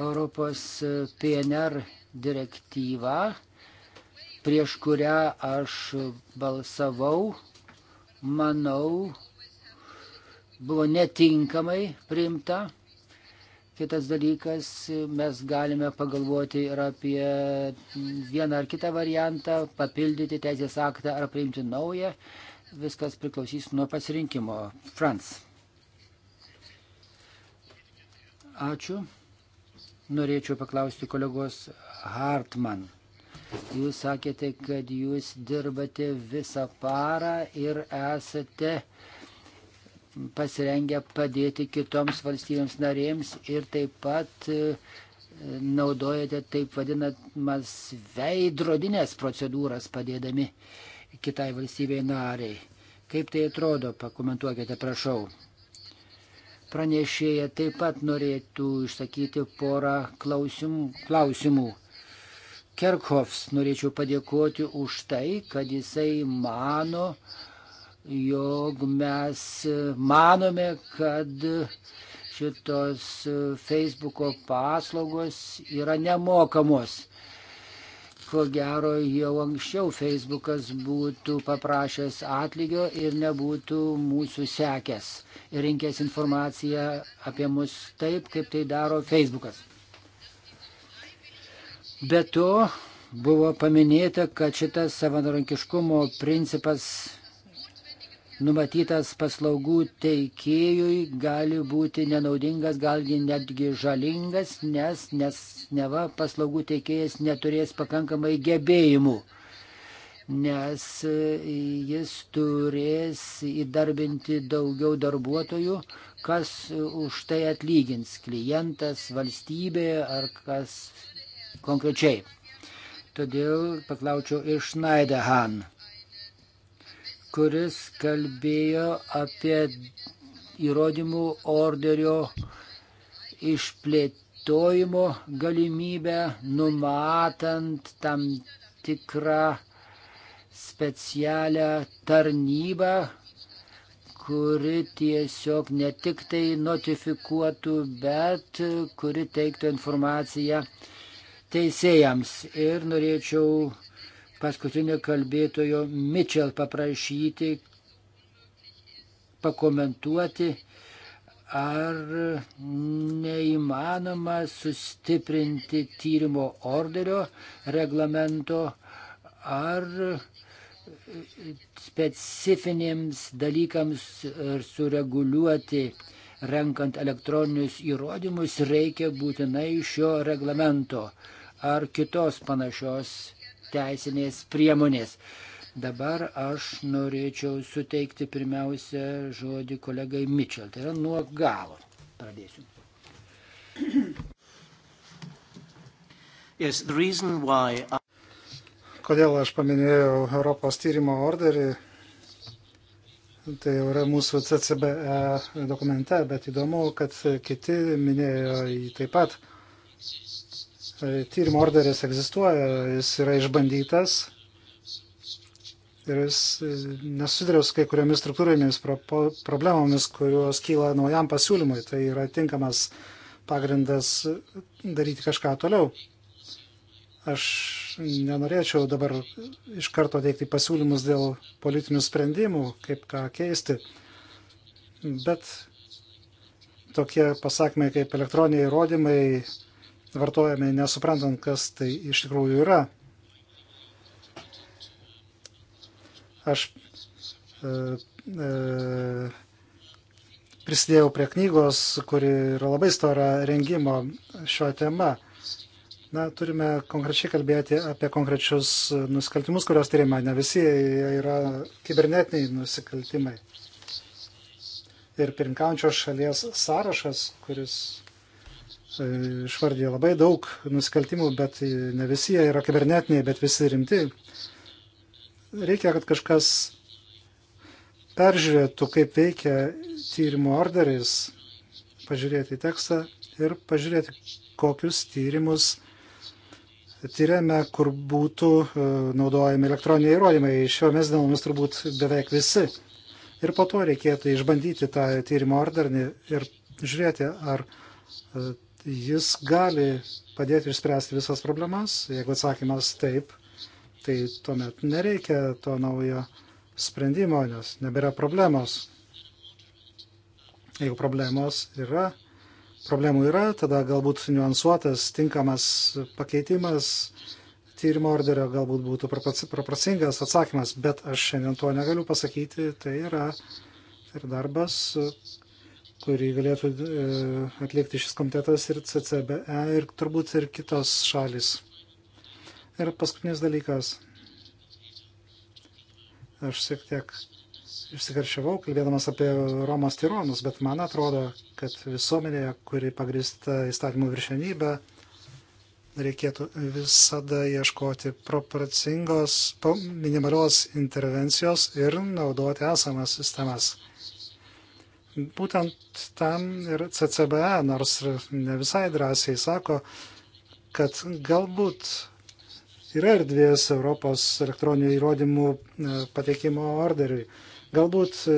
[SPEAKER 5] Europos PNR direktyva, prieš kurią aš balsavau, manau, buvo netinkamai priimta Kitas dalykas, mes galime pagalvoti ir apie vieną ar kitą variantą, papildyti teisės aktą ar priimti naują. Viskas priklausys nuo pasirinkimo. Franz. Ačiū. Norėčiau paklausti kolegos Hartman. Jūs sakėte, kad jūs dirbate visą parą ir esate pasirengę padėti kitoms valstybėms narėms ir taip pat e, naudojate taip vadinamas veidrodinės procedūras padėdami kitai valstybei nariai. Kaip tai atrodo, pakomentuokite, prašau. Pranešėja taip pat norėtų išsakyti porą klausimų. klausimų. Kerkhoffs norėčiau padėkoti už tai, kad jisai mano, uh, jog mes manome, kad šitos Facebook'o paslaugos yra nemokamos. Ko gero, jau anksčiau Facebookas būtų paprašęs atlygio ir nebūtų mūsų sekęs ir rinkęs informaciją apie mus taip, kaip tai daro Facebookas. Be to, buvo paminėta, kad šitas savarankiškumo principas numatytas paslaugų teikėjui gali būti nenaudingas, galgi netgi žalingas, nes, nes neva paslaugų teikėjas neturės pakankamai gebėjimų nes e, jis turės įdarbinti daugiau darbuotojų, kas už tai atlygins klientas, valstybė ar kas konkrečiai. Todėl paklaučiau iš Schneiderhan kuris kalbėjo apie įrodymų orderio išplėtojimo galimybę, numatant tam tikrą specialią tarnybą, kuri tiesiog ne tik tai notifikuotų, bet kuri teiktų informaciją teisėjams. Ir norėčiau paskutinio kalbėtojo Mitchell paprašyti pakomentuoti, ar neįmanoma sustiprinti tyrimo orderio reglamento, ar specifinėms dalykams sureguliuoti, renkant elektroninius įrodymus, reikia būtinai šio reglamento ar kitos panašios teisinės priemonės. Dabar aš norėčiau suteikti pirmiausia žodį kolegai Mitchell. Tai yra nuo galo. Pradėsiu.
[SPEAKER 4] Yes, why... Kodėl aš paminėjau Europos tyrimo orderį? Tai yra mūsų CCB e dokumente, bet įdomu, kad kiti minėjo jį taip pat. E, tyrimo orderis egzistuoja, jis yra išbandytas ir jis e, nesusidurė su kai kuriomis struktūrinėmis pro, problemomis, kurios kyla naujam pasiūlymui. Tai yra tinkamas pagrindas daryti kažką toliau. Aš nenorėčiau dabar iš karto teikti pasiūlymus dėl politinių sprendimų, kaip ką keisti, bet tokie pasakymai kaip elektroniniai įrodymai, vartojami nesuprantant, kas tai iš tikrųjų yra. Aš e, e, prisidėjau prie knygos, kuri yra labai stora rengimo šio tema. Na, turime konkrečiai kalbėti apie konkrečius nusikaltimus, kurios tyrima. Ne visi yra kibernetiniai nusikaltimai. Ir pirinkaujančios šalies sąrašas, kuris išvardė labai daug nusikaltimų, bet ne visi jie yra kibernetiniai, bet visi rimti. Reikia, kad kažkas peržiūrėtų, kaip veikia tyrimo orderis, pažiūrėti tekstą ir pažiūrėti, kokius tyrimus tyriame, kur būtų e, naudojami elektroniniai įrodymai. Šiomis dienomis turbūt beveik visi. Ir po to reikėtų išbandyti tą tyrimo orderį ir žiūrėti, ar e, jis gali padėti išspręsti visas problemas. Jeigu atsakymas taip, tai tuomet nereikia to naujo sprendimo, nes nebėra problemos. Jeigu problemos yra, problemų yra, tada galbūt niuansuotas, tinkamas pakeitimas tyrimo orderio galbūt būtų proporcingas atsakymas, bet aš šiandien to negaliu pasakyti. Tai yra ir tai darbas, kurį galėtų e, atlikti šis komitetas ir CCBE ir turbūt ir kitos šalis. Ir paskutinis dalykas. Aš šiek tiek išsikaršiavau, kalbėdamas apie Romos tironus, bet man atrodo, kad visuomenėje, kuri pagrįsta įstatymų viršenybę, reikėtų visada ieškoti proporcingos, minimalios intervencijos ir naudoti esamas sistemas. Būtent tam ir CCBE, nors ne visai drąsiai sako, kad galbūt yra erdvės Europos elektroninių įrodymų e, pateikimo orderiui. Galbūt e,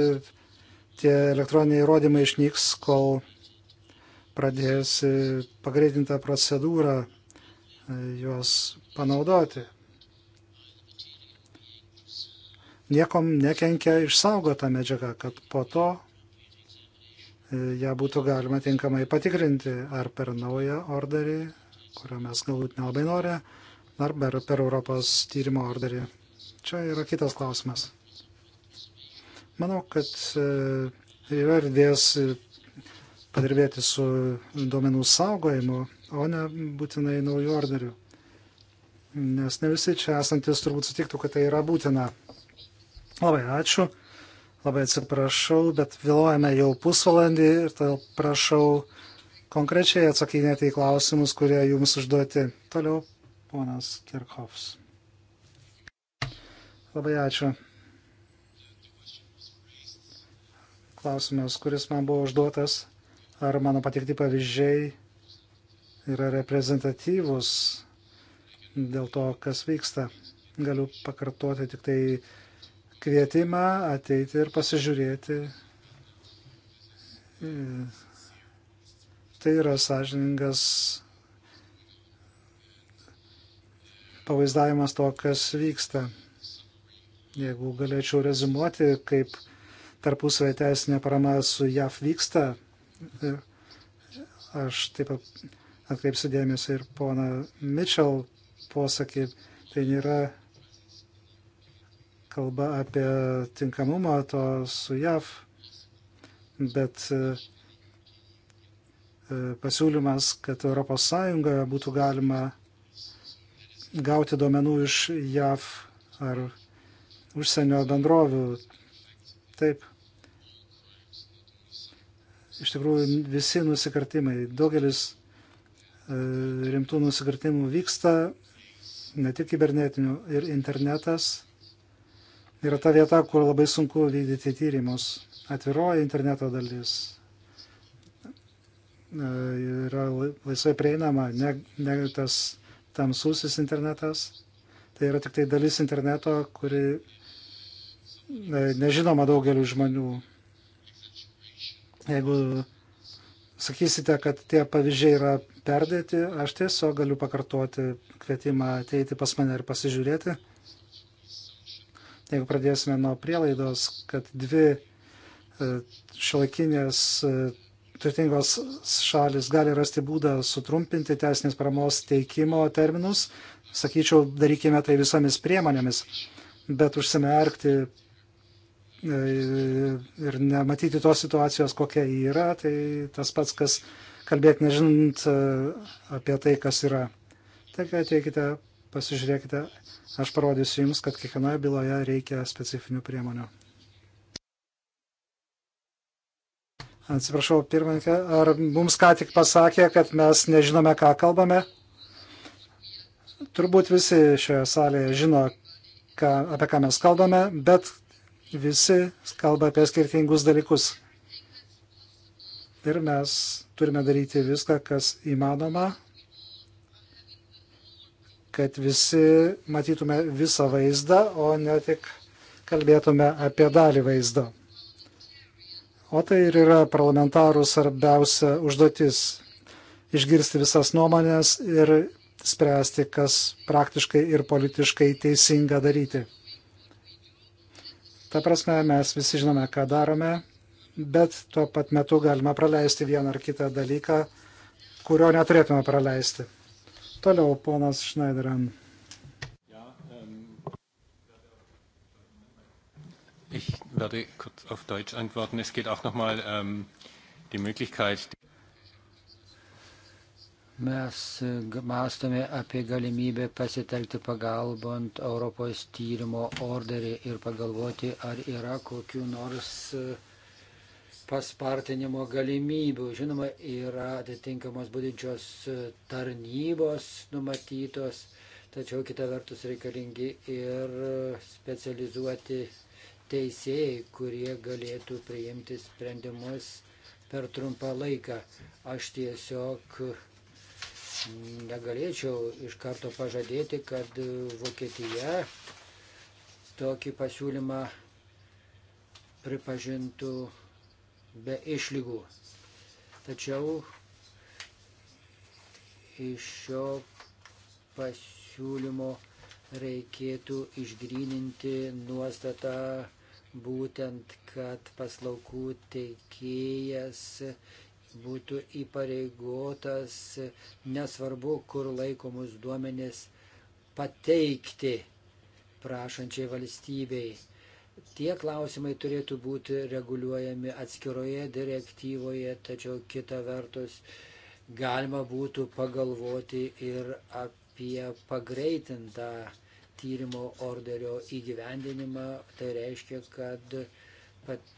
[SPEAKER 4] tie elektroniniai įrodymai išnyks, kol pradės e, pagreitintą procedūrą juos panaudoti. Niekom nekenkia išsaugota medžiaga, kad po to E, ją būtų galima tinkamai patikrinti ar per naują orderį, kurio mes galbūt nelabai norė, ar per, per Europos tyrimo orderį. Čia yra kitas klausimas. Manau, kad e, yra erdvės padirbėti su duomenų saugojimu, o ne būtinai naujų orderių. Nes ne visi čia esantis turbūt sutiktų, kad tai yra būtina. Labai ačiū. Labai atsiprašau, bet vėluojame jau pusvalandį ir todėl prašau konkrečiai atsakinėti į klausimus, kurie jums užduoti. Toliau ponas Kirchhoffs. Labai ačiū. Klausimas, kuris man buvo užduotas, ar mano patikti pavyzdžiai yra reprezentatyvus dėl to, kas vyksta. Galiu pakartoti tik tai kvietimą ateiti ir pasižiūrėti. E, tai yra sąžiningas pavaizdavimas to, kas vyksta. Jeigu galėčiau rezimuoti, kaip tarpusavė teisinė parama su JAF vyksta, e, aš taip atkreipsiu dėmesį ir pona Mitchell posakį, tai nėra kalba apie tinkamumą to su JAV, bet e, e, pasiūlymas, kad ES būtų galima gauti duomenų iš JAV ar užsienio bendrovių. Taip. Iš tikrųjų, visi nusikartimai, daugelis e, rimtų nusikartimų vyksta, ne tik kibernetinių ir internetas yra ta vieta, kur labai sunku vykdyti tyrimus. Atviroji interneto dalis e, yra laisvai prieinama, ne, ne tas tamsusis internetas. Tai yra tik tai dalis interneto, kuri e, nežinoma daugeliu žmonių. Jeigu sakysite, kad tie pavyzdžiai yra perdėti, aš tiesiog galiu pakartoti kvietimą ateiti pas mane ir pasižiūrėti. Jeigu pradėsime nuo prielaidos, kad dvi e, šiolakinės e, turtingos šalis gali rasti būdą sutrumpinti teisinės paramos teikimo terminus, sakyčiau, darykime tai visomis priemonėmis, bet užsimerkti e, ir nematyti tos situacijos, kokia jį yra, tai tas pats, kas kalbėti nežinant apie tai, kas yra. Taigi ateikite pasižiūrėkite, aš parodysiu Jums, kad kiekvienoje byloje reikia specifinių priemonių. Atsiprašau, pirmininkė, ar mums ką tik pasakė, kad mes nežinome, ką kalbame? Turbūt visi šioje salėje žino, ką, apie ką mes kalbame, bet visi kalba apie skirtingus dalykus. Ir mes turime daryti viską, kas įmanoma, kad visi matytume visą vaizdą, o ne tik kalbėtume apie dalį vaizdo. O tai ir yra parlamentarų svarbiausia užduotis - išgirsti visas nuomonės ir spręsti, kas praktiškai ir politiškai teisinga daryti. Ta prasme, mes visi žinome, ką darome, bet tuo pat metu galime praleisti vieną ar kitą dalyką, kurio neturėtume praleisti. Toliau ponas Schneideran.
[SPEAKER 1] Ich werde kurz auf Deutsch antworten. Es geht auch nochmal ähm, die Möglichkeit.
[SPEAKER 5] Mes mąstome apie galimybę pasitelkti pagalbą ant Europos tyrimo orderį ir pagalvoti, ar yra kokiu nors uh, paspartinimo galimybių. Žinoma, yra atitinkamos būdinčios tarnybos numatytos, tačiau kita vertus reikalingi ir specializuoti teisėjai, kurie galėtų priimti sprendimus per trumpą laiką. Aš tiesiog negalėčiau iš karto pažadėti, kad Vokietija tokį pasiūlymą pripažintų be išlygų. Tačiau iš šio pasiūlymo reikėtų išgryninti nuostatą būtent, kad paslaugų teikėjas būtų įpareigotas, nesvarbu, kur laikomus duomenis pateikti prašančiai valstybei. Tie klausimai turėtų būti reguliuojami atskiroje direktyvoje, tačiau kita vertus galima būtų pagalvoti ir apie pagreitintą tyrimo orderio įgyvendinimą. Tai reiškia, kad pat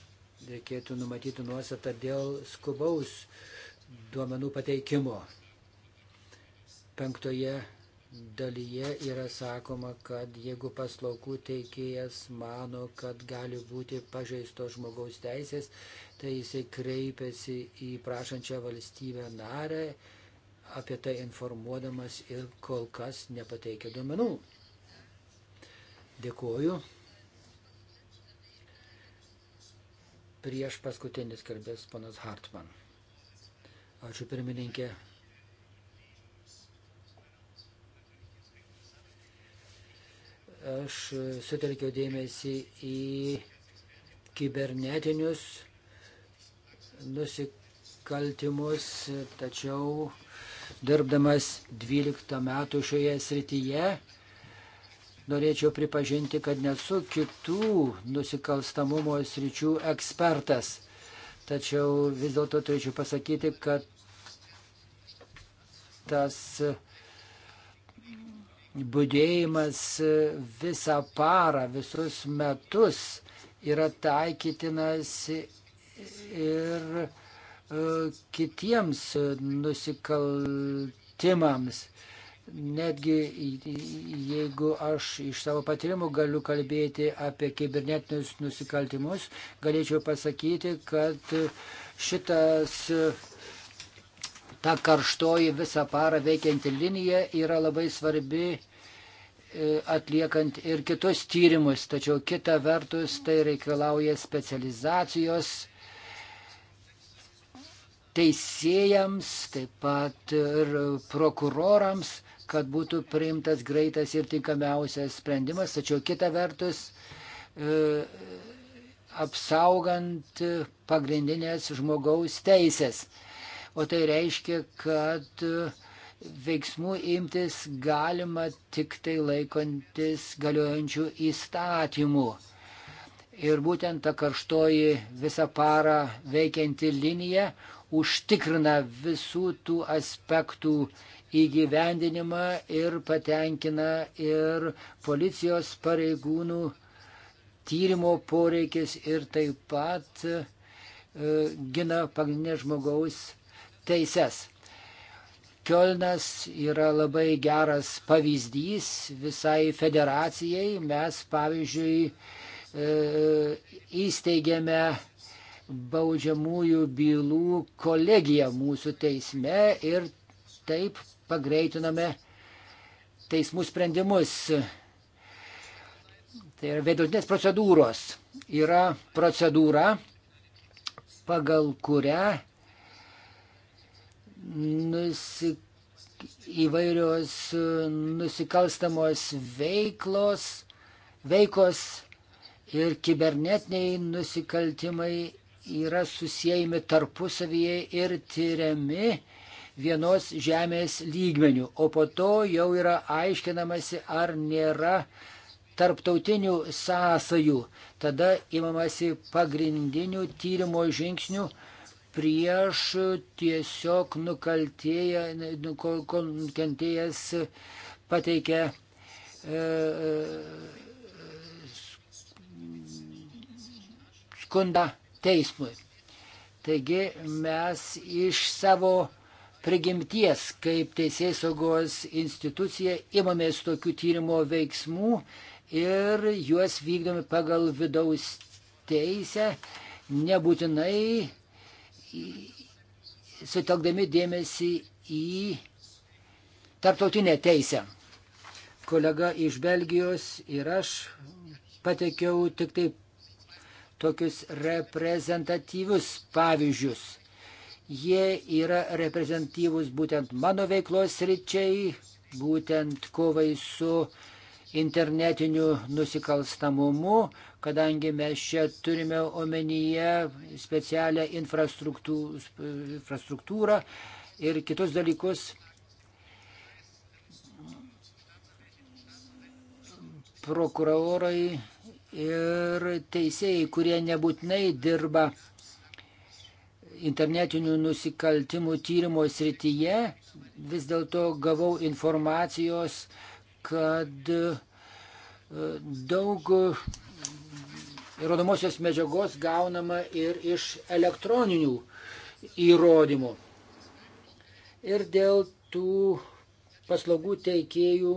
[SPEAKER 5] reikėtų numatyti nuostatą dėl skubaus duomenų pateikimo. Penktoje dalyje yra sakoma, kad jeigu paslaugų teikėjas mano, kad gali būti pažeisto žmogaus teisės, tai jisai kreipiasi į prašančią valstybę narę, apie tai informuodamas ir kol kas nepateikia duomenų. Dėkuoju. Prieš paskutinis kalbės ponas Hartman. Ačiū pirmininkė. aš sutelkiau dėmesį į kibernetinius nusikaltimus, tačiau dirbdamas 12 metų šioje srityje norėčiau pripažinti, kad nesu kitų nusikalstamumo sričių ekspertas. Tačiau vis dėlto turėčiau pasakyti, kad tas uh, budėjimas e, visą parą, visus metus yra taikytinas ir e, kitiems nusikaltimams. Netgi jeigu aš iš savo patirimų galiu kalbėti apie kibernetinius nusikaltimus, galėčiau pasakyti, kad šitas ta karštoji visą parą veikianti linija yra labai svarbi E, atliekant ir kitus tyrimus, tačiau kita vertus tai reikalauja specializacijos teisėjams, taip pat ir prokurorams, kad būtų priimtas greitas ir tinkamiausias sprendimas, tačiau kita vertus e, apsaugant pagrindinės žmogaus teisės. O tai reiškia, kad veiksmų imtis galima tik tai laikantis galiojančių įstatymų. Ir būtent ta karštoji visą parą veikianti linija užtikrina visų tų aspektų įgyvendinimą ir patenkina ir policijos pareigūnų tyrimo poreikis ir taip pat e, gina pagrindinės žmogaus teises. Kielnas yra labai geras pavyzdys visai federacijai. Mes, pavyzdžiui, e, įsteigėme baudžiamųjų bylų kolegiją mūsų teisme ir taip pagreitiname teismų sprendimus. Tai yra veidrodinės procedūros. Yra procedūra, pagal kurią nusik... įvairios e, nusikalstamos veiklos, veikos ir kibernetiniai nusikaltimai yra susijęjami tarpusavyje ir tyriami vienos žemės lygmenių, o po to jau yra aiškinamasi, ar nėra tarptautinių sąsajų. Tada imamasi pagrindinių tyrimo žingsnių, prieš tiesiog nu, nukentėjęs pateikia e, e, skundą teismui. Taigi mes iš savo prigimties, kaip teisės saugos institucija, imamės tokių tyrimo veiksmų ir juos vykdomi pagal vidaus teisę, nebūtinai sutelkdami dėmesį į tarptautinę teisę. Kolega iš Belgijos ir aš pateikiau tik taip tokius reprezentatyvius pavyzdžius. Jie yra reprezentatyvus būtent mano veiklos ryčiai, būtent kovai su uh, internetiniu nusikalstamumu, kadangi mes čia turime omenyje specialią infrastruktūrą ir kitus dalykus. Prokurorai ir teisėjai, kurie nebūtinai dirba internetinių nusikaltimų tyrimo srityje, vis dėlto gavau informacijos, kad e, daug įrodomosios medžiagos gaunama ir iš elektroninių įrodymų. Ir dėl tų paslaugų teikėjų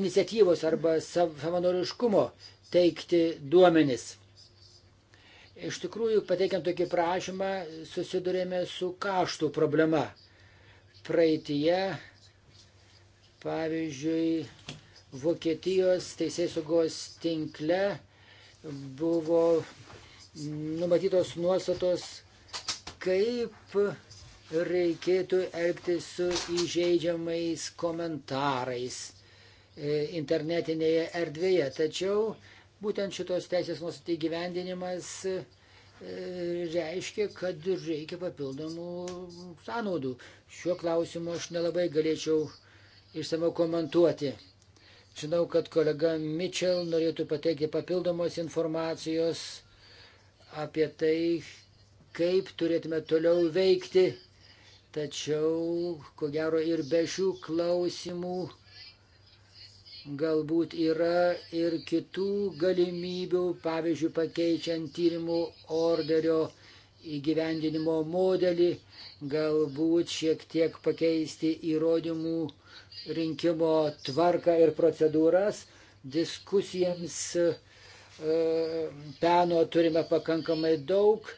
[SPEAKER 5] iniciatyvos arba savanoriškumo teikti duomenis. Iš tikrųjų, pateikiant tokį prašymą, susidurėme su kaštų problema praeitie, pavyzdžiui, Vokietijos teisėsaugos tinkle buvo numatytos nuostatos, kaip reikėtų elgtis su įžeidžiamais komentarais e, internetinėje erdvėje. Tačiau būtent šitos teisės nuostatų įgyvendinimas reiškia, kad reikia papildomų sąnaudų. Šiuo klausimu aš nelabai galėčiau išsameu komentuoti. Žinau, kad kolega Mitchell norėtų pateikti papildomos informacijos apie tai, kaip turėtume toliau veikti. Tačiau, ko gero, ir be šių klausimų Galbūt yra ir kitų galimybių, pavyzdžiui, pakeičiant tyrimų orderio įgyvendinimo modelį, galbūt šiek tiek pakeisti įrodymų rinkimo tvarką ir procedūras. Diskusijams e, peno turime pakankamai daug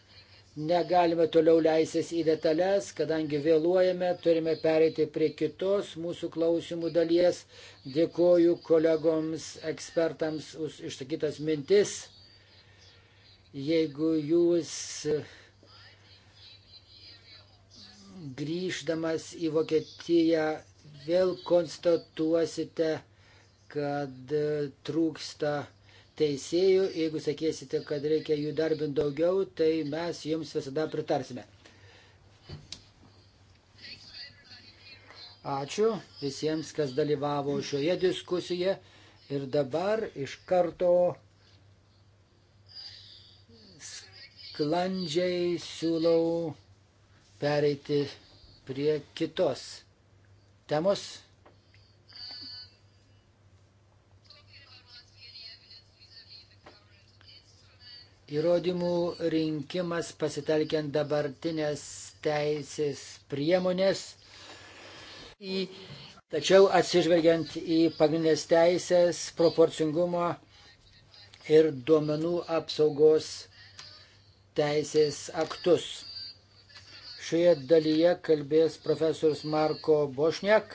[SPEAKER 5] Negalime toliau leisės į detalės, kadangi vėluojame, turime pereiti prie kitos mūsų klausimų dalies. Dėkoju kolegoms, ekspertams už išsakytas mintis. Jeigu jūs grįždamas į Vokietiją vėl konstatuosite, kad trūksta teisėjų, jeigu sakėsite, kad reikia jų darbinti daugiau, tai mes jums visada pritarsime. Ačiū visiems, kas dalyvavo šioje diskusijoje ir dabar iš karto sklandžiai siūlau pereiti prie kitos temos. Įrodymų rinkimas pasitelkiant dabartinės teisės priemonės. Į, tačiau atsižvelgiant į pagrindinės teisės, proporcingumo ir duomenų apsaugos teisės aktus. Šioje dalyje kalbės profesorius Marko Bošniak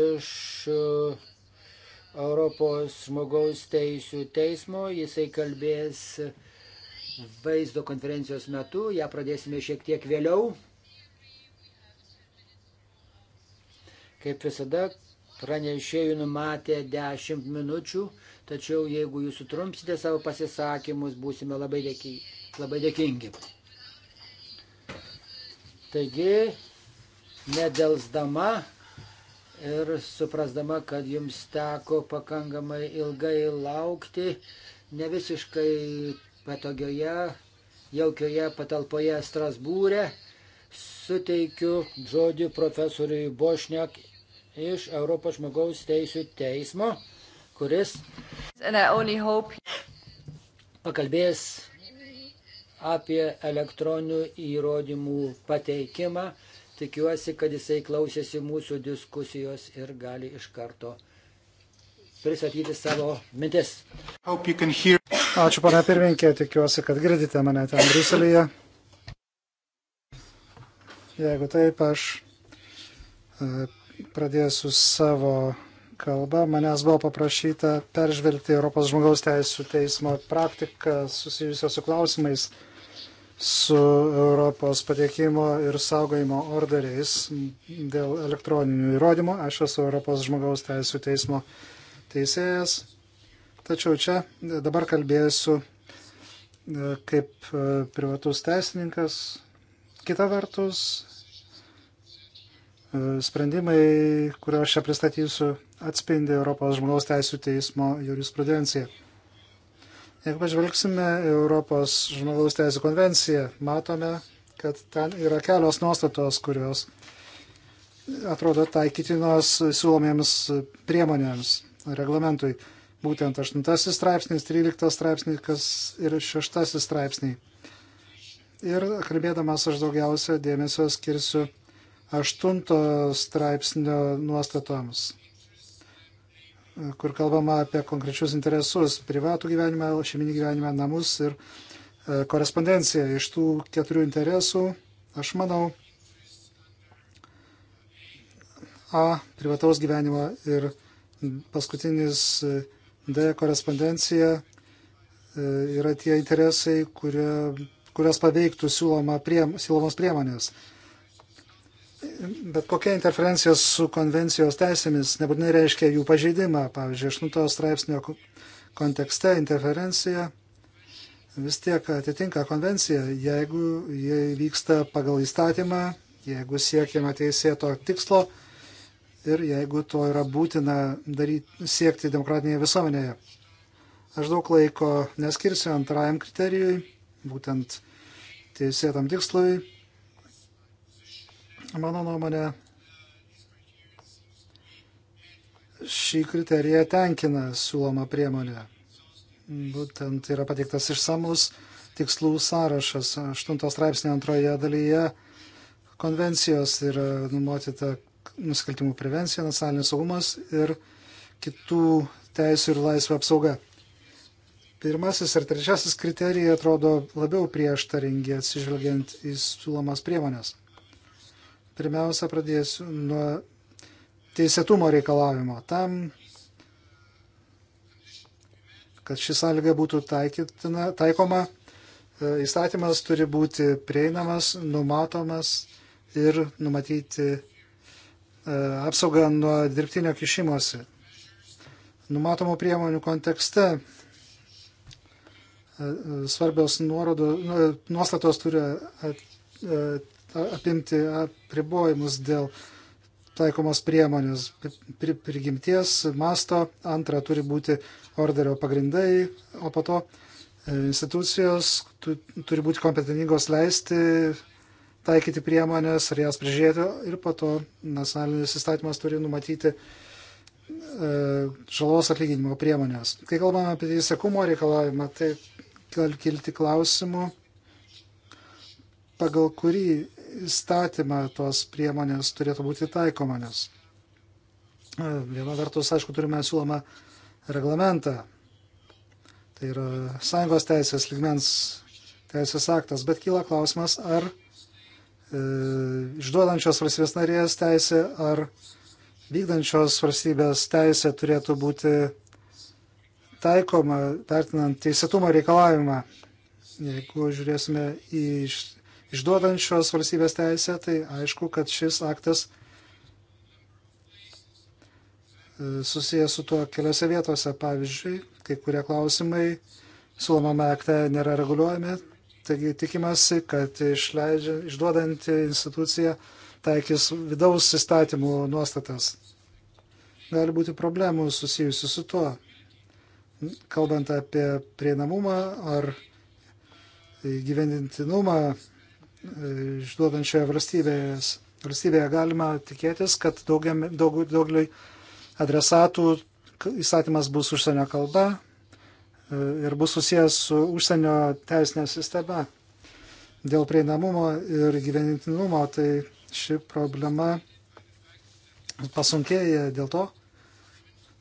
[SPEAKER 5] iš uh, Europos žmogaus teisų teismo. Jisai kalbės vaizdo konferencijos metu, ją pradėsime šiek tiek vėliau. Kaip visada, pranešėjų numatė 10 minučių, tačiau jeigu jūs sutrumpsite savo pasisakymus, būsime labai, dėki, labai dėkingi. Taigi, nedelsdama ir suprasdama, kad jums teko pakankamai ilgai laukti, ne visiškai patogioje, jaukioje patalpoje Strasbūrė, suteikiu žodį profesoriui Bošniak iš Europos žmogaus teisų teismo, kuris hope... pakalbės apie elektroninių įrodymų pateikimą Tikiuosi, kad jisai klausėsi mūsų diskusijos ir gali iš karto pristatyti savo mintis.
[SPEAKER 4] Ačiū, pana pirmininkė, tikiuosi, kad girdite mane ten Bruselėje. Jeigu taip, aš e, pradėsiu savo kalbą. Manęs buvo paprašyta peržvelgti Europos žmogaus teisų teismo praktiką susijusią su klausimais su Europos pateikimo ir saugojimo orderiais dėl elektroninių įrodymų. Aš esu Europos žmogaus teisų teismo teisėjas. Tačiau čia dabar kalbėsiu e, kaip e, privatus teisininkas. Kita vertus, e, sprendimai, kuriuos čia pristatysiu, atspindi Europos žmogaus teisų teismo jurisprudenciją. Jeigu pažvelgsime Europos žmogaus teisų konvenciją, matome, kad ten yra kelios nuostatos, kurios atrodo taikytinos siūlomiems priemonėms reglamentui. Būtent 8 straipsnis, 13 straipsnis ir 6 straipsniai. Ir kalbėdamas aš daugiausia dėmesio skirsiu 8 straipsnio nuostatoms kur kalbama apie konkrečius interesus - privatų gyvenimą, šeiminį gyvenimą, namus ir e, korespondenciją. Iš tų keturių interesų, aš manau, A privataus gyvenimo ir paskutinis e, D korespondencija e, yra tie interesai, kurie, kurios paveiktų siūloma prie, siūlomos priemonės bet kokia interferencija su konvencijos teisėmis nebūtinai reiškia jų pažeidimą. Pavyzdžiui, 8 straipsnio kontekste interferencija vis tiek atitinka konvenciją, jeigu jie vyksta pagal įstatymą, jeigu siekiama teisėto tikslo ir jeigu to yra būtina daryti, siekti demokratinėje visuomenėje. Aš daug laiko neskirsiu antrajam kriterijui, būtent teisėtam tikslui Mano nuomonė, šį kriteriją tenkina siūloma priemonė. Būtent yra pateiktas išsamus tikslų sąrašas. 8 straipsnio antroje dalyje konvencijos yra numatyta nusikaltimų prevencija, nacionalinis saugumas ir kitų teisų ir laisvė apsauga. Pirmasis ir trečiasis kriterijai atrodo labiau prieštaringi atsižvelgiant į siūlomas priemonės. Pirmiausia, pradėsiu nuo teisėtumo reikalavimo. Tam, kad ši sąlyga būtų taikytina, taikoma, e, įstatymas turi būti prieinamas, numatomas ir numatyti e, apsaugą nuo dirbtinio kišimosi. Numatomų priemonių kontekste e, svarbios nuorodo, nuostatos turi at, at, apimti apribojimus dėl taikomos priemonės prigimties, masto, antra turi būti orderio pagrindai, o po to e, institucijos turi būti kompetentingos leisti taikyti priemonės ar jas prižiūrėti ir po to nacionalinis įstatymas turi numatyti e, žalos atlyginimo priemonės. Kai kalbame apie teisėkumo reikalavimą, tai gali kilti klausimų, pagal kurį įstatymą tos priemonės turėtų būti taikoma, nes e, viena vertus, aišku, turime siūlomą reglamentą, tai yra sąjungos teisės ligmens teisės aktas, bet kyla klausimas, ar e, išduodančios valstybės narės teisė, ar vykdančios valstybės teisė turėtų būti taikoma, vertinant teisėtumo reikalavimą. Jeigu žiūrėsime į išduodančios valstybės teisę, tai aišku, kad šis aktas e, susijęs su tuo keliose vietose. Pavyzdžiui, kai kurie klausimai siūlomame akte nėra reguliuojami, taigi tikimasi, kad išleidžia, išduodanti institucija taikys vidaus įstatymų nuostatas. Gali būti problemų susijusių su tuo, kalbant apie prieinamumą ar gyvendintinumą išduodančioje valstybėje, valstybėje galima tikėtis, kad daugiam, daug, daugliui adresatų įstatymas bus užsienio kalba e, ir bus susijęs su užsienio teisinė sistema. Dėl prieinamumo ir gyvenintinumo tai ši problema pasunkėja dėl to,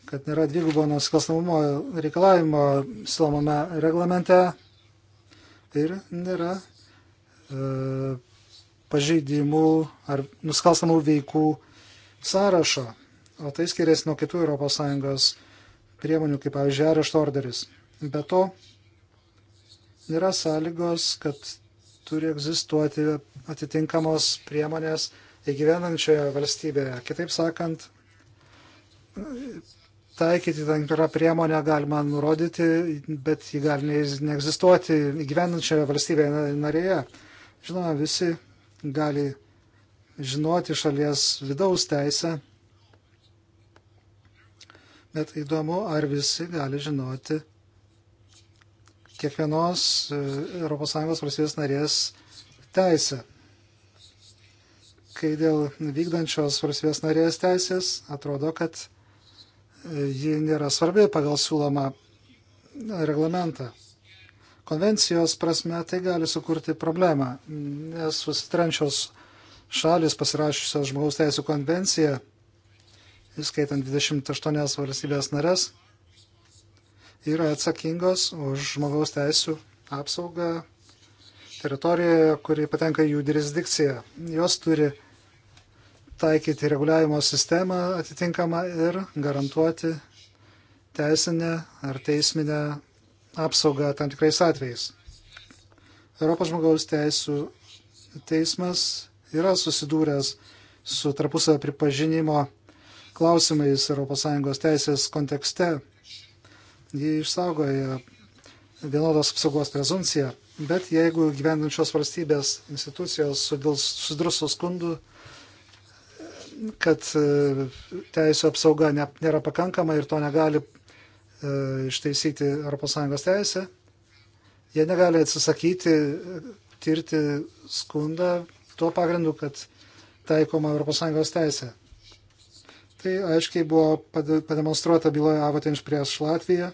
[SPEAKER 4] kad nėra dvigubo nusikalstamumo reikalavimo siūlomame reglamente ir nėra E, pažeidimų ar nusikalstamų veikų sąrašo, o tai skiriasi nuo kitų ES priemonių, kaip pavyzdžiui, arešto orderis. Be to, yra sąlygos, kad turi egzistuoti atitinkamos priemonės įgyvenančioje valstybėje. Kitaip sakant, taikyti tam tikrą priemonę galima nurodyti, bet ji gali neegzistuoti įgyvenančioje valstybėje narėje. Žinoma, visi gali žinoti šalies vidaus teisę, bet įdomu, ar visi gali žinoti kiekvienos ES valstybės narės teisę. Kai dėl vykdančios valstybės narės teisės atrodo, kad e, ji nėra svarbi pagal siūlomą reglamentą. Konvencijos prasme tai gali sukurti problemą, nes susitrančios šalis pasirašysios žmogaus teisų konvenciją, įskaitant 28 valstybės nares, yra atsakingos už žmogaus teisų apsaugą teritorijoje, kuri patenka jų jurisdikcija. Jos turi taikyti reguliavimo sistemą atitinkamą ir garantuoti teisinę ar teisminę apsaugą tam tikrais atvejais. Europos žmogaus teisų teismas yra susidūręs su tarpusavio pripažinimo klausimais ES teisės kontekste. Jie išsaugoja vienodos apsaugos prezumciją, bet jeigu gyvenančios valstybės institucijos susidurs su skundu, kad e, teisų apsauga nėra pakankama ir to negali E, ištaisyti ES teisę, jie negali atsisakyti e, tirti skundą tuo pagrindu, kad taikoma ES teisė. Tai aiškiai buvo pademonstruota byloje Avatinš prieš Latviją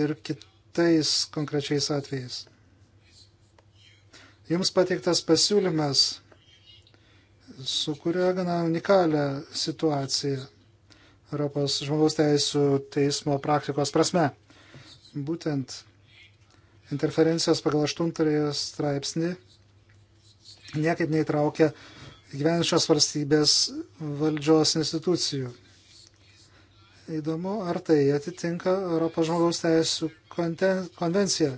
[SPEAKER 4] ir kitais konkrečiais atvejais. Jums pateiktas pasiūlymas sukuria gana unikalią situaciją Europos žmogaus teisų teismo praktikos prasme. Būtent interferencijos pagal 8 straipsnį niekaip neįtraukia gyvenančios valstybės valdžios institucijų. Įdomu, ar tai atitinka Europos žmogaus teisų konvenciją,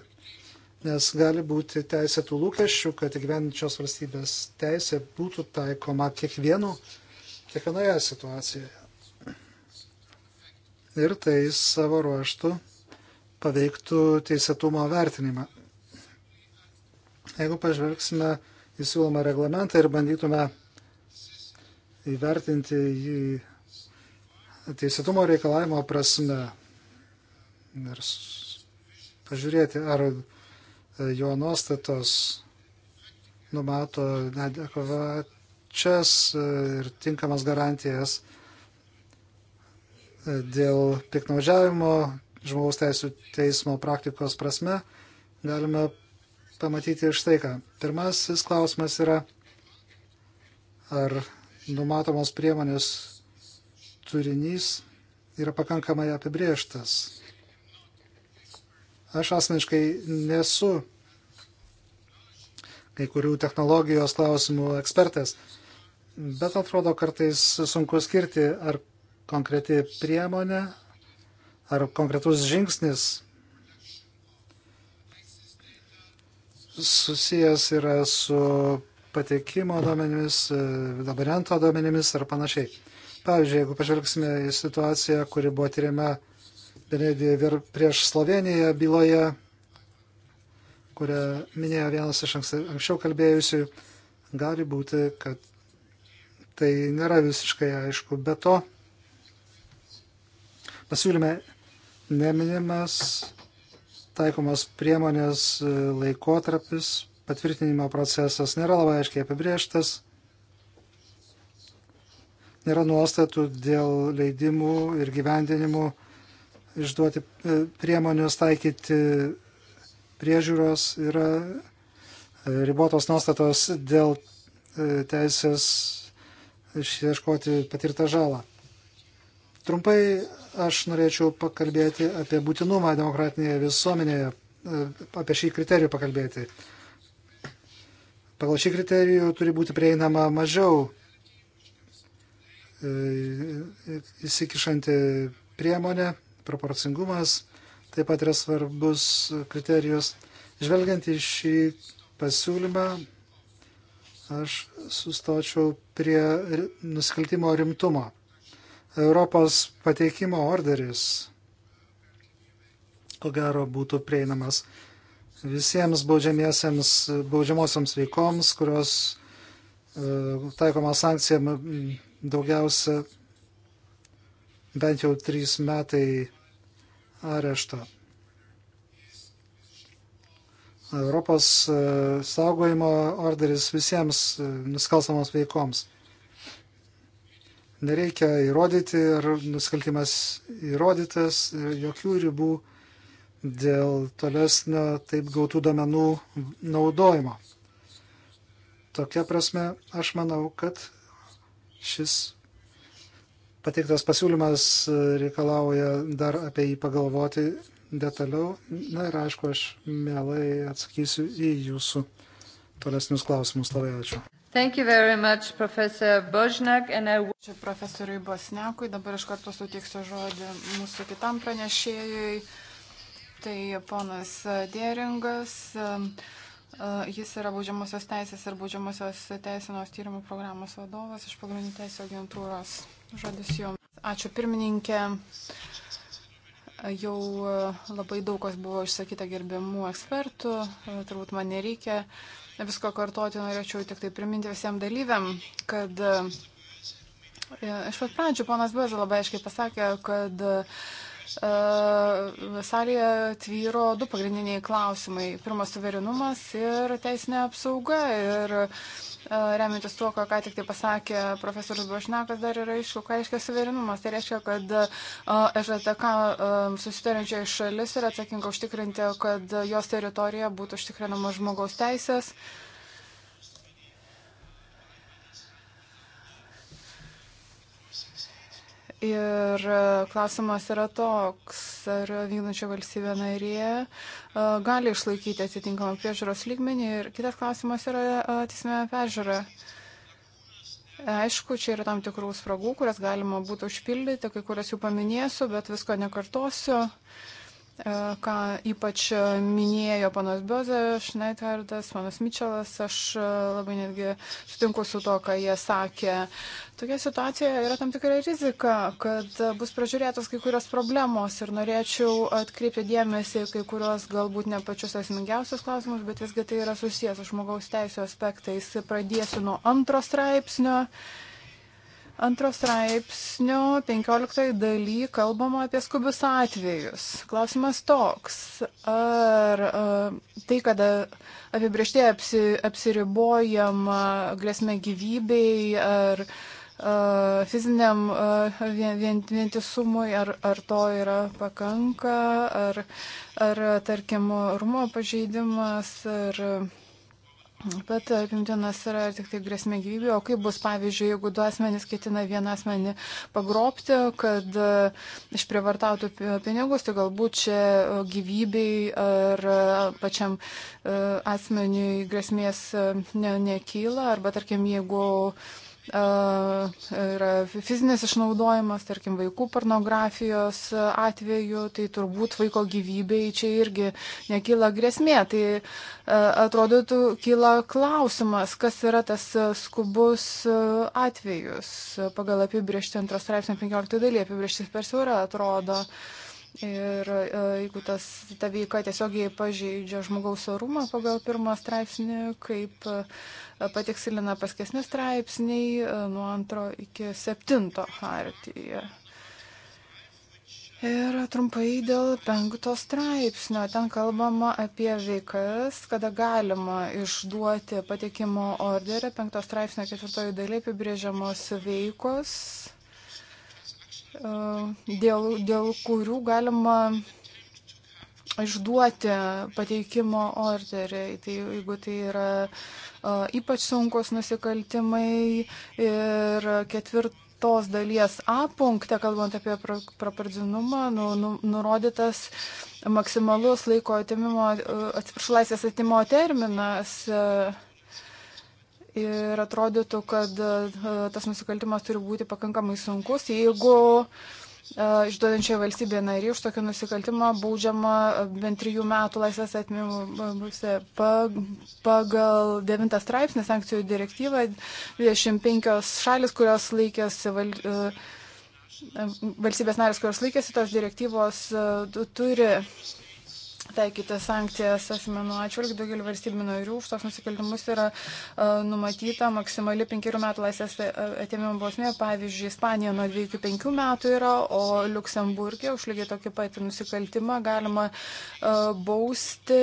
[SPEAKER 4] nes gali būti teisėtų lūkesčių, kad gyvenančios valstybės teisė būtų taikoma kiekvienu, kiekvienoje situacijoje ir tai savo ruoštų paveiktų teisėtumo vertinimą. Jeigu pažvelgsime į siūlomą reglamentą ir bandytume įvertinti jį teisėtumo reikalavimo prasme ir pažiūrėti, ar jo nuostatos numato adekvačias ir tinkamas garantijas dėl piknaudžiavimo žmogaus teisų teismo praktikos prasme galime pamatyti iš tai, ką. Pirmasis klausimas yra, ar numatomos priemonės turinys yra pakankamai apibrieštas. Aš asmeniškai nesu kai kurių technologijos klausimų ekspertas, bet atrodo kartais sunku skirti, ar konkreti priemonė ar konkretus žingsnis susijęs yra su patekimo duomenimis, labirento duomenimis ar panašiai. Pavyzdžiui, jeigu pažvelgsime į situaciją, kuri buvo tyrima Benedijoje prieš Sloveniją byloje, kurią minėjo vienas iš anksčiau kalbėjusių, gali būti, kad tai nėra visiškai aišku. Be to, Pasiūlyme neminimas taikomas priemonės e, laikotarpis, patvirtinimo procesas nėra labai aiškiai apibrieštas, nėra nuostatų dėl leidimų ir gyvendinimų išduoti e, priemonės taikyti priežiūros, yra e, ribotos nuostatos dėl teisės išieškoti patirtą žalą. Trumpai Aš norėčiau pakalbėti apie būtinumą demokratinėje visuomenėje, e, apie šį kriterijų pakalbėti. Pagal šį kriterijų turi būti prieinama mažiau e, įsikišanti priemonė, proporcingumas, taip pat yra svarbus kriterijus. Žvelgiant į šį pasiūlymą, aš sustočiau prie nusikaltimo rimtumo. Europos pateikimo orderis, ko gero, būtų prieinamas visiems baudžiamosiams veikoms, kurios e, taikoma sankcija daugiausia bent jau trys metai arešto. Europos e, saugojimo orderis visiems e, nusikalstamos veikoms nereikia įrodyti ir nusikaltimas įrodytas, jokių ribų dėl tolesnio taip gautų domenų naudojimo. Tokia prasme, aš manau, kad šis pateiktas pasiūlymas reikalauja dar apie jį pagalvoti detaliau. Na ir aišku, aš mielai atsakysiu į jūsų tolesnius klausimus. Labai ačiū.
[SPEAKER 3] Thank you very much, Professor
[SPEAKER 2] Božnak. I... Ačiū profesoriui Bosnekui. Dabar iš karto suteiksiu žodį mūsų kitam pranešėjui. Tai ponas Dėringas. Jis yra baudžiamosios teisės ir baudžiamosios teisinos tyrimų programos vadovas iš pagrindinių teisų agentūros. Žodis jums. Ačiū pirmininkė. Jau labai daug kas buvo išsakyta gerbiamų ekspertų. Turbūt man nereikia uh, visko kartoti, norėčiau tik tai priminti visiems dalyviam, kad e, iš pat pradžių ponas Bežo labai aiškiai pasakė, kad e, salėje tvyro du pagrindiniai klausimai. Pirmas suverenumas ir teisinė apsauga. Ir remiantis tuo, ką ką tik tai pasakė profesorius Bošnakas, dar yra aišku, ką reiškia suverenumas. Tai reiškia, kad ŽTK susitarančioje šalis yra atsakinga užtikrinti, kad jos teritorija būtų užtikrinama žmogaus teisės. Uh, Ir e, klausimas yra toks, ar vykdančio valstybė narė e, gali išlaikyti atitinkamą priežiūros lygmenį. Ir kitas klausimas yra e, teisminė peržiūra. Aišku, čia yra tam tikrų spragų, kurias galima būtų užpildyti, kai kurias jau paminėsiu, bet visko nekartosiu. Uh, E, ką ypač minėjo panas Biozė, Šneitardas, panas Mičelas, aš e, labai netgi sutinku su to, ką jie sakė. Tokia situacija yra tam tikra rizika, kad bus pražiūrėtos kai kurios problemos ir norėčiau atkreipti dėmesį kai kurios galbūt ne pačius esmingiausius klausimus, bet visgi tai yra susijęs su žmogaus teisų aspektais. Pradėsiu nuo antro straipsnio. Uh, Antros straipsnio 15 daly kalbama apie skubius atvejus. Klausimas toks, ar a, e, tai, kada apibriežtai apsi, apsiribojama grėsmė gyvybei ar a, e, fiziniam a, e, vien, vien, vientisumui, ar, ar to yra pakanka, ar, ar tarkim, rumo pažeidimas, ar. A, Bet apimtinas e, yra tik tai grėsmė gyvybė, o kaip bus, pavyzdžiui, jeigu du asmenys ketina vieną asmenį pagrobti, kad e, išprievartautų pinigus, tai galbūt čia e, gyvybei ar pačiam asmeniui grėsmės ne, nekyla, arba tarkim, jeigu yra fizinis išnaudojimas, tarkim, vaikų pornografijos atveju, tai turbūt vaiko gyvybei čia irgi nekyla grėsmė. Tai atrodytų, kyla klausimas, kas yra tas skubus atvejus. Pagal apibriežti antros straipsnio 15 dalį apibriežtis per siūrą atrodo. Uh, Ir e, jeigu tas, ta veika tiesiogiai pažeidžia žmogaus orumą pagal pirmą straipsnį, kaip e, patiksilina paskesni straipsniai e, nuo antro iki septinto hartyje. Ir trumpai dėl penkto straipsnio. Ten kalbama apie veikas, kada galima išduoti patikimo orderį. Penkto straipsnio ketvirtojo dalyje apibrėžiamos veikos E, dėl, dėl kurių galima išduoti pateikimo orderį. Tai jeigu tai yra e, ypač sunkus nusikaltimai ir ketvirt tos dalies A punkte, kalbant apie proporcinumą, nu, nu, nurodytas maksimalus laiko atimimo, e, atsiprašau, laisvės atimo terminas. Uh, Ir atrodytų, kad e, tas nusikaltimas turi būti pakankamai sunkus, jeigu e, išduodančioje valstybėje narį už tokį nusikaltimą baudžiama e, bent trijų metų laisvės atmimo pagal 9 straipsnį sankcijų direktyvą 25 šalis, kurios laikėsi val, valstybės narės, kurios laikėsi tos direktyvos, turi taikyti sankcijas asmenų atžvilgių daugelį valstybių narių. Už tos nusikaltimus yra uh, numatyta maksimali penkerių metų laisvės e, atėmimo bausmė. Pavyzdžiui, Ispanija nuo 2 iki 5 metų yra, o Luksemburgė už lygiai tokį patį nusikaltimą galima uh, bausti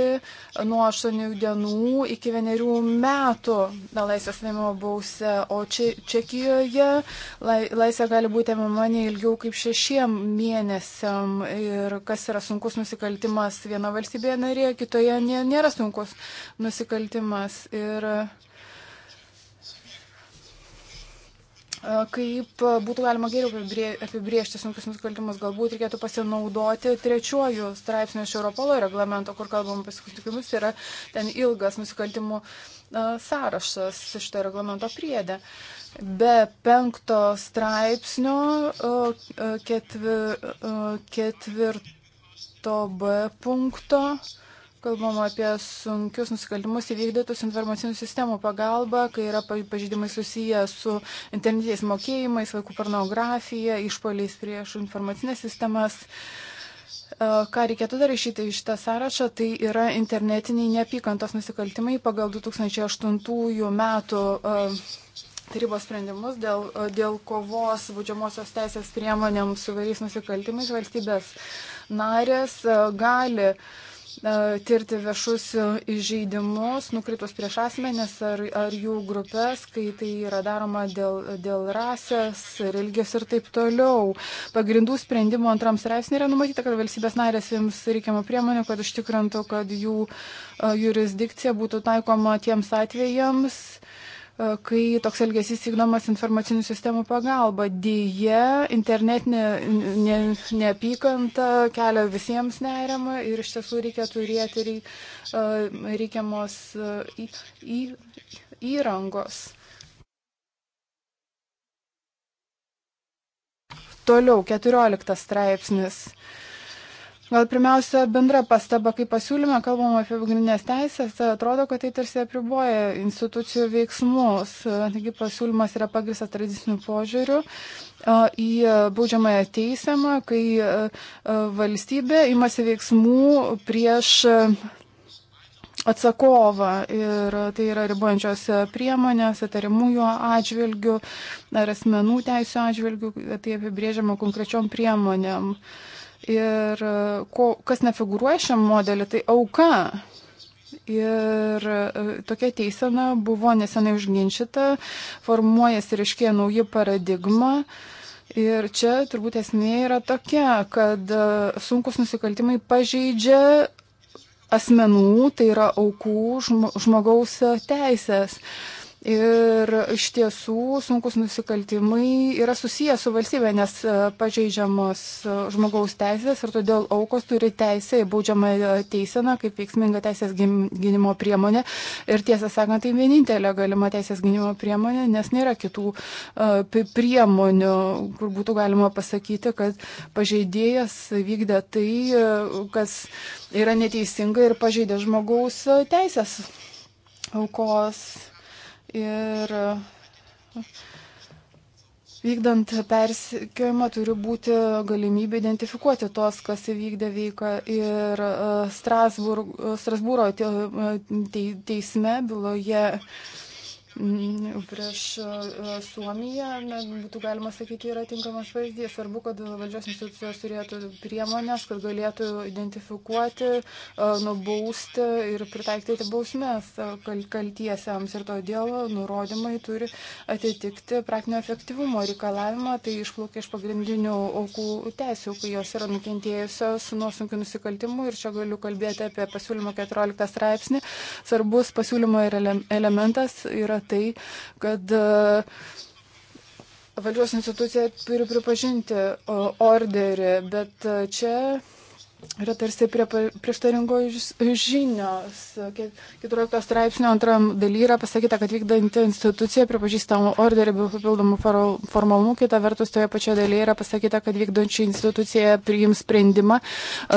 [SPEAKER 2] nuo 8 dienų iki 1 metų laisvės atėmimo bausė. O če Čekijoje lai laisvė gali būti atėmama ne ilgiau kaip 6 mėnesiam. Ir kas yra sunkus nusikaltimas viena valstybė valstybėje narėje, kitoje nė, nėra sunkus nusikaltimas. Ir e, kaip būtų galima geriau apibriežti sunkius nusikaltimus, galbūt reikėtų pasinaudoti trečiuoju straipsniu iš Europolo reglamento, kur kalbam apie susitikimus, tai yra ten ilgas nusikaltimų e, sąrašas šito reglamento priedė. Be penkto straipsnio e, ketvi, ketvirt b punkto. Kalbam apie sunkius nusikaltimus įvykdytus informacinių sistemų pagalba, kai yra pažydimai susiję su internetiniais mokėjimais, vaikų pornografija, išpoliais prieš informacinės sistemas. E, ką reikėtų dar išyti iš tą sąrašą, tai yra internetiniai neapykantos nusikaltimai pagal 2008 metų e, tarybos sprendimus dėl, dėl kovos būdžiamosios teisės priemonėms su vairiais nusikaltimais valstybės narės e, gali e, tirti viešus įžeidimus nukritus prieš asmenis ar, ar jų grupės, kai tai yra daroma dėl, dėl rasės, religijos ir taip toliau. Pagrindų sprendimo antram straipsnė yra numatyta, kad valstybės narės jums reikiamų priemonių, kad užtikrintų, kad jų e, jurisdikcija būtų taikoma tiems atvejams kai toks elgesys vykdomas informacinių sistemų pagalba. Dėje internetinė ne, ne, neapykanta kelia visiems nerimą ir iš tiesų reikia turėti reik, reikiamos į, į, įrangos. Toliau, 14 straipsnis. Uh, Gal pirmiausia, bendra pastaba, kai pasiūlyme kalbam apie pagrindinės teisės, tai atrodo, kad tai tarsi apriboja institucijų veiksmus. Taigi pasiūlymas yra pagristas tradiciniu požiūriu į baudžiamąją teisėmą, kai valstybė imasi veiksmų prieš atsakovą ir tai yra ribojančios priemonės, įtarimųjų atžvilgių ar asmenų teisų atžvilgių, tai apibrėžiama konkrečiom priemonėm. Uh, Ir e, ko, kas nefigūruoja šiam modelį, tai auka. Ir e, tokia teisena buvo nesenai užginčita, formuojasi ryškė nauja paradigma. Ir čia turbūt esmė yra tokia, kad e, sunkus nusikaltimai pažeidžia asmenų, tai yra aukų žmogaus teisės. Uh, Ir iš tiesų sunkus nusikaltimai yra susijęs su valstybė, nes e, pažeidžiamos e, žmogaus teisės ir todėl aukos turi teisę į baudžiamą e, teisiną kaip veiksminga teisės gynimo priemonė. Ir tiesą sakant, tai vienintelė galima teisės gynimo priemonė, nes nėra kitų priemonių, kur būtų galima pasakyti, kad pažeidėjas vykdė tai, kas yra neteisinga ir pažeidė žmogaus teisės aukos ir vykdant persikiojimą turi būti galimybė identifikuoti tos, kas įvykdė veiką. Ir e, Strasbūro e, teisme byloje Mm, prieš e, Suomiją, na, būtų galima sakyti, yra tinkamas pavyzdys. Svarbu, kad valdžios institucijos turėtų priemonės, kad galėtų identifikuoti, e, nubausti ir pritaikyti bausmes e, kaltiesiams. Ir todėl nurodymai turi atitikti praktinio efektyvumo reikalavimą. Tai išplaukia iš pagrindinių aukų teisų, kai jos yra nukentėjusios nuo sunkių nusikaltimų. Ir čia galiu kalbėti apie pasiūlymo 14 straipsnį. Svarbus pasiūlymo elementas yra tai, kad e, valdžios institucija turi pripažinti e, orderį, bet e, čia yra tarsi prie, prieštaringo žinios. 14 straipsnio antram daly yra pasakyta, kad vykdanti institucija pripažįsta orderį be papildomų formalumų, kita vertus toje pačioje dalyje yra pasakyta, kad vykdančiai institucija priims sprendimą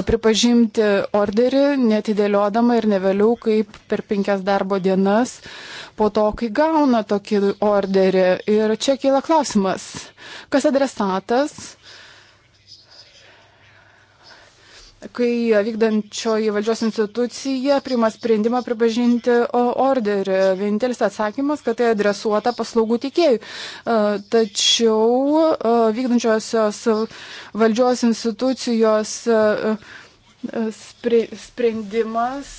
[SPEAKER 2] pripažinti orderį, netidėliodama ir nevėliau kaip per penkias darbo dienas. Uh, po to, kai gauna tokį orderį. Ir čia kyla klausimas, kas adresatas, kai vykdančioji valdžios institucija priima sprendimą pripažinti orderį. Vienintelis atsakymas, kad tai adresuota paslaugų tiekėjui. E, tačiau e, vykdančiosios valdžios institucijos e, sprendimas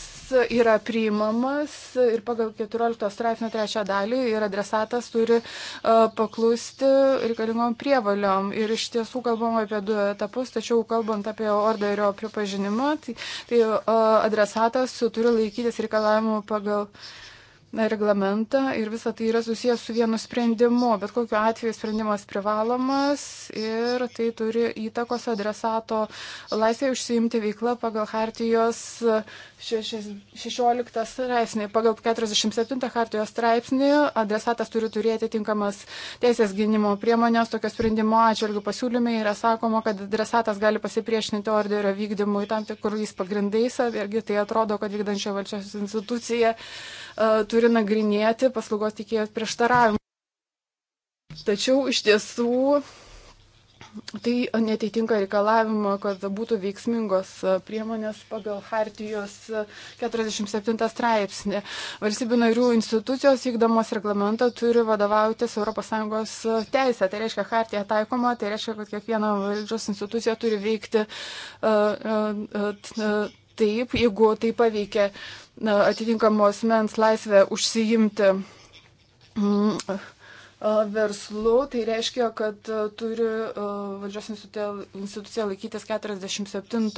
[SPEAKER 2] yra priimamas ir pagal 14 straipsnio trečią dalį ir adresatas turi e, paklusti reikalingom prievaliom. Ir iš tiesų kalbam apie du etapus, tačiau kalbant apie orderio pripažinimą, tai, tai e, adresatas turi laikytis reikalavimų pagal reglamentą ir visa tai yra susijęs su vienu sprendimu, bet kokiu atveju sprendimas privalomas ir tai turi įtakos adresato laisvė užsiimti veiklą pagal Hartijos 16 straipsnį. Pagal 47 Hartijos straipsnį adresatas turi turėti tinkamas teisės gynimo priemonės, tokio sprendimo atžvilgių pasiūlymai yra sakoma, kad adresatas gali pasipriešinti orderio vykdymui tam tikrais pagrindais, irgi tai atrodo, kad vykdančia valdžios institucija E, turi nagrinėti paslaugos teikėjo prieštaravimą. Tačiau iš tiesų tai netitinka reikalavimo, kad būtų veiksmingos e, priemonės pagal Hartijos 47 straipsnį. Valstybių narių institucijos vykdamos reglamentą turi vadovautis ES teisė. Tai reiškia, Hartija taikoma, tai reiškia, kad kiekviena valdžios institucija turi veikti uh, uh, uh, taip, jeigu tai paveikia na, atitinkamos mens laisvę užsiimti mm, verslu, tai reiškia, kad turi valdžios institucija laikytis 47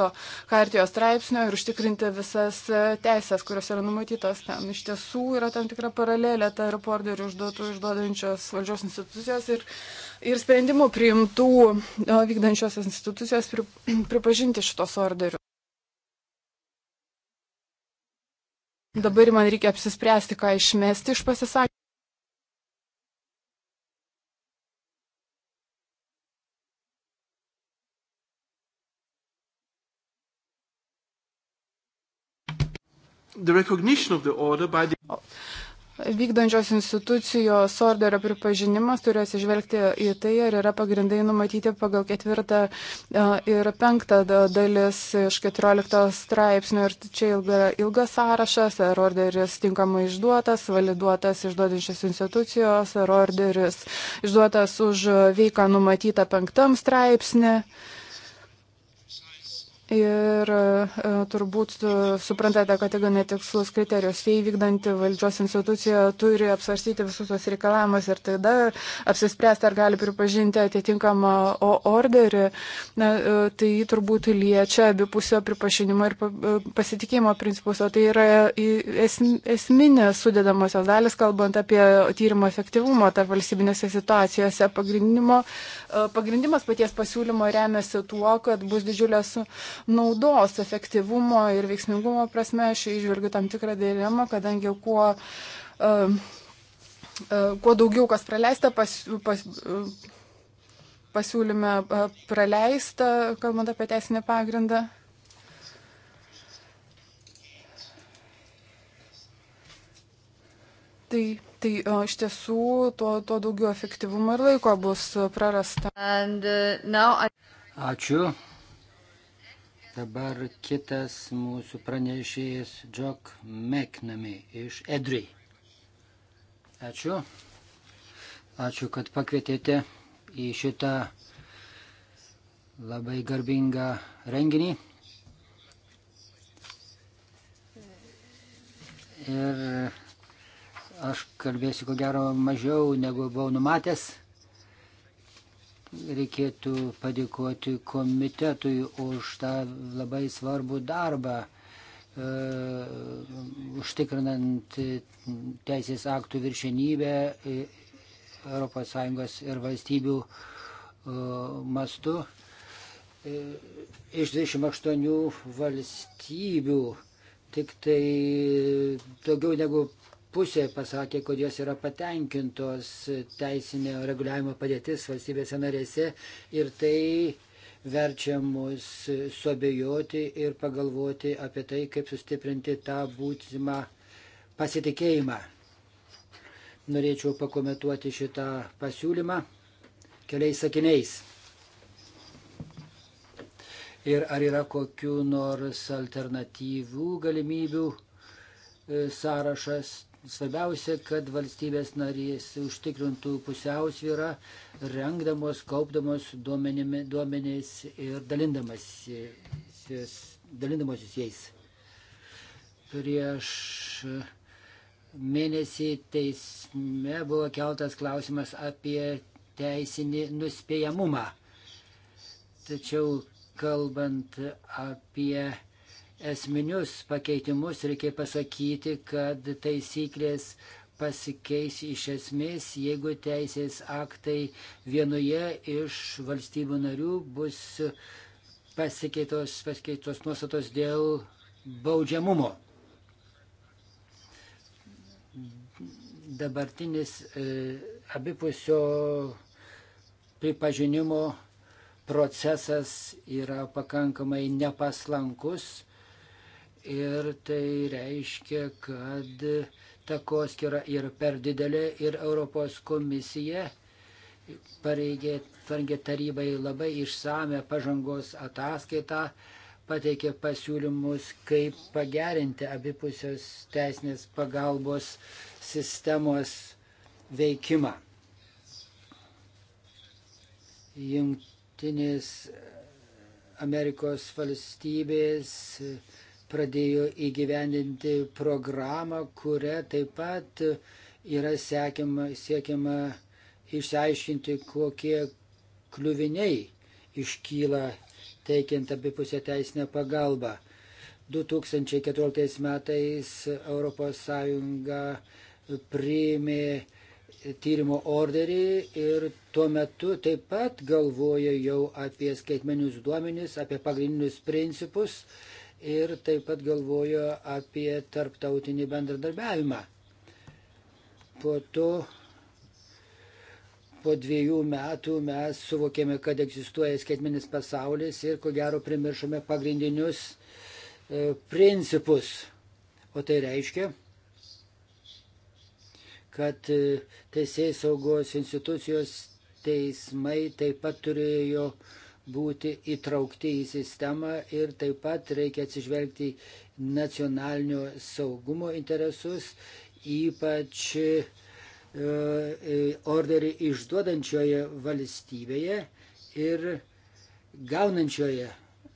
[SPEAKER 2] hartijos straipsnio ir užtikrinti visas teisės, kurios yra numatytos ten. Iš tiesų yra tam tikra paralelė tarp orderių išduotų išduodančios valdžios institucijos ir, ir sprendimų priimtų vykdančios institucijos pri, pripažinti šitos orderius. Dabar man reikia apsispręsti, ką išmesti iš pasisakymų.
[SPEAKER 3] The recognition of the order by the...
[SPEAKER 2] Vykdančios institucijos orderio pripažinimas turi atsižvelgti į tai, ar yra pagrindai numatyti pagal ketvirtą e, ir penktą dalis iš keturioliktos straipsnių. Ir čia ilga, ilgas sąrašas, ar orderis tinkamai išduotas, validuotas išduodančios institucijos, ar orderis išduotas už veiką numatytą penktam straipsnį. Ir e, turbūt e, suprantate, kad jeigu netikslus kriterijus, tai vykdanti valdžios institucija turi apsvarstyti visus tos reikalavimus ir tada apsispręsti, ar gali pripažinti atitinkamą orderį. Na, e, tai turbūt liečia abipusio pripažinimo ir pasitikėjimo principus, o tai yra esminės sudėdamosios dalis, kalbant apie tyrimo efektyvumą tarp valstybinėse situacijose. Pagrindimas paties pasiūlymo remiasi tuo, kad bus didžiulės naudos efektyvumo ir veiksmingumo prasme aš išvelgiu tam tikrą dilemą, kadangi kuo, uh, uh, kuo daugiau kas praleista pas, pas, uh, pasiūlyme uh, praleista, kalbant apie teisinį pagrindą. Tai, tai iš tiesų tuo, tuo daugiau efektyvumo ir laiko bus prarasta. And, uh, I...
[SPEAKER 5] Ačiū. Dabar kitas mūsų pranešėjas Jock McNamee iš Edry. Ačiū. Ačiū, kad pakvietėte į šitą labai garbingą renginį. Ir aš kalbėsiu, ko gero, mažiau negu buvau numatęs reikėtų padėkoti komitetui už tą labai svarbų darbą, e, užtikrinant teisės aktų viršenybę ES ir valstybių e, mastu. E, iš 28 valstybių tik tai daugiau negu pusė pasakė, kad jos yra patenkintos teisinio reguliavimo padėtis valstybėse narėse ir tai verčia mus suabejoti ir pagalvoti apie tai, kaip sustiprinti tą būsimą pasitikėjimą. Norėčiau pakomentuoti šitą pasiūlymą keliais sakiniais. Ir ar yra kokiu nors alternatyvių galimybių e, sąrašas Svarbiausia, kad valstybės narys užtikrintų pusiausvyrą, rengdamos, kaupdamos duomenys ir dalindamasis jais. Prieš mėnesį teisme buvo keltas klausimas apie teisinį nuspėjamumą. Tačiau kalbant apie esminius pakeitimus reikia pasakyti, kad taisyklės pasikeis iš esmės, jeigu teisės aktai vienoje iš valstybių narių bus pasikeitos, pasikeitos nuostatos dėl baudžiamumo. Dabartinis e, abipusio pripažinimo procesas yra pakankamai nepaslankus ir tai reiškia, kad takoskira yra per didelė ir Europos komisija pareigė, parengė tarybai labai išsame pažangos ataskaitą, pateikė pasiūlymus, kaip pagerinti abipusios teisinės pagalbos sistemos veikimą. Jungtinės Amerikos valstybės pradėjo įgyvendinti programą, kuria taip pat yra sekiama, siekiama išsiaiškinti, kokie kliuviniai iškyla teikiant abipusę teisinę pagalbą. 2014 metais ES priėmė tyrimo orderį ir tuo metu taip pat galvoja jau apie skaitmenius duomenis, apie pagrindinius principus ir taip pat galvojo apie tarptautinį bendradarbiavimą. Po to, po dviejų metų mes suvokėme, kad egzistuoja skaitmenis pasaulis ir ko gero primiršome pagrindinius e, principus. O tai reiškia, kad e, teisėjai saugos institucijos teismai taip pat turėjo e, būti įtraukti į sistemą ir taip pat reikia atsižvelgti nacionalinio saugumo interesus, ypač e, e, orderį išduodančioje valstybėje ir gaunančioje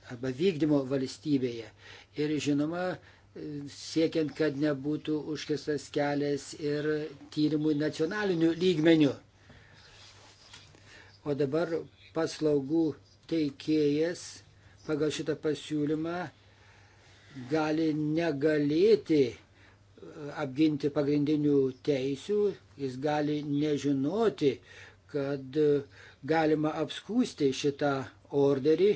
[SPEAKER 5] arba vykdymo valstybėje. Ir žinoma, siekiant, kad nebūtų užkistas kelias ir tyrimui nacionaliniu lygmeniu. O dabar paslaugų teikėjas pagal šitą pasiūlymą gali negalėti e, apginti pagrindinių teisių, jis gali nežinoti, kad e, galima apskūsti šitą orderį,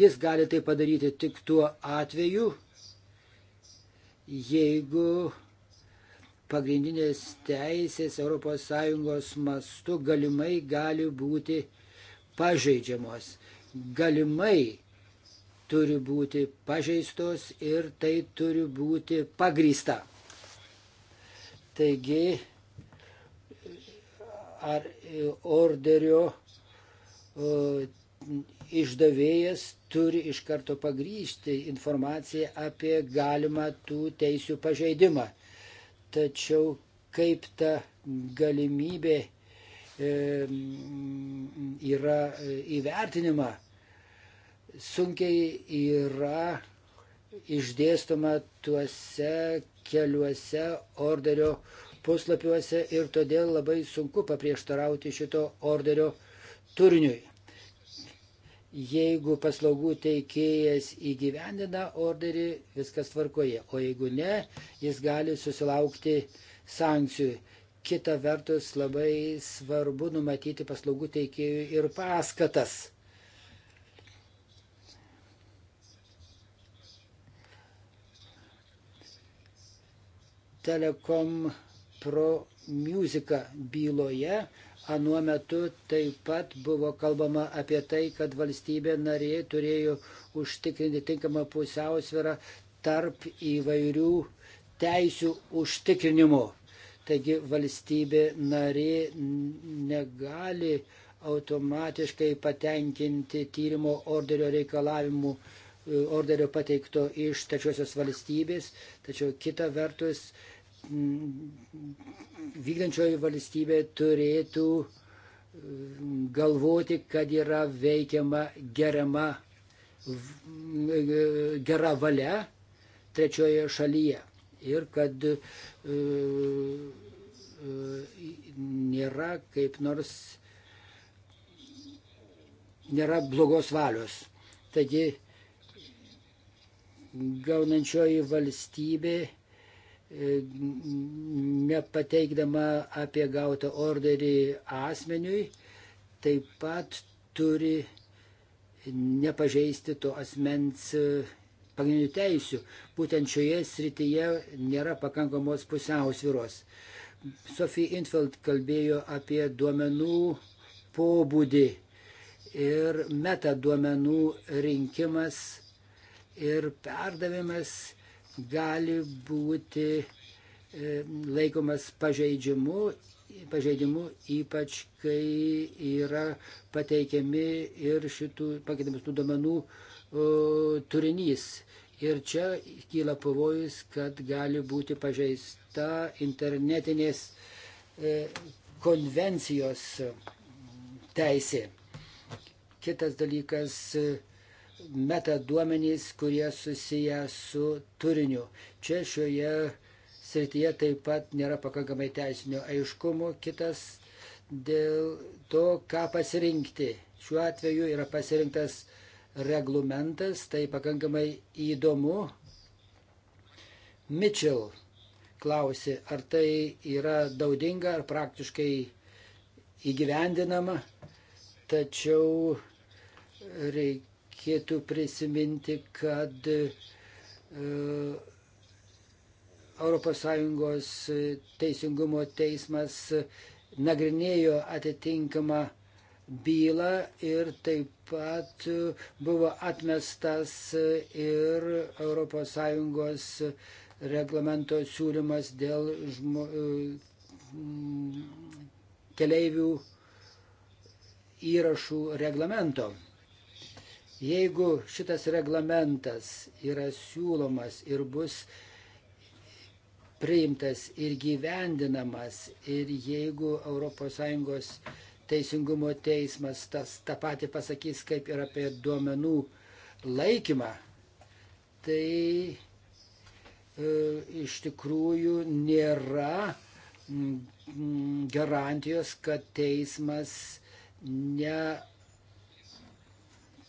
[SPEAKER 5] jis gali tai padaryti tik tuo atveju, jeigu pagrindinės teisės ES mastu galimai gali būti pažeidžiamos galimai turi būti pažeistos ir tai turi būti pagrįsta. Taigi, ar orderio išdavėjas turi iš karto pagryžti informaciją apie galimą tų teisių pažeidimą. Tačiau kaip ta galimybė yra e, įvertinima, sunkiai yra išdėstoma tuose keliuose orderio puslapiuose ir todėl labai sunku paprieštarauti šito orderio turiniui. Jeigu paslaugų teikėjas įgyvendina orderį, viskas tvarkoje, o jeigu ne, jis gali susilaukti sankcijų. Kita vertus labai svarbu numatyti paslaugų teikėjų ir paskatas. Telekom Pro Musica byloje anuo metu taip pat buvo kalbama apie tai, kad valstybė narė turėjo užtikrinti tinkamą pusiausvyrą tarp įvairių teisių užtikrinimo. Taigi valstybė narė negali automatiškai patenkinti tyrimo orderio reikalavimų, e, orderio pateikto iš trečiosios valstybės, tačiau kita vertus vykdančioji valstybė turėtų e, galvoti, kad yra veikiama gerama, e, gera valia trečioje šalyje ir kad e, e, nėra kaip nors nėra blogos valios. Taigi gaunančioji valstybė e, nepateikdama apie gautą orderį asmeniui, taip pat turi nepažeisti to asmens e, pagrindinių teisių. Būtent šioje srityje nėra pakankamos pusiausviros. Sofija Infeld kalbėjo apie duomenų pobūdį ir metaduomenų rinkimas ir perdavimas gali būti e, laikomas pažeidimu, pažeidimu ypač kai yra pateikiami ir šitų pakeitimus tų duomenų uh, turinys. Ir čia kyla pavojus, kad gali būti pažeista internetinės e, konvencijos teisė. Kitas dalykas - metaduomenys, kurie susiję su turiniu. Čia šioje srityje taip pat nėra pakankamai teisinio aiškumo. Kitas dėl to, ką pasirinkti. Šiuo atveju yra pasirinktas uh, reglamentas, tai pakankamai įdomu. Mitchell klausė, ar tai yra daudinga, ar praktiškai įgyvendinama, tačiau reikėtų prisiminti, kad ES teisingumo teismas nagrinėjo atitinkamą bylą ir taip pat buvo atmestas ir ES reglamento siūlymas dėl žmo, e, keleivių įrašų reglamento. Jeigu šitas reglamentas yra siūlomas ir bus priimtas ir gyvendinamas ir jeigu ES teisingumo teismas tas, tą patį pasakys, kaip ir apie duomenų laikymą, tai e, iš tikrųjų nėra mm, mm, garantijos, kad teismas ne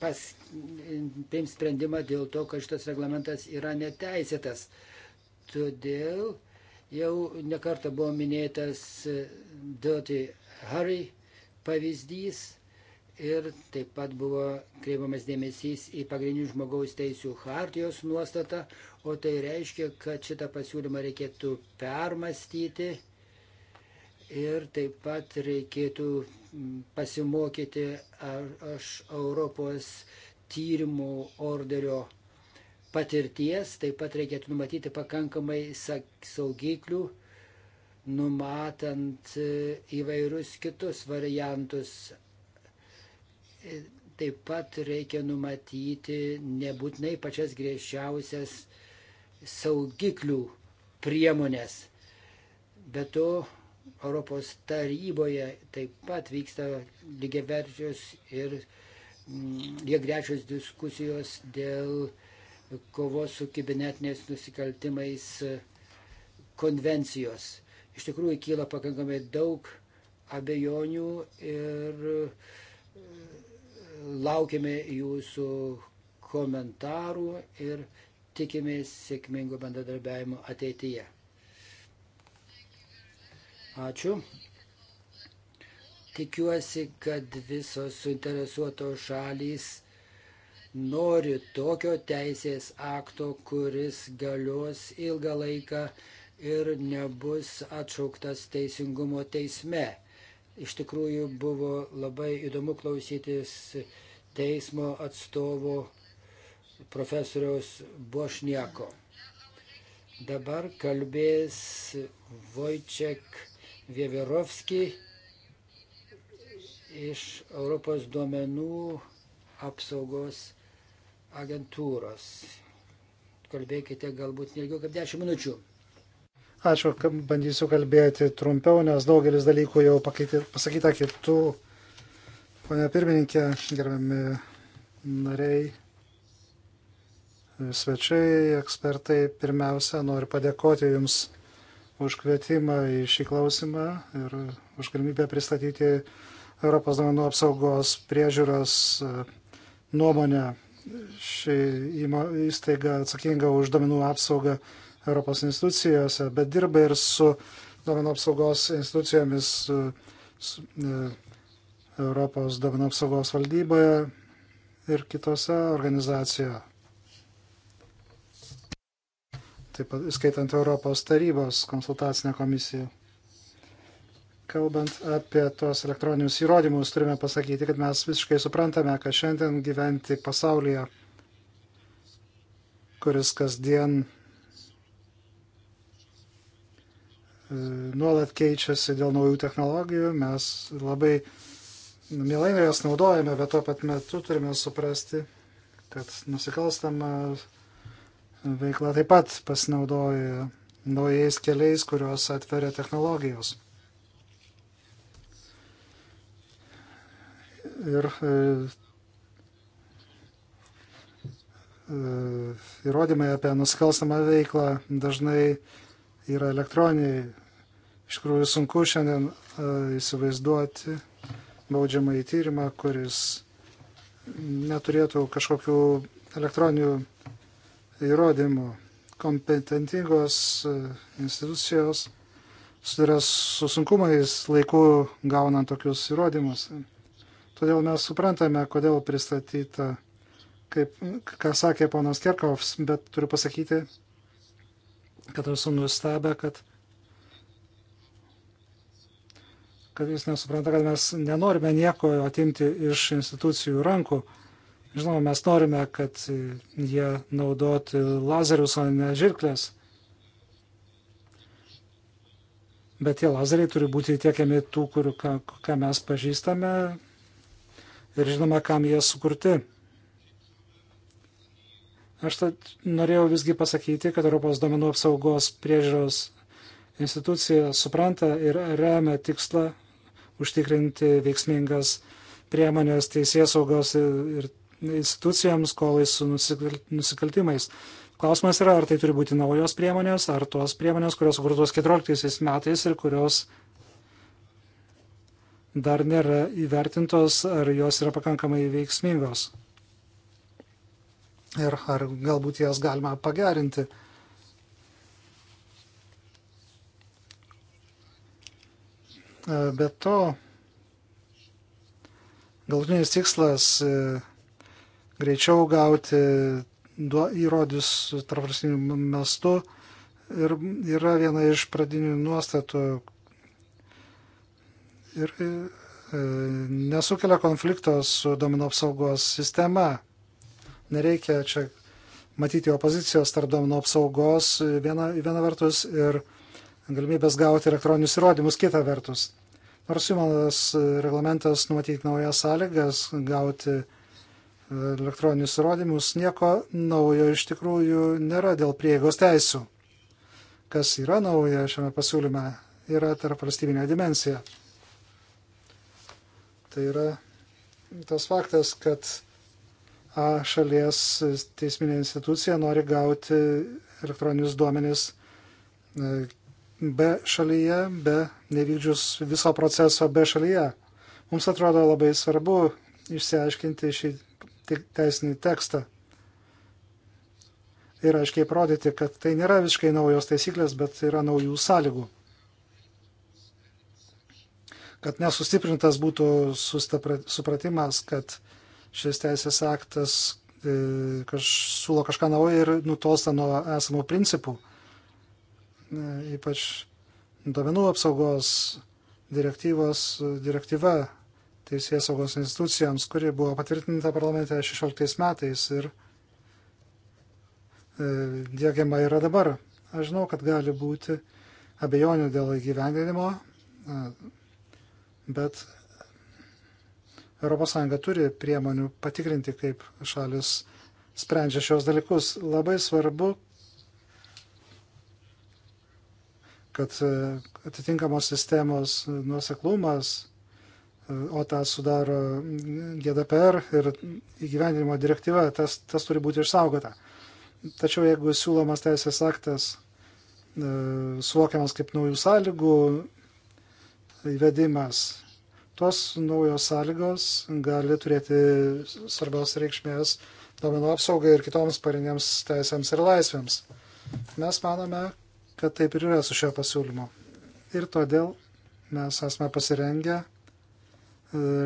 [SPEAKER 5] pas, priims sprendimą dėl to, kad šitas reglamentas yra neteisėtas. Todėl jau nekarta buvo minėtas Dirty Harry pavyzdys ir taip pat buvo kreipiamas dėmesys į pagrindinių žmogaus teisų hartijos nuostatą, o tai reiškia, kad šitą pasiūlymą reikėtų permastyti ir taip pat reikėtų pasimokyti aš Europos tyrimų orderio patirties, taip pat reikėtų numatyti pakankamai saugiklių numatant e, įvairius kitus variantus. E, taip pat reikia numatyti nebūtinai pačias griežčiausias saugiklių priemonės. Be to, Europos taryboje taip pat vyksta lygiaverčios ir mm, lygiaverčios diskusijos dėl kovos su kibernetiniais nusikaltimais konvencijos iš tikrųjų kyla pakankamai daug abejonių ir e, laukime jūsų komentarų ir tikimės sėkmingo bendradarbiavimo ateityje. Ačiū. Tikiuosi, kad visos suinteresuotos šalys nori tokio teisės akto, kuris galios ilgą laiką ir nebus atšauktas teisingumo teisme. Iš tikrųjų buvo labai įdomu klausytis teismo atstovo profesoriaus Bošnieko. Dabar kalbės Vojček Vieverovski iš Europos duomenų apsaugos agentūros. Kalbėkite galbūt nelgiau kaip 10 minučių.
[SPEAKER 4] Ačiū, bandysiu kalbėti trumpiau, nes daugelis dalykų jau pakeitė, pasakyta kitų. Pone pirmininkė, gerbiami nariai, svečiai, ekspertai, pirmiausia, noriu padėkoti Jums už kvietimą į šį klausimą ir už galimybę pristatyti Europos duomenų apsaugos priežiūros e, nuomonę. Ši įstaiga atsakinga už duomenų apsaugą Europos institucijose, bet dirba ir su duomenų apsaugos institucijomis, su, su, e, Europos duomenų apsaugos valdyboje ir kitose organizacijoje. Taip pat, skaitant Europos tarybos konsultacinę komisiją. Kalbant apie tos elektroninius įrodymus, turime pasakyti, kad mes visiškai suprantame, kad šiandien gyventi pasaulyje, kuris kasdien nuolat keičiasi dėl naujų technologijų, mes labai mielai jas naudojame, bet tuo pat metu turime suprasti, kad nusikalstama veikla taip pat pasinaudoja naujais keliais, kuriuos atveria technologijos. Ir e, e, įrodymai apie nusikalstamą veiklą dažnai yra elektroniniai Iš tikrųjų sunku šiandien e, įsivaizduoti baudžiamą į tyrimą, kuris neturėtų kažkokių elektroninių įrodymų. Kompetentingos e, institucijos susiduria su sunkumais laiku gaunant tokius įrodymus. Todėl mes suprantame, kodėl pristatyta, kaip, ką sakė ponas Kerkovs, bet turiu pasakyti, kad esu nustebę, kad kad jis nesupranta, kad mes nenorime nieko atimti iš institucijų rankų. Žinoma, mes norime, kad jie naudoti lazerius, o ne žirklės. Bet tie lazeriai turi būti tiekiami tų, kurių, ką, ką mes pažįstame ir žinoma, kam jie sukurti. Aš norėjau visgi pasakyti, kad Europos domenų apsaugos priežiūros institucija supranta ir remia tikslą užtikrinti veiksmingas priemonės teisės saugos ir institucijoms kovai su nusikaltimais. Klausimas yra, ar tai turi būti naujos priemonės, ar tos priemonės, kurios sukurtos 14 metais ir kurios dar nėra įvertintos, ar jos yra pakankamai veiksmingos. Ir ar galbūt jas galima pagerinti. E, be to, galutinis tikslas e, greičiau gauti įrodys tarpvalstybiniu mastu ir yra viena iš pradinių nuostatų ir e, nesukelia konflikto su domino apsaugos sistema. Nereikia čia matyti opozicijos tarp domino apsaugos viena, viena vertus ir galimybės gauti elektroninius įrodymus kita vertus. Nors įmonės e, reglamentas numatyti naujas sąlygas gauti e, elektroninius įrodymus, nieko naujo iš tikrųjų nėra dėl prieigos teisų. Kas yra nauja šiame pasiūlyme, yra tarp valstybinė dimensija. Tai yra tas faktas, kad A šalies teisminė institucija nori gauti elektroninius duomenis e, be šalyje, be nevykdžius viso proceso be šalyje. Mums atrodo labai svarbu išsiaiškinti šį teisinį tekstą ir aiškiai parodyti, kad tai nėra visiškai naujos taisyklės, bet yra naujų sąlygų. Kad nesustiprintas būtų supratimas, kad šis teisės aktas e, kaž, siūlo kažką naujo ir nutolsta nuo esamų principų ypač duomenų apsaugos direktyvos direktyva teisės saugos institucijams, kuri buvo patvirtinta parlamente 16 metais ir e, dėgiama yra dabar. Aš žinau, kad gali būti abejonių dėl įgyvendinimo, e, bet ES turi priemonių patikrinti, kaip šalis sprendžia šios dalykus. Labai svarbu, kad e, atitinkamos sistemos nuoseklumas, e, o tą sudaro GDPR ir įgyvendinimo direktyva, tas, tas turi būti išsaugota. Tačiau jeigu siūlomas teisės aktas e, suvokiamas kaip naujų sąlygų įvedimas, tos naujos sąlygos gali turėti svarbios reikšmės duomenų apsaugai ir kitoms parinėms teisėms ir laisvėms. Mes manome, kad taip ir yra su šio pasiūlymu. Ir todėl mes esame pasirengę e,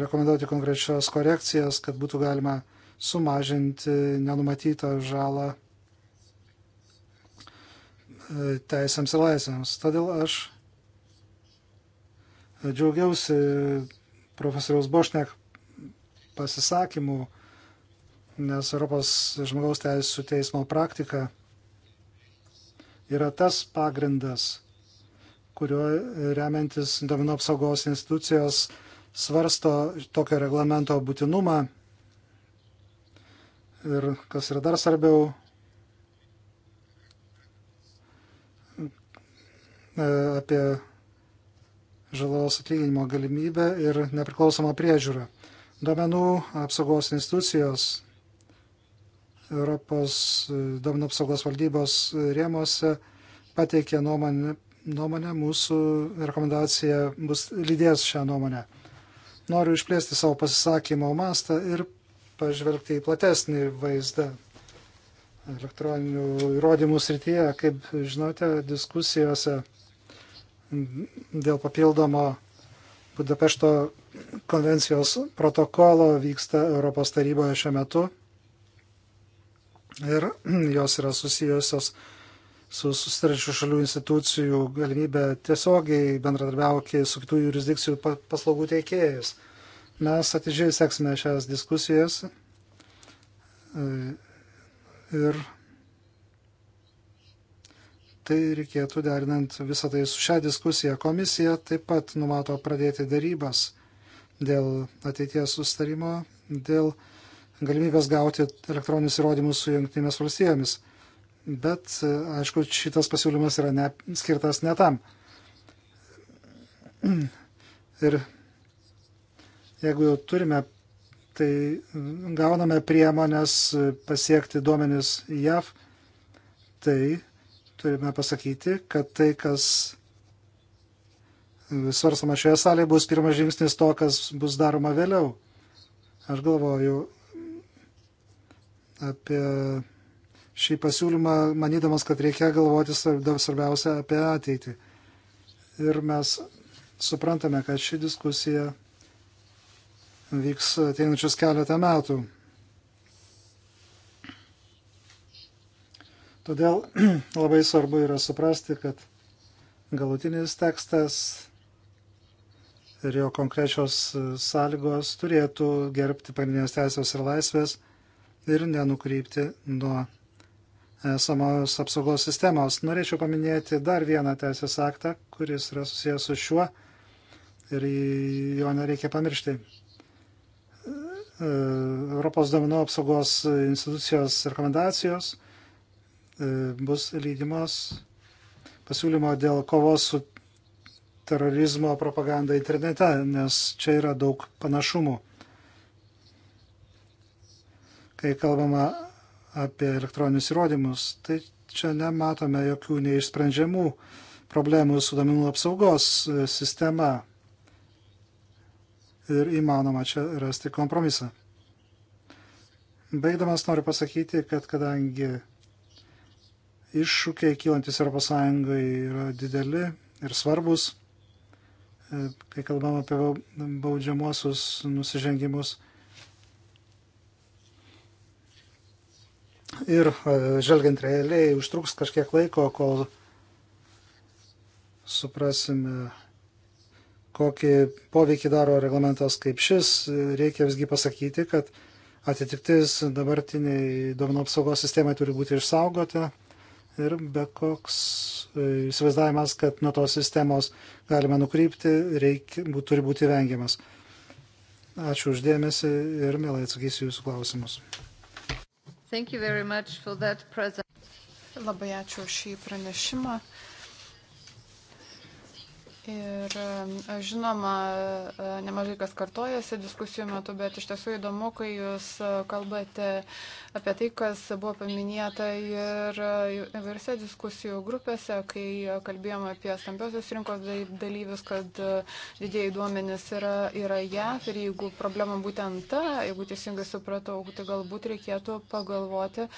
[SPEAKER 4] rekomenduoti konkrečios korekcijas, kad būtų galima sumažinti nenumatytą žalą e, teisėms ir laisvėms. Todėl aš džiaugiausi profesoriaus Bošnek pasisakymų, nes Europos žmogaus teisų teismo praktika yra tas pagrindas, kuriuo remiantis domino apsaugos institucijos svarsto tokio reglamento būtinumą. Ir kas yra dar svarbiau, e, apie žalos atlyginimo galimybę ir nepriklausomą priežiūrą. Domenų apsaugos institucijos Europos e, duomenų apsaugos valdybos e, rėmose pateikė nuomonę, nuomonę, mūsų rekomendacija bus lydės šią nuomonę. Noriu išplėsti savo pasisakymo mastą ir pažvelgti į platesnį vaizdą elektroninių įrodymų srityje. Kaip žinote, diskusijose dėl papildomo Budapešto konvencijos protokolo vyksta Europos taryboje šiuo metu ir jos yra susijusios su susitariančių šalių institucijų galimybę tiesiogiai bendradarbiauti su kitų jurisdikcijų paslaugų teikėjais. Mes atidžiai seksime šias diskusijas e, ir tai reikėtų derinant visą tai su šią diskusiją. Komisija taip pat numato pradėti darybas dėl ateities sustarimo, dėl uh, galimybės gauti elektroninius įrodymus su jungtinėmis valstybėmis. Bet, aišku, šitas pasiūlymas yra ne, skirtas ne tam. Ir jeigu jau turime, tai gauname priemonės pasiekti duomenis JAV, tai turime pasakyti, kad tai, kas svarstama šioje salėje, bus pirmas žingsnis to, kas bus daroma vėliau. Aš galvoju, apie šį pasiūlymą, manydamas, kad reikia galvoti svarbiausia apie ateitį. Ir mes suprantame, kad ši diskusija vyks ateinančius keletą metų. Todėl labai svarbu yra suprasti, kad galutinis tekstas ir jo konkrečios sąlygos turėtų gerbti pagrindinės teisės ir laisvės ir nenukrypti nuo esamos apsaugos sistemos. Norėčiau paminėti dar vieną teisės aktą, kuris yra susijęs su šiuo ir jo nereikia pamiršti. Europos duomenų apsaugos institucijos rekomendacijos e, bus lydimos pasiūlymo dėl kovos su terorizmo propaganda internete, nes čia yra daug panašumų kai kalbama apie elektroninius įrodymus, tai čia nematome jokių neišsprendžiamų problemų su domenų apsaugos e, sistema. Ir įmanoma čia rasti kompromisą. Baigdamas noriu pasakyti, kad kadangi iššūkiai kylantis ES yra dideli ir svarbus, e, kai kalbam apie baudžiamuosius nusižengimus, ir e, žvelgiant realiai užtruks kažkiek laiko, kol suprasime, kokį poveikį daro reglamentas kaip šis. Reikia visgi pasakyti, kad atitiktis dabartiniai duomenų apsaugos sistemai turi būti išsaugota ir be koks e, įsivaizdavimas, kad nuo tos sistemos galime nukrypti, reikia, būt, turi būti vengiamas. Ačiū uždėmesi ir mielai atsakysiu jūsų klausimus.
[SPEAKER 2] Labai ačiū šį pranešimą. Ir e, žinoma, e, nemažai kas kartojasi diskusijų metu, bet iš tiesų įdomu, kai jūs e, kalbate apie tai, kas buvo paminėta ir įvairiose diskusijų grupėse, kai kalbėjome apie stambiosios rinkos dalyvius, kad didėjai duomenys yra, yra JAF ir jeigu problema būtent ta, jeigu teisingai supratau, tai galbūt reikėtų pagalvoti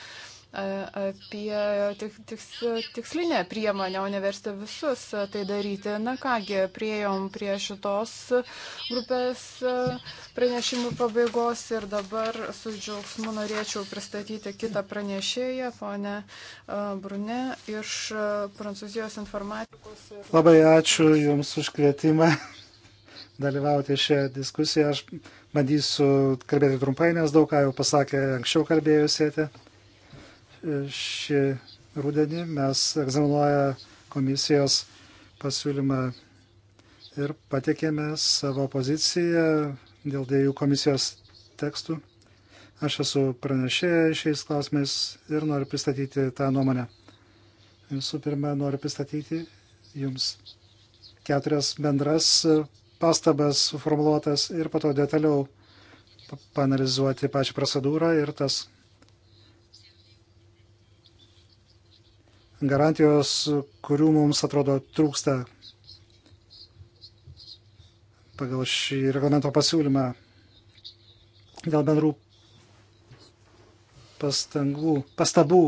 [SPEAKER 2] apie tik, tiks, tikslinę priemonę, o neversti visus tai daryti. Na kągi, priejom prie šitos grupės pranešimų pabaigos ir dabar su džiaugsmu norėčiau pristatyti kitą pranešėją, ponę Brune, iš Prancūzijos informatikos. Ir...
[SPEAKER 4] Labai ačiū Jums už kvietimą dalyvauti šią diskusiją. Aš bandysiu kalbėti trumpai, nes daug ką jau pasakė anksčiau kalbėjusėte šį rudenį mes egzaminuoja komisijos pasiūlymą ir patikėme savo poziciją dėl dviejų komisijos tekstų. Aš esu pranešėja šiais klausimais ir noriu pristatyti tą nuomonę. Visų pirma, noriu pristatyti jums keturias bendras pastabas suformuoluotas ir po to detaliau panalizuoti pačią procedūrą ir tas garantijos, kurių mums atrodo trūksta pagal šį reglamento pasiūlymą dėl bendrų pastangų, pastabų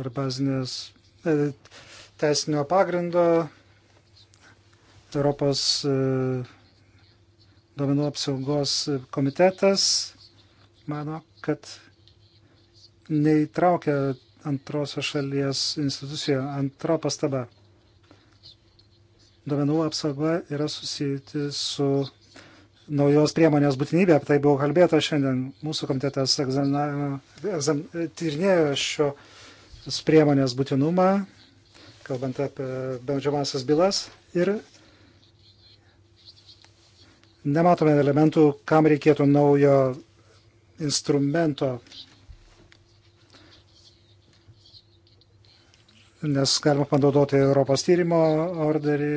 [SPEAKER 4] ir bazinės e, teisinio pagrindo Europos e, duomenų apsaugos komitetas mano, kad neįtraukia antrosios šalies institucijoje. Antra pastaba. Duomenų apsauga yra susijęti su naujos priemonės būtinybė, apie tai buvo kalbėta šiandien. Mūsų komitetas egzam, tyrinėjo šios priemonės būtinumą, kalbant apie baudžiamasias bylas ir nematome elementų, kam reikėtų naujo instrumento nes galima panaudoti Europos tyrimo orderį.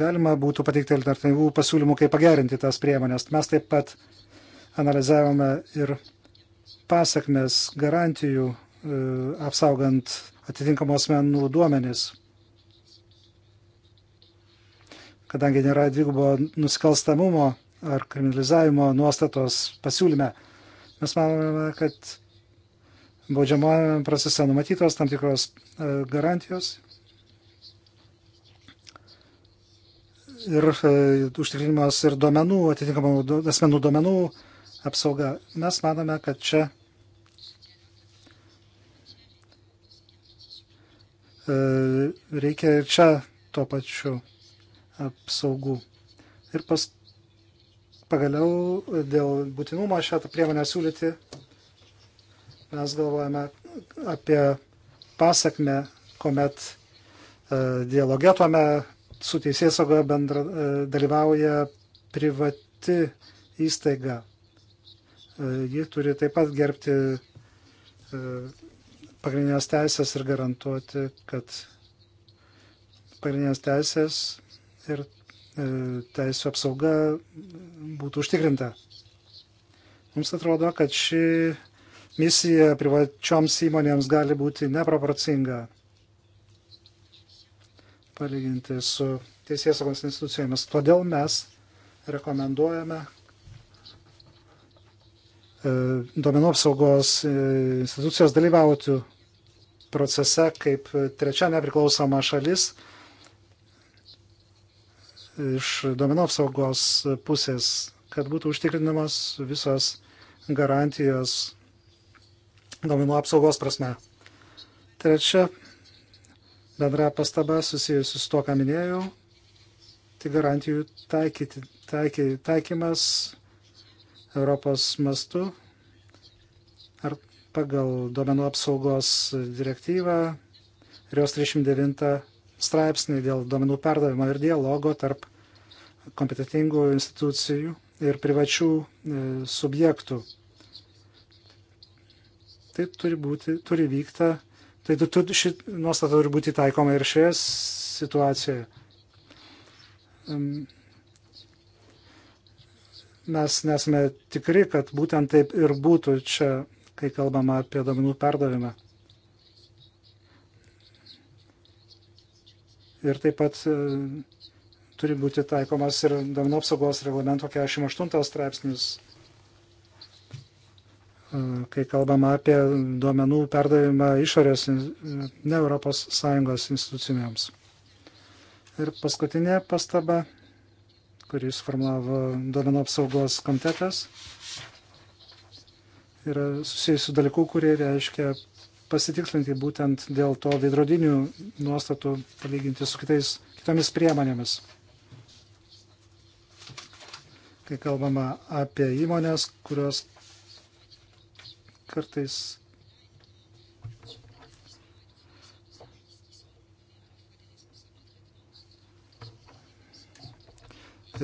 [SPEAKER 4] Galima būtų pateikti alternatyvų pasiūlymų, kaip pagerinti tas priemonės. Mes taip pat analizavome ir pasakmes garantijų e, apsaugant atitinkamos menų duomenis. Kadangi nėra dvigubo nusikalstamumo ar kriminalizavimo nuostatos pasiūlyme, mes manome, kad baudžiamojame procese numatytos tam tikros e, garantijos ir e, užtikrinimas ir duomenų, atitinkamų asmenų duomenų apsauga. Mes manome, kad čia e, reikia ir čia to pačiu apsaugų. Ir pas, pagaliau dėl būtinumo šią priemonę siūlyti mes galvojame apie pasakmę, kuomet e, dialoge tuome su teisėsauga bendra, e, dalyvauja privati įstaiga. E, ji turi taip pat gerbti pagrindinės teisės ir garantuoti, kad pagrindinės teisės ir teisų apsauga būtų užtikrinta. Mums atrodo, kad ši misija privačioms įmonėms gali būti neproporcinga palyginti su teisėsaugos institucijomis. Todėl mes rekomenduojame e, duomenų apsaugos e, institucijos dalyvauti procese kaip trečia nepriklausoma šalis iš duomenų apsaugos pusės, kad būtų užtikrinamos visos garantijos duomenų apsaugos prasme. Trečia bendra pastaba susijusi su to, ką minėjau, tai garantijų taikyti, taiky, taikymas Europos mastu ar pagal duomenų apsaugos direktyvą ir jos 39 straipsnį dėl duomenų perdavimo ir dialogo tarp kompetitingų institucijų ir privačių e, subjektų Tai turi, būti, turi vykti, tai tu, tu, ši nuostata turi būti taikoma ir šioje situacijoje. Mes nesame tikri, kad būtent taip ir būtų čia, kai kalbama apie domenų perdavimą. Ir taip pat e, turi būti taikomas ir domenų apsaugos reglamento 48 straipsnis kai kalbama apie duomenų perdavimą išorės ne ES institucijoms. Ir paskutinė pastaba, kurį suformulavo duomenų apsaugos komitetas, yra susijusių dalykų, kurie reiškia pasitikslinti būtent dėl to veidrodinių nuostatų palyginti su kitais, kitomis priemonėmis. Kai kalbama apie įmonės, kurios kartais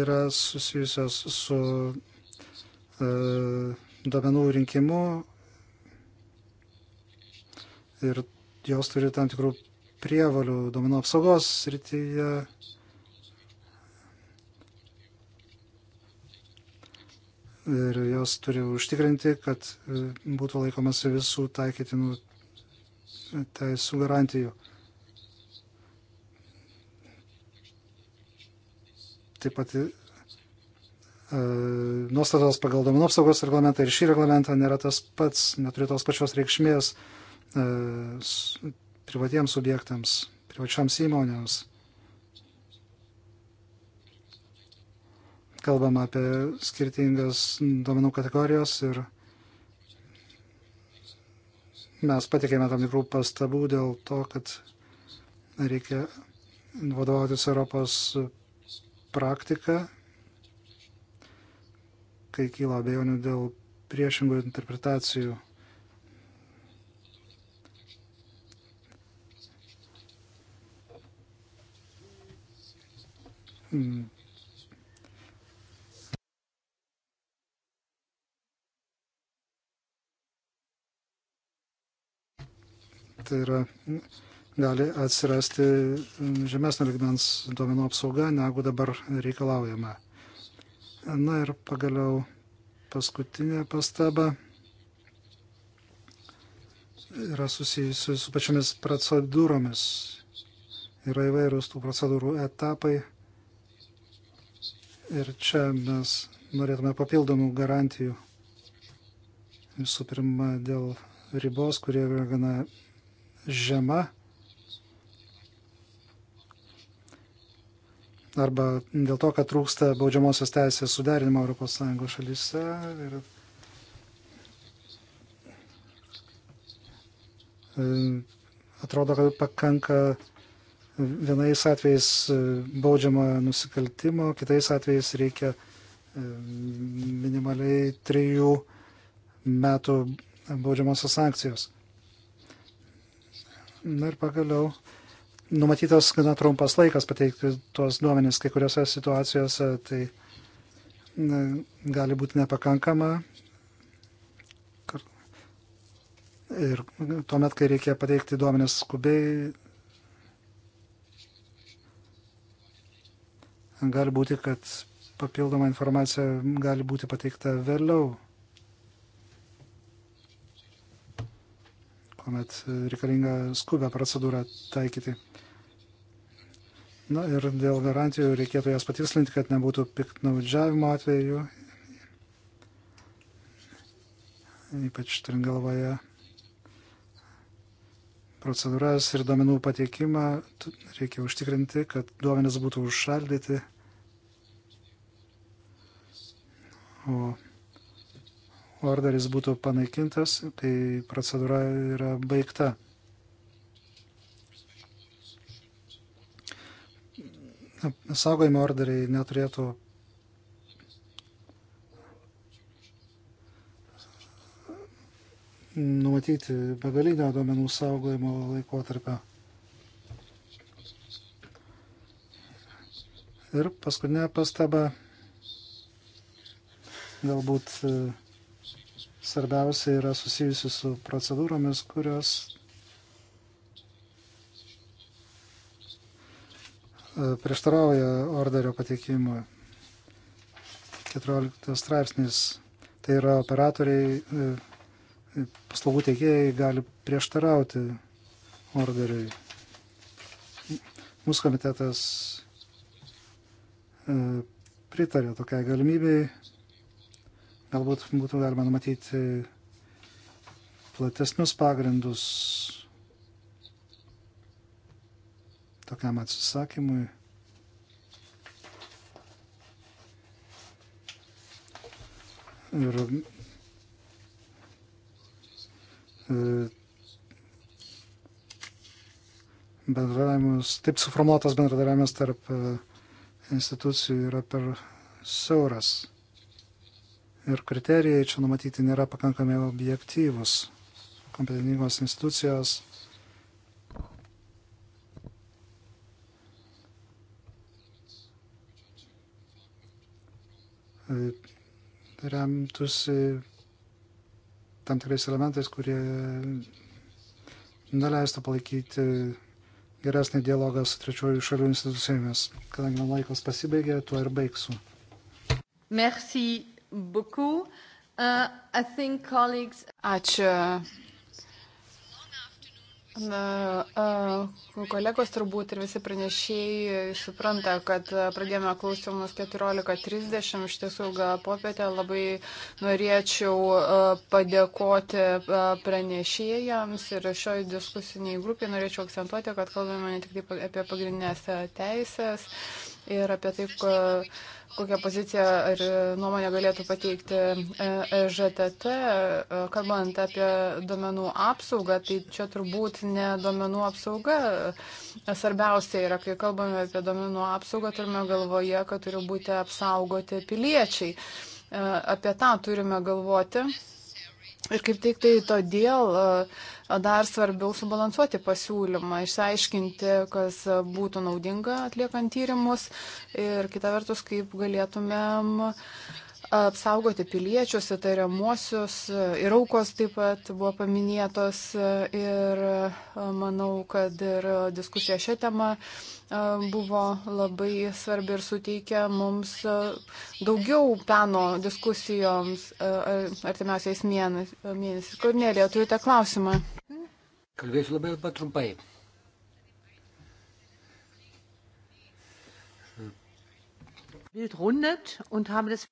[SPEAKER 4] yra susijusios su e, duomenų rinkimu ir jos turi tam tikrų prievalių duomenų apsaugos srityje ir jos turi užtikrinti, kad e, būtų laikomas visų taikytinų e, teisų garantijų. Taip pat e, e nuostatos pagal domenų apsaugos reglamentą ir šį reglamentą nėra tas pats, neturi tos pačios reikšmės e, privatiems subjektams, privačiams įmonėms. kalbam apie skirtingas duomenų kategorijos ir mes patikėme tam tikrų pastabų dėl to, kad reikia vadovautis Europos praktika, kai kyla abejonių dėl priešingų interpretacijų. Mm kad tai yra, gali atsirasti žemesnio ligmens duomenų apsauga, negu dabar reikalaujama. Na ir pagaliau paskutinė pastaba yra susijusi su pačiamis procedūromis. Yra įvairūs tų procedūrų etapai. Ir čia mes norėtume papildomų garantijų. Visų pirma, dėl ribos, kurie yra gana žema arba dėl to, kad trūksta baudžiamosios teisės suderinimo ES šalyse. Ir e, atrodo, kad pakanka vienais atvejais e, baudžiama nusikaltimo, kitais atvejais reikia e, minimaliai trijų metų baudžiamosios sankcijos. Na ir pagaliau numatytas gana trumpas laikas pateikti tuos duomenys kai kuriuose situacijose, tai gali būti nepakankama. Ir tuomet, kai reikia pateikti duomenys skubiai, gali būti, kad papildoma informacija gali būti pateikta vėliau. kuomet reikalinga skubę procedūrą taikyti. Na ir dėl garantijų reikėtų jas patikslinti, kad nebūtų piktnaudžiavimo atveju, ypač turint galvoje procedūras ir duomenų pateikimą, reikia užtikrinti, kad duomenys būtų užšaldyti. O orderis būtų panaikintas, tai procedūra yra baigta. Saugojimo orderiai neturėtų numatyti begalinio duomenų saugojimo laikotarpio. Ir paskutinė pastaba, galbūt svarbiausia yra susijusi su procedūromis, kurios e, prieštarauja orderio pateikimui. 14 straipsnis. Tai yra operatoriai, e, paslaugų teikėjai gali prieštarauti orderiui. Mūsų komitetas e, pritarė tokiai galimybėjai Galbūt būtų galima numatyti platesnius pagrindus tokiam atsisakymui. Ir e, bendradarbiavimas, taip suformuotas bendradarbiavimas tarp e, institucijų yra per siauras ir kriterijai čia numatyti nėra pakankamai objektyvus. Kompetentingos institucijos remtųsi tam tikrais elementais, kurie neleistų palaikyti geresnį dialogą su trečiojų šalių institucijomis. Kadangi man laikas pasibaigė, tuo ir baigsiu.
[SPEAKER 3] Merci beaucoup. Uh, I think colleagues... Ačiū.
[SPEAKER 2] Na, a, uh, kolegos turbūt ir visi pranešėjai supranta, kad uh, pradėjome klausimus 14.30, iš tiesų gal popietę labai norėčiau a, uh, padėkoti a, pranešėjams ir šioj diskusiniai grupiai norėčiau akcentuoti, kad kalbame ne tik tai apie pagrindinės teisės, ir apie tai, kokią poziciją ar nuomonę galėtų pateikti e, e ŽTT. E, kalbant apie duomenų apsaugą, tai čia turbūt ne duomenų apsauga svarbiausia yra, kai kalbame apie duomenų apsaugą, turime galvoje, kad turi būti apsaugoti piliečiai. Apie tą turime galvoti. Ir kaip tik tai todėl uh, dar svarbiau subalansuoti pasiūlymą, išsiaiškinti, kas būtų naudinga atliekant tyrimus ir kita vertus, kaip galėtumėm uh, apsaugoti piliečius, įtariamuosius ir aukos taip pat buvo paminėtos ir e, manau, kad ir diskusija šią temą e, buvo labai svarbi ir suteikė mums e, daugiau peno diskusijoms artimiausiais mėnesiais. Kornelija, turite klausimą?
[SPEAKER 5] Kalbėsiu labai trumpai.
[SPEAKER 2] Bild rundet und
[SPEAKER 5] haben das.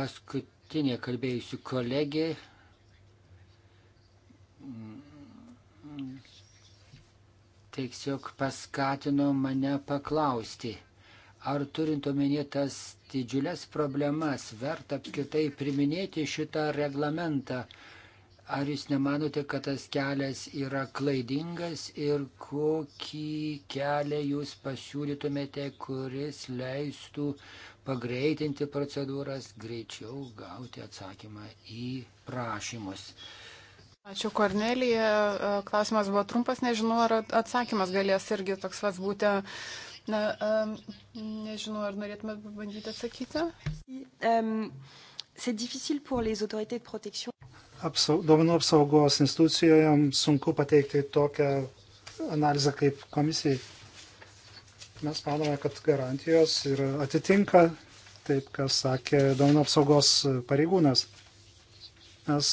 [SPEAKER 5] Paskutinė kalbėjusi kolegė tiesiog paskatino mane paklausti, ar turint omenyje tas didžiulės problemas, verta apskritai priminėti šitą reglamentą. Ar jūs nemanote, kad tas kelias yra klaidingas ir kokį kelią jūs pasiūlytumėte, kuris leistų pagreitinti procedūras, greičiau gauti atsakymą į prašymus.
[SPEAKER 2] Ačiū Kornelija, e, klausimas buvo trumpas, nežinau, ar atsakymas galės irgi toks vas būti. Na, e, nežinau, ar norėtumėt pabandyti atsakyti.
[SPEAKER 4] Apsau, duomenų apsaugos institucijoje sunku pateikti tokią analizę kaip komisijai. Mes manome, kad garantijos ir atitinka taip, kas sakė duomenų apsaugos pareigūnas. Mes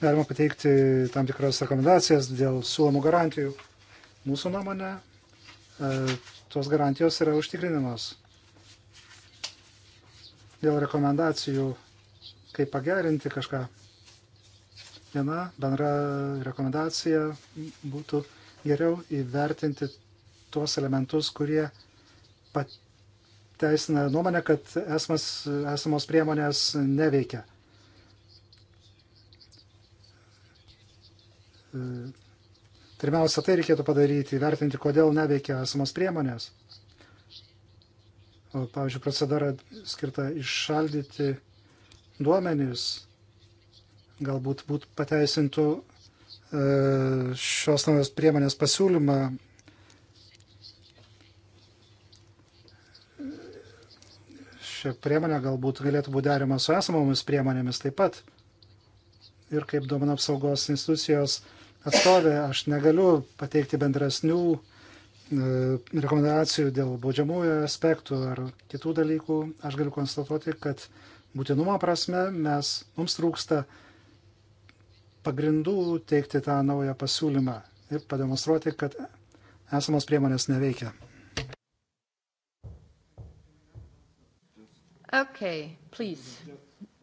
[SPEAKER 4] galima pateikti tam tikras rekomendacijas dėl siūlomų garantijų. Mūsų nuomonė, e, tos garantijos yra užtikrinamos. Dėl rekomendacijų, kaip pagerinti kažką. Viena bendra rekomendacija būtų geriau įvertinti tuos elementus, kurie pateisina nuomonę, kad esmas, esamos priemonės neveikia. Pirmiausia, tai reikėtų padaryti, vertinti, kodėl neveikia esamos priemonės. O, pavyzdžiui, procedūra skirta iššaldyti duomenys galbūt būt pateisintų e, šios naujos priemonės pasiūlymą ši priemonė galbūt galėtų būti derima su esamomis priemonėmis taip pat. Ir kaip duomenų apsaugos institucijos atstovė, aš negaliu pateikti bendresnių e, rekomendacijų dėl baudžiamųjų aspektų ar kitų dalykų. Aš galiu konstatuoti, kad būtinumo prasme mes, mums trūksta pagrindų teikti tą naują pasiūlymą ir pademonstruoti, kad esamos priemonės neveikia.
[SPEAKER 2] Okay, please.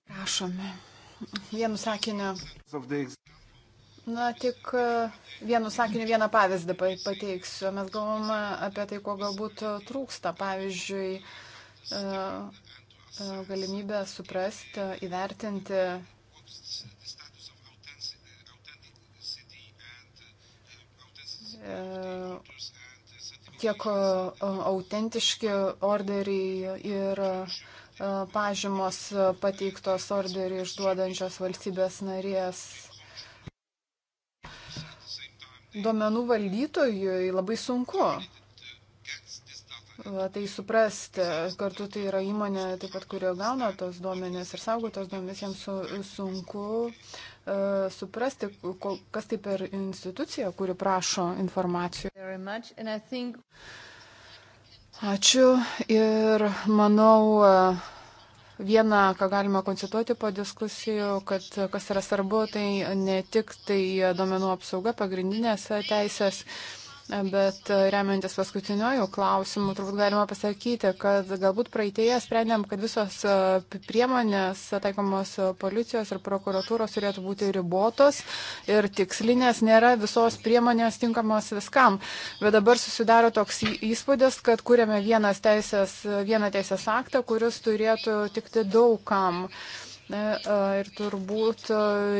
[SPEAKER 2] Prašome. Vienu sakiniu. Na, tik e, vienu sakiniu vieną pavyzdį pateiksiu. Mes galvome apie tai, ko galbūt trūksta. Pavyzdžiui, e, e, galimybę suprasti, įvertinti tiek autentiški orderiai ir uh, E, pažymos pateiktos orderį išduodančios valstybės narės. Duomenų valdytojui labai sunku tai suprasti. Kartu tai yra įmonė, taip pat, kurio gauna tos duomenės ir saugo tos duomenės, jiems su, sunku uh, suprasti, ko, kas tai per institucija, kuri prašo informacijų. Think... Ačiū ir manau, Viena, ką galima konstatuoti po diskusijų, kad kas yra svarbu, tai ne tik tai domenų apsauga, pagrindinės teisės, Bet e, remiantis paskutiniojų klausimų, turbūt galima pasakyti, kad galbūt praeitėje sprendėm, kad visos e, priemonės taikomos e, policijos ir prokuratūros turėtų būti ribotos ir tikslinės, nėra visos priemonės tinkamos viskam. Bet dabar susidaro toks įspūdis, kad kūrėme vienas teisės, vieną teisės aktą, kuris turėtų tikti daugam. kam Ir turbūt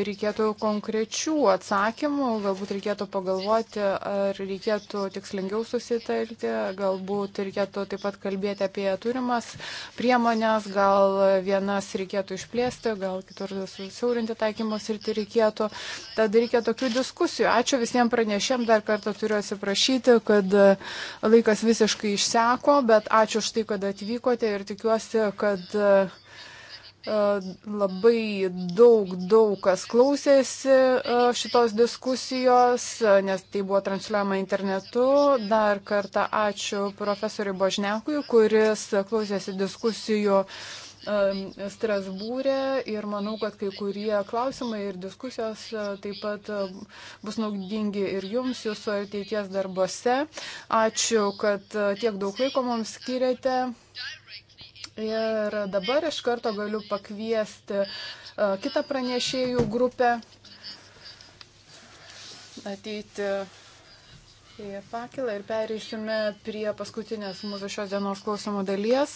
[SPEAKER 2] reikėtų konkrečių atsakymų, galbūt reikėtų pagalvoti, ar reikėtų tikslingiau susitarti, galbūt reikėtų taip pat kalbėti apie turimas priemonės, gal vienas reikėtų išplėsti, gal kitur susiaurinti taikymus ir tai reikėtų. Tad reikia tokių diskusijų. Ačiū visiems pranešėm, dar kartą turiu atsiprašyti, kad laikas visiškai išseko, bet ačiū už tai, kad atvykote ir tikiuosi, kad E, labai daug, daug kas klausėsi e, šitos diskusijos, e, nes tai buvo transliuojama internetu. Dar kartą ačiū profesoriui Božnekui, kuris klausėsi diskusijų Strasbūrė ir manau, kad kai kurie klausimai ir diskusijos taip pat bus naudingi ir jums, jūsų ateities darbose. Ačiū, kad tiek daug laiko mums skiriate. Ir dabar iš karto galiu pakviesti uh, kitą pranešėjų grupę ateiti į pakilą ir pereisime prie paskutinės mūsų šios dienos klausimų dalies.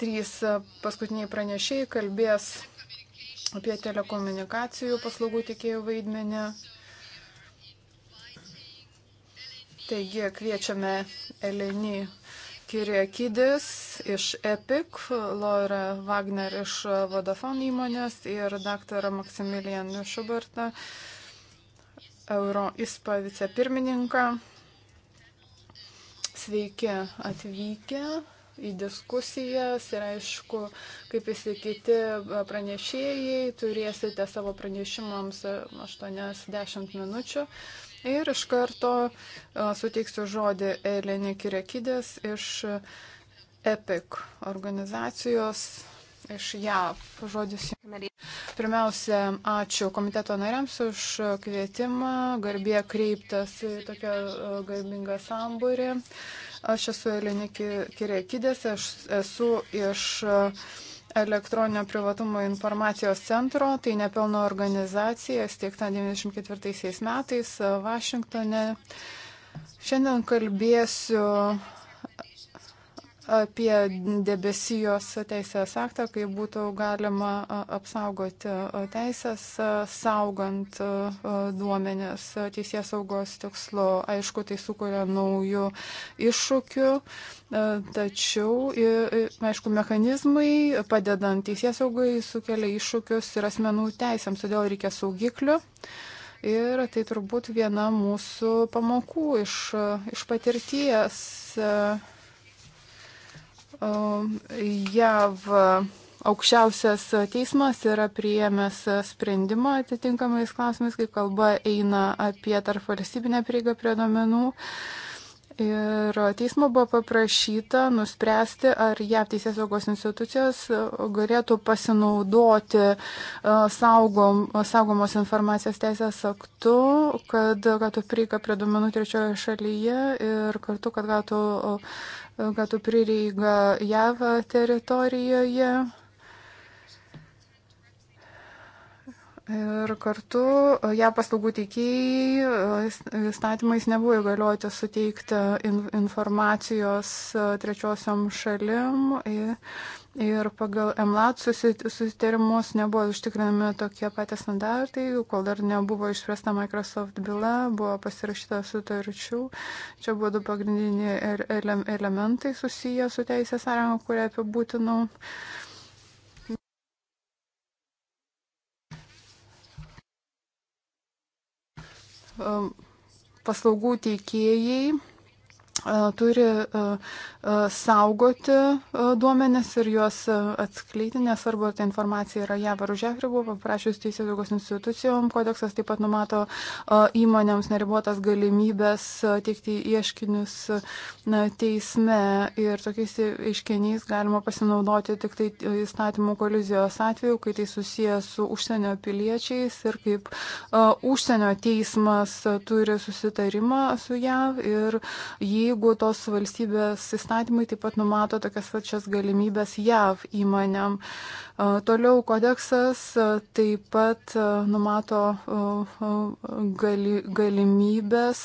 [SPEAKER 2] Trys paskutiniai pranešėjai kalbės apie telekomunikacijų paslaugų tikėjų vaidmenį. Taigi kviečiame Eleni Kiriakidis iš EPIC, Laura Wagner iš Vodafone įmonės ir daktarą Maksimilijaną Šubertą, Euro ISPA vicepirmininką. Sveiki atvykę į diskusijas ir aišku, kaip visi kiti pranešėjai, turėsite savo pranešimams 80 minučių. Uh, Ir iš karto suteiksiu žodį Eilinė Kirekidės iš EPIC organizacijos iš JAV. Žodis jums. Pirmiausia, ačiū komiteto nariams už kvietimą, garbė kreiptas į tokią garbingą sambūrį. Aš esu Elinė Kirekidės, aš esu iš. Uh, elektroninio privatumo informacijos centro, tai nepelno organizacija, steigta 1994 metais Vašingtone. Šiandien kalbėsiu apie debesijos teisės aktą, kaip būtų galima apsaugoti teisės, saugant duomenės teisės saugos tikslo. Aišku, tai sukuria naujų iššūkių, tačiau, aišku, mechanizmai padedant teisės saugai sukelia iššūkius ir asmenų teisėms, todėl reikia saugiklių. Ir tai turbūt viena mūsų pamokų iš, iš patirties. Uh JAV aukščiausias teismas yra priėmęs sprendimą atitinkamais klausimais, kai kalba eina apie tarp valstybinę prieigą prie domenų. Ir teismo buvo paprašyta nuspręsti, ar JAV teisės saugos institucijos galėtų pasinaudoti e, saugom, saugomos informacijos teisės aktu, kad gautų prieigą prie duomenų trečiojo šalyje ir kartu, kad gautų gautų prireigą JAV teritorijoje. Ir kartu ją ja, paslaugų teikėjai įstatymais nebuvo įgalioti suteikti informacijos trečiosiam šalim. Ir Ir pagal MLAT susitarimus nebuvo užtikrinami tokie patys standartai, kol dar nebuvo išspręsta Microsoft byla, buvo pasirašyta sutarčių. Čia buvo du pagrindiniai er-, ele elementai susiję su teisės sąranga, kurią apibūtinau. Ehm, paslaugų teikėjai turi saugoti duomenis ir juos atskleidinės, nesvarbu, ar ta informacija yra jav ar už jav ribų, paprašius teisės saugos institucijom. Kodeksas taip pat numato įmonėms neribotas galimybės teikti ieškinius teisme ir tokiais ieškiniais galima pasinaudoti tik tai įstatymų kolizijos atveju, kai tai susijęs su užsienio piliečiais ir kaip užsienio teismas turi susitarimą su jav ir jį jeigu tos valstybės įstatymai taip pat numato tokias pačias galimybės JAV įmonėm. Toliau kodeksas taip pat numato gali, galimybės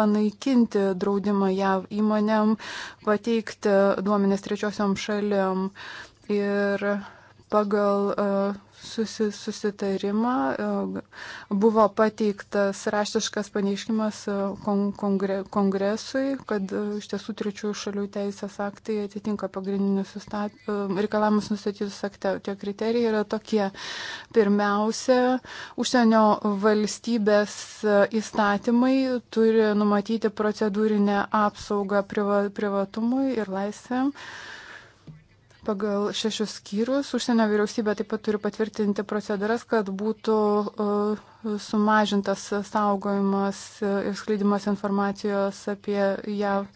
[SPEAKER 2] panaikinti draudimą JAV įmonėm, pateikti duomenės trečiosiom šalim. Ir pagal susi, susitarimą. E, buvo pateiktas raštiškas pareiškimas e, kongre, kongresui, kad e, iš tiesų trečiųjų šalių teisės aktai atitinka pagrindinius sustat, reikalavimus nustatytus akte. Tie kriterijai yra tokie. Pirmiausia, užsienio valstybės įstatymai turi numatyti procedūrinę apsaugą priva, privatumui ir laisvėm. Uh, pagal šešius skyrius. Užsienio vyriausybė taip pat turi patvirtinti procedūras, kad būtų e, sumažintas saugojimas ir skleidimas informacijos apie JAV e,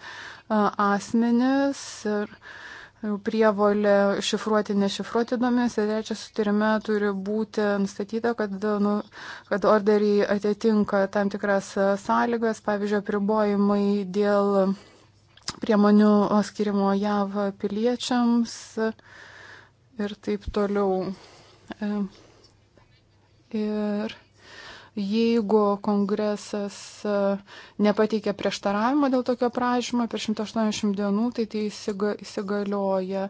[SPEAKER 2] asmenis. Ir prievolė šifruoti, nešifruoti duomenis. Ir trečias sutarime turi būti nustatyta, kad, nu, kad orderiai atitinka tam tikras e, sąlygas, pavyzdžiui, pribojimai dėl priemonių skirimo JAV piliečiams ir taip toliau. E, ir jeigu kongresas e, nepateikia prieštaravimo dėl tokio prašymo per 180 dienų, tai tai įsigalioja.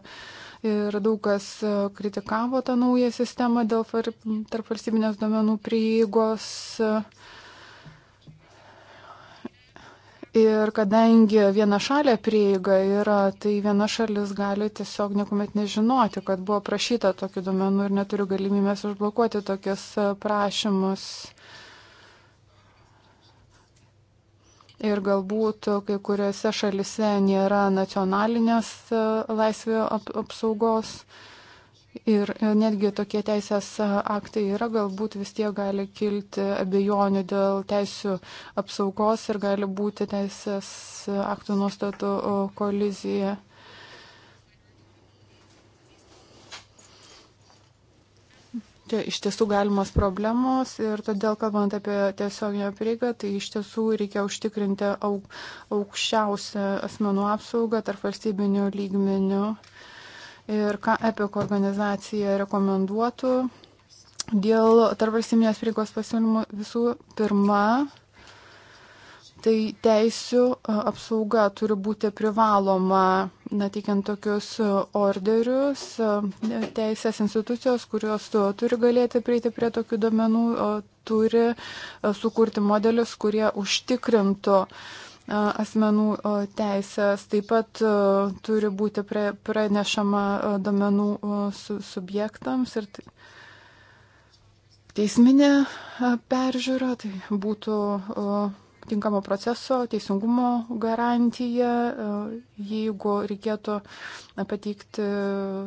[SPEAKER 2] Ir daug kas e, kritikavo tą naują sistemą dėl tarp valstybinės domenų prieigos. Uh, Ir kadangi viena šalė prieiga yra, tai viena šalis gali tiesiog niekuomet nežinoti, kad buvo prašyta tokių duomenų ir neturiu galimybės užblokuoti tokius e, prašymus. Ir galbūt kai kuriuose šalise nėra nacionalinės e, laisvės apsaugos. Ap Ir e, netgi tokie teisės e, aktai yra, galbūt vis tiek gali kilti abejonių dėl teisų apsaugos ir gali būti teisės e, aktų nuostatų kolizija. Čia iš tiesų galimas problemos ir todėl, kalbant apie tiesioginę prieigą, tai iš tiesų reikia užtikrinti aukščiausią asmenų apsaugą tarp valstybinių lygmenių ir ką EPIC organizacija rekomenduotų dėl tarpvalstybinės prieigos pasiūlymų visų pirma. Tai teisų apsauga turi būti privaloma, na, teikiant tokius orderius, teisės institucijos, kurios turi galėti prieiti prie tokių domenų, turi sukurti modelius, kurie užtikrintų uh, asmenų teisės. Taip pat turi būti pranešama domenų subjektams ir teisminė peržiūra, tai būtų tinkamo proceso, teisingumo garantija, jeigu reikėtų pateikti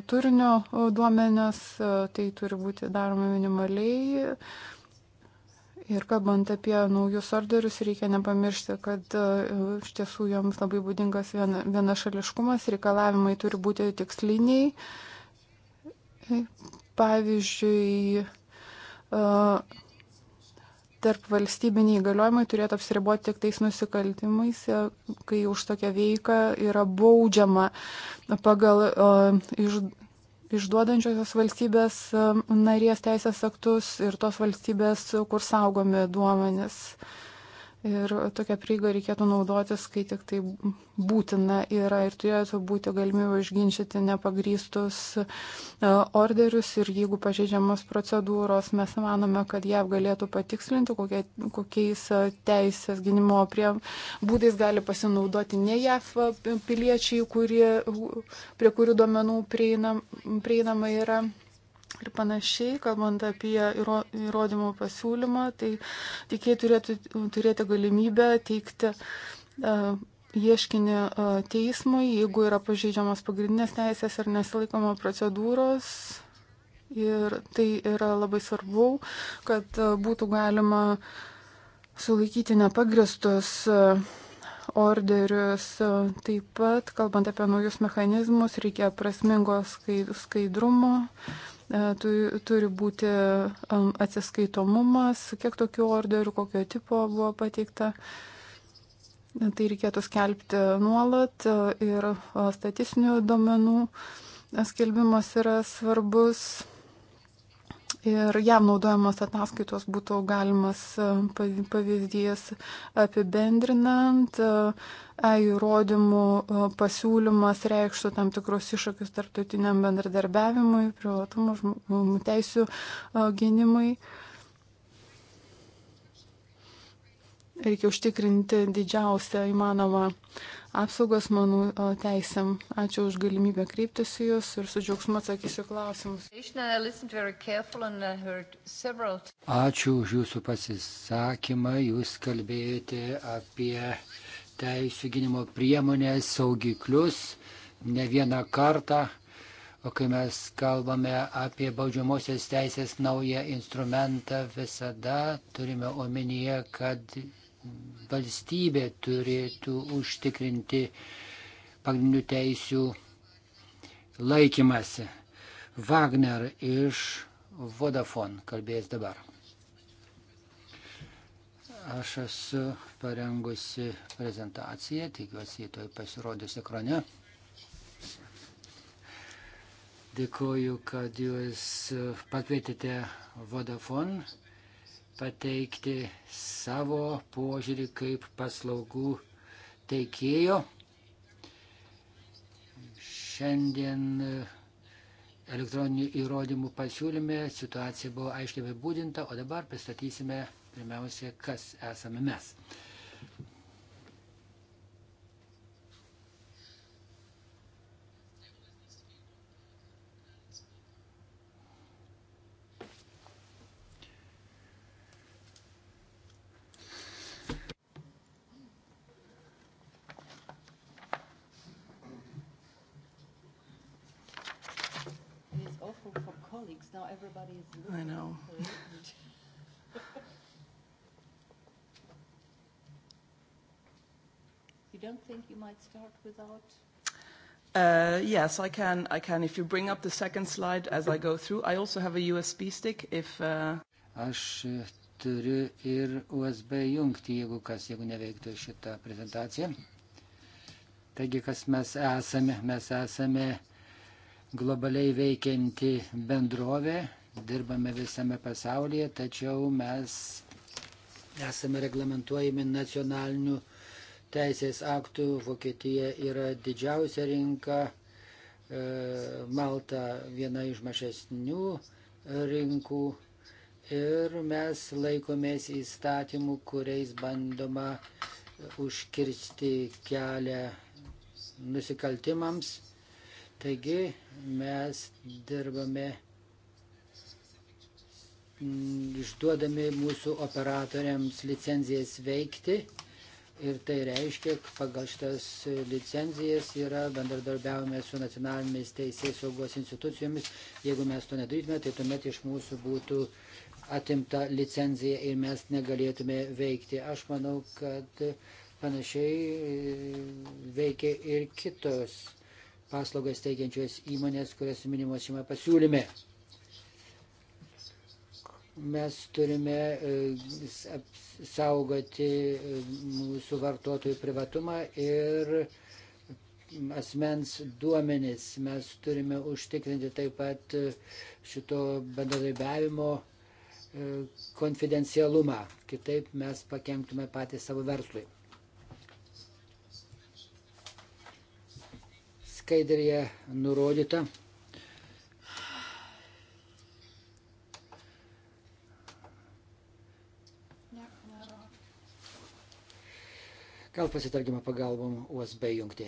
[SPEAKER 2] turinio duomenės, tai turi būti daroma minimaliai Ir kalbant apie naujus orderius, reikia nepamiršti, kad e, iš tiesų joms labai būdingas viena, vienašališkumas, reikalavimai turi būti tiksliniai. Pavyzdžiui, e, tarp valstybiniai įgaliojimai turėtų apsiriboti tik tais nusikaltimais, e, kai už tokią veiką yra baudžiama pagal iš, išduodančiosios valstybės um, narės teisės aktus ir tos valstybės, kur saugomi duomenys. Uh, Ir tokią prieigą reikėtų naudotis, kai tik tai būtina yra ir turėtų būti galimybė išginčyti nepagrystus e, orderius ir jeigu pažeidžiamos procedūros, mes manome, kad jav galėtų patikslinti, kokie, kokiais e, teisės gynimo prie būdais gali pasinaudoti ne jav piliečiai, kurie, prie kurių duomenų prieinam, prieinama yra ir panašiai, kalbant apie įrodymų pasiūlymą, tai tikėjai turėtų turėti galimybę teikti e, ieškinį e, teismui, jeigu yra pažeidžiamas pagrindinės teisės ar nesilaikoma procedūros. Ir tai yra labai svarbu, kad e, būtų galima sulaikyti nepagristus orderius. Taip pat, kalbant apie naujus mechanizmus, reikia prasmingos skaidrumo. Skai E, turi būti e, atsiskaitomumas, kiek tokių orderių, kokio tipo buvo pateikta. E, tai reikėtų skelbti nuolat ir statistinių domenų skelbimas yra svarbus. Ir jam naudojamas ataskaitos būtų galimas pavyzdys apibendrinant, įrodymų pasiūlymas reikštų tam tikrus iššūkius tarptautiniam bendradarbiavimui, privatumo žmonių teisų gynimui. Reikia užtikrinti didžiausią įmanomą apsaugos manų teisėm. Ačiū už galimybę kreiptis į Jūs ir su džiaugsmu atsakysiu klausimus.
[SPEAKER 5] Ačiū už Jūsų pasisakymą. Jūs kalbėjote apie teisų gynimo priemonės, saugiklius ne vieną kartą. O kai mes kalbame apie baudžiamosios teisės naują instrumentą, visada turime omenyje, kad valstybė turėtų užtikrinti pagrindinių teisių laikymasi. Wagner iš Vodafone kalbės dabar. Aš esu parengusi prezentaciją, tikiuosi, jį toj pasirodys ekrane. Dėkoju, kad jūs pakvietėte Vodafone pateikti savo požiūrį kaip paslaugų teikėjo. Šiandien elektroninių įrodymų pasiūlyme situacija buvo aiškiai apibūdinta, o dabar pristatysime pirmiausia, kas esame mes.
[SPEAKER 3] you might start without
[SPEAKER 2] Uh, yes, I can. I can. If you bring up the second slide as I go through, I also have a USB stick. If uh...
[SPEAKER 5] aš e, turiu ir USB jungtį, jeigu kas, jeigu neveiktų šitą prezentaciją. Taigi, kas mes esame? Mes esame globaliai veikianti bendrovė, dirbame visame pasaulyje, tačiau mes esame reglamentuojami nacionaliniu uh, teisės aktų. Vokietija yra didžiausia rinka, e, Malta viena iš mažesnių rinkų. Ir mes laikomės įstatymų, kuriais bandoma užkirsti kelią nusikaltimams. Taigi mes dirbame išduodami mūsų operatoriams licenzijas veikti Ir tai reiškia, pagal šitas licenzijas yra bendradarbiavome su nacionalinėmis teisės saugos institucijomis. Jeigu mes to nedarytume, tai tuomet iš mūsų būtų atimta licenzija ir mes negalėtume veikti. Aš manau, kad panašiai e, veikia ir kitos paslaugas teikiančios įmonės, kurias minimos šiame pasiūlyme mes turime e, apsaugoti e, mūsų vartotojų privatumą ir asmens duomenis. Mes turime užtikrinti taip pat e, šito bendradarbiavimo konfidencialumą. Kitaip mes pakenktume patys savo verslui. Skaidrėje nurodyta, Gal pasitarkime pagalbom USB jungti.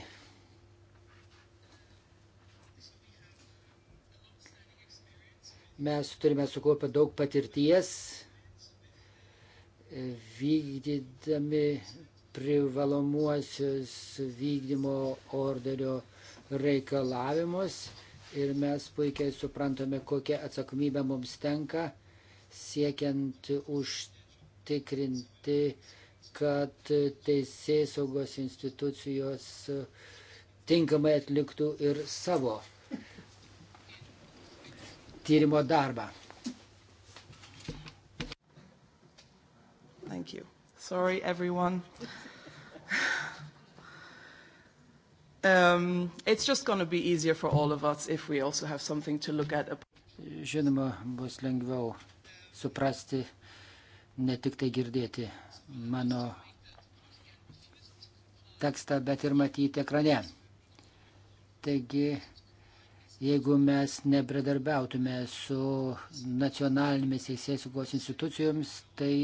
[SPEAKER 5] Mes turime sukaupę daug patirties vykdydami privalomuosius vykdymo orderio reikalavimus ir mes puikiai suprantame, kokia atsakomybė mums tenka siekiant užtikrinti kad teisės saugos institucijos tinkamai atliktų ir savo tyrimo darbą.
[SPEAKER 2] Thank you.
[SPEAKER 1] Sorry, everyone.
[SPEAKER 2] um, it's just going to be easier for all of
[SPEAKER 5] us if we also have something to look at. Žinoma, bus lengviau suprasti ne tik tai girdėti mano tekstą, bet ir matyti ekrane. Taigi, jeigu mes nebradarbiautume su nacionalinėmis teisėsaugos institucijoms, tai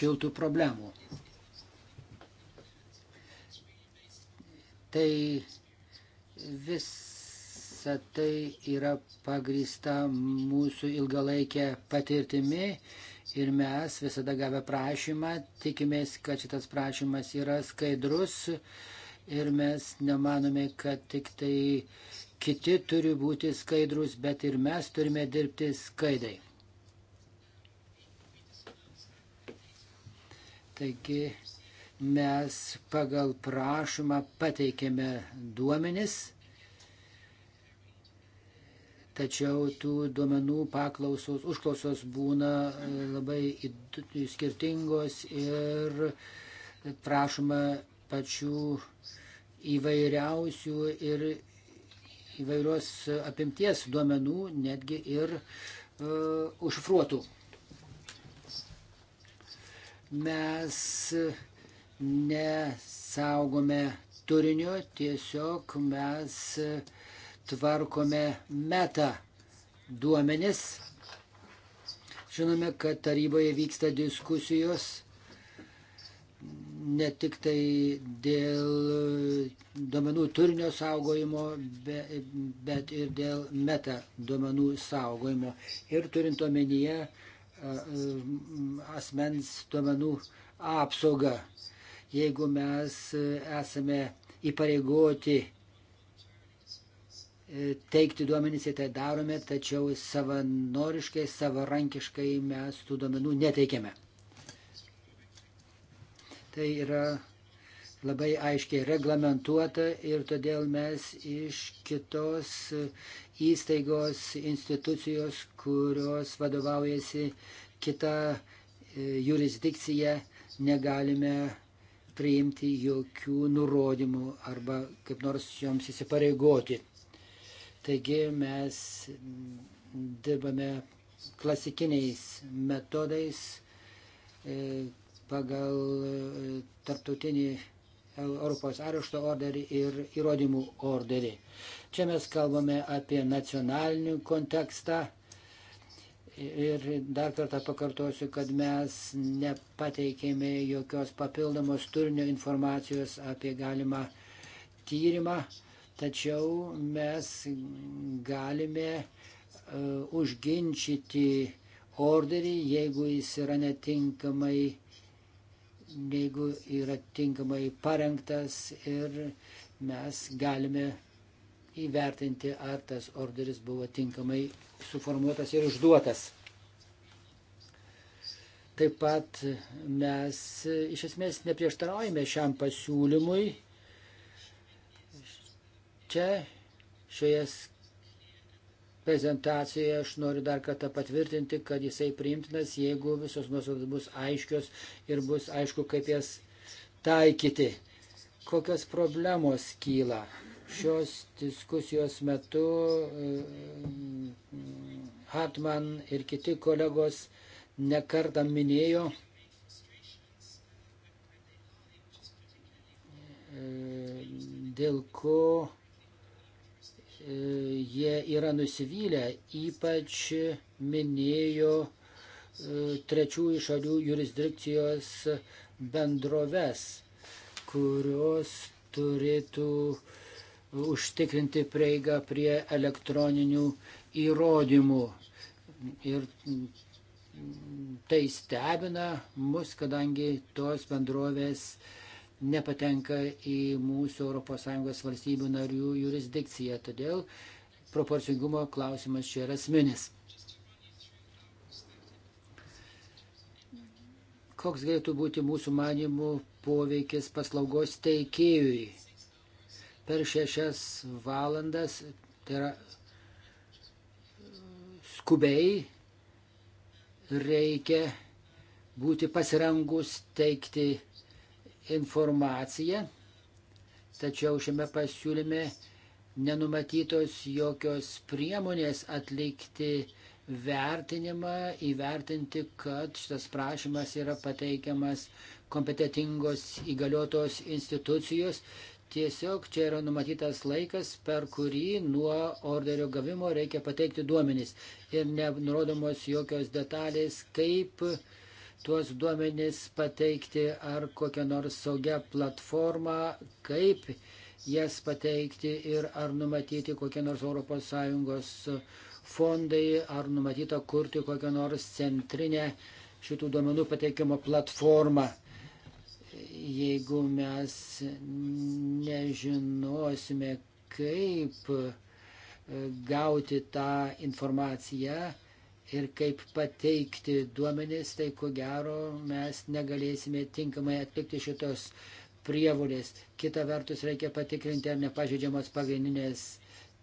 [SPEAKER 5] kiltų problemų. Tai visa tai yra pagrįsta mūsų ilgalaikė patirtimi Ir mes visada gavę prašymą, tikimės, kad šitas prašymas yra skaidrus ir mes nemanome, kad tik tai kiti turi būti skaidrus, bet ir mes turime dirbti skaidai. Taigi mes pagal prašymą pateikėme duomenis tačiau tų duomenų paklausos, užklausos būna e, labai skirtingos ir prašoma pačių įvairiausių ir įvairios apimties duomenų, netgi ir uh, užfruotų. Mes nesaugome turinio, tiesiog mes uh, tvarkome metą duomenis. Žinome, kad taryboje vyksta diskusijos ne tik tai dėl duomenų turinio saugojimo, be, bet ir dėl meta duomenų saugojimo. Ir turint omenyje asmens duomenų apsaugą. Jeigu mes esame įpareigoti E, teikti duomenys, jei tai darome, tačiau savanoriškai, savarankiškai mes tų duomenų neteikiame. Tai yra labai aiškiai reglamentuota ir todėl mes iš kitos įstaigos, institucijos, kurios vadovaujasi kita e, jurisdikcija, negalime priimti jokių nurodymų arba kaip nors joms įsipareigoti. Taigi mes dirbame klasikiniais metodais e, pagal e, tarptautinį Europos arešto orderį ir įrodymų orderį. Čia mes kalbame apie nacionalinį kontekstą. Ir dar kartą pakartosiu, kad mes nepateikėme jokios papildomos turinio informacijos apie galimą tyrimą tačiau mes galime uh, užginčyti orderį, jeigu jis yra netinkamai, jeigu yra tinkamai parengtas ir mes galime įvertinti, ar tas orderis buvo tinkamai suformuotas ir išduotas. Taip pat mes iš esmės neprieštaraujame šiam pasiūlymui Čia šioje prezentacijoje aš noriu dar kartą patvirtinti, kad jisai priimtinas, jeigu visos nuostatos bus aiškios ir bus aišku, kaip jas taikyti. Kokios problemos kyla šios diskusijos metu e, Hartman ir kiti kolegos nekartą minėjo. E, dėl ko jie yra nusivylę, ypač minėjo e, trečiųjų šalių jurisdikcijos bendroves, kurios turėtų e, užtikrinti prieigą prie elektroninių įrodymų. Ir tai stebina mus, kadangi tos bendrovės uh, nepatenka į mūsų ES valstybių narių jurisdikciją. Todėl proporcingumo klausimas čia yra asmenis. Koks galėtų būti mūsų manimų poveikis paslaugos teikėjui? Per šešias valandas, tai yra skubiai, reikia būti pasirengus teikti informacija, tačiau šiame pasiūlyme nenumatytos jokios priemonės atlikti vertinimą, įvertinti, kad šitas prašymas yra pateikiamas kompetitingos įgaliotos institucijos. Tiesiog čia yra numatytas laikas, per kurį nuo orderio gavimo reikia pateikti duomenys. Ir nenurodomos jokios detalės, kaip uh, tuos duomenys pateikti ar kokią nors saugią platformą, kaip jas pateikti ir ar numatyti kokie nors ES fondai, ar numatyta kurti kokią nors centrinę šitų duomenų pateikimo platformą. Jeigu mes nežinosime, kaip gauti tą informaciją, ir kaip pateikti duomenis, tai ko gero mes negalėsime tinkamai atlikti šitos prievolės. Kita vertus reikia patikrinti, ar nepažeidžiamos pagrindinės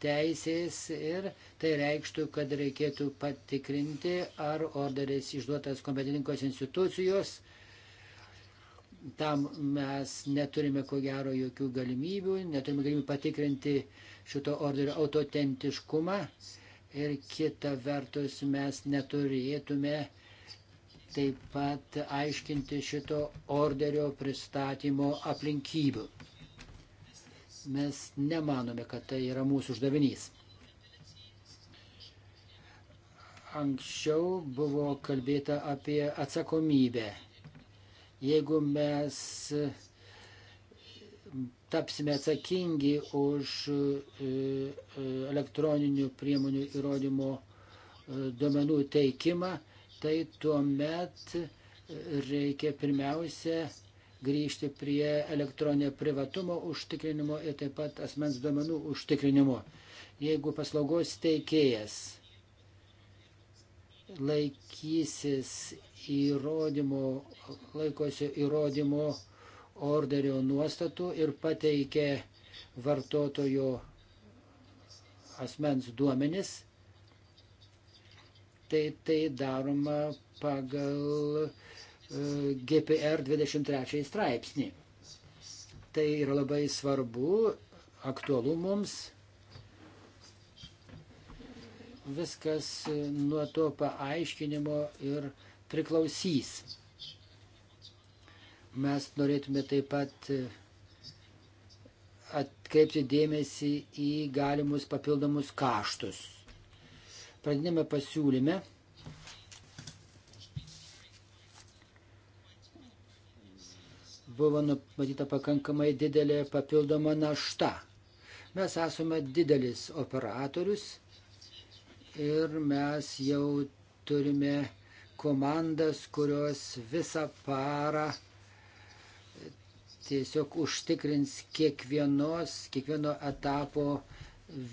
[SPEAKER 5] teisės ir tai reikštų, kad reikėtų patikrinti, ar orderis išduotas kompetitinkos institucijos. Tam mes neturime ko gero jokių galimybių, neturime galimybių patikrinti šito orderio autentiškumą ir kita vertus mes neturėtume taip pat aiškinti šito orderio pristatymo aplinkybių. Mes nemanome, kad tai yra mūsų uždavinys. Anksčiau buvo kalbėta apie atsakomybę. Jeigu mes tapsime atsakingi už e, e, elektroninių priemonių įrodymo e, duomenų teikimą, tai tuomet reikia pirmiausia grįžti prie elektroninio privatumo užtikrinimo ir taip pat asmens duomenų užtikrinimo. Jeigu paslaugos teikėjas laikysis įrodymo, laikosi įrodymo orderio nuostatų ir pateikė vartotojo asmens duomenis, tai tai daroma pagal e, GPR 23 straipsnį. Tai yra labai svarbu aktualu mums. Viskas nuo to paaiškinimo ir priklausys. Mes norėtume taip pat e, atkreipti dėmesį į galimus papildomus kaštus. Pradinėme pasiūlyme buvo numatyta pakankamai didelė papildoma našta. Mes esame didelis operatorius ir mes jau turime komandas, kurios visą parą uh, tiesiog užtikrins kiekvienos, kiekvieno etapo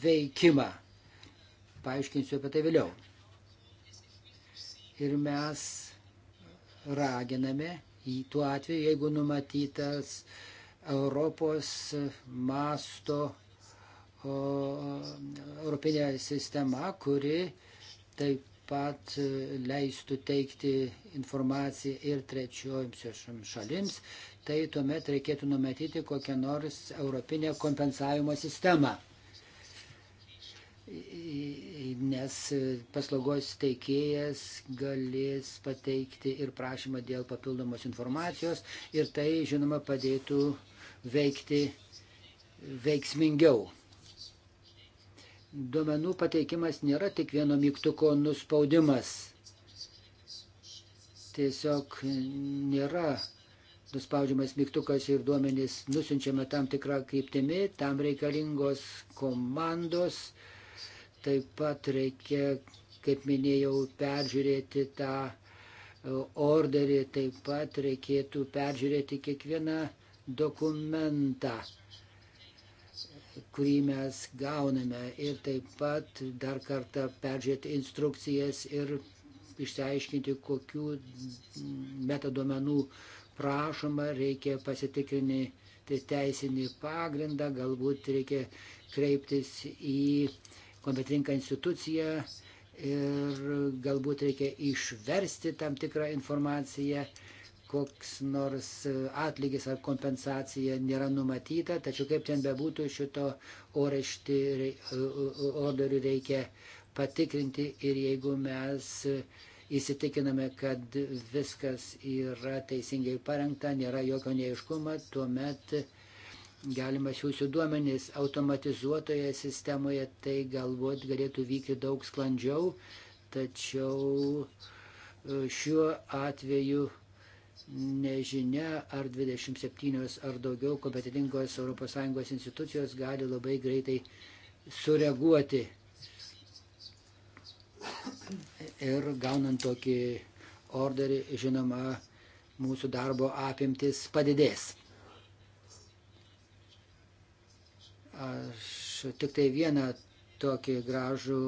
[SPEAKER 5] veikimą. Paaiškinsiu apie tai vėliau. Ir mes raginame į tuo atveju, jeigu numatytas Europos masto o, europinė sistema, kuri taip pat e, leistų teikti informaciją ir trečiojoms šalims, tai tuomet reikėtų numatyti kokią nors europinę kompensavimo sistemą. Nes paslaugos teikėjas galės pateikti ir prašymą dėl papildomos informacijos ir tai, žinoma, padėtų veikti veiksmingiau duomenų pateikimas nėra tik vieno mygtuko nuspaudimas. Tiesiog nėra nuspaudžiamas mygtukas ir duomenys nusinčiame tam tikrą kryptimį, tam reikalingos komandos, taip pat reikia, kaip minėjau, peržiūrėti tą e, orderį, taip pat reikėtų peržiūrėti kiekvieną dokumentą kurį mes gauname ir taip pat dar kartą peržiūrėti instrukcijas ir išsiaiškinti, kokių metadomenų prašoma, reikia pasitikrinti teisinį pagrindą, galbūt reikia kreiptis į kompetinką instituciją ir galbūt reikia išversti tam tikrą informaciją koks nors e, atlygis ar kompensacija nėra numatyta, tačiau kaip ten bebūtų, šito orešti, e, e, orderių reikia patikrinti ir jeigu mes įsitikiname, kad viskas yra teisingai parengta, nėra jokio neiškumo, tuomet galima siūsiu duomenys automatizuotoje sistemoje, tai galbūt galėtų vykti daug sklandžiau, tačiau šiuo atveju nežinia, ar 27 ar daugiau kompetitingos ES institucijos gali labai greitai sureaguoti. Ir gaunant tokį orderį, žinoma, mūsų darbo apimtis padidės. Aš tik tai vieną tokį gražų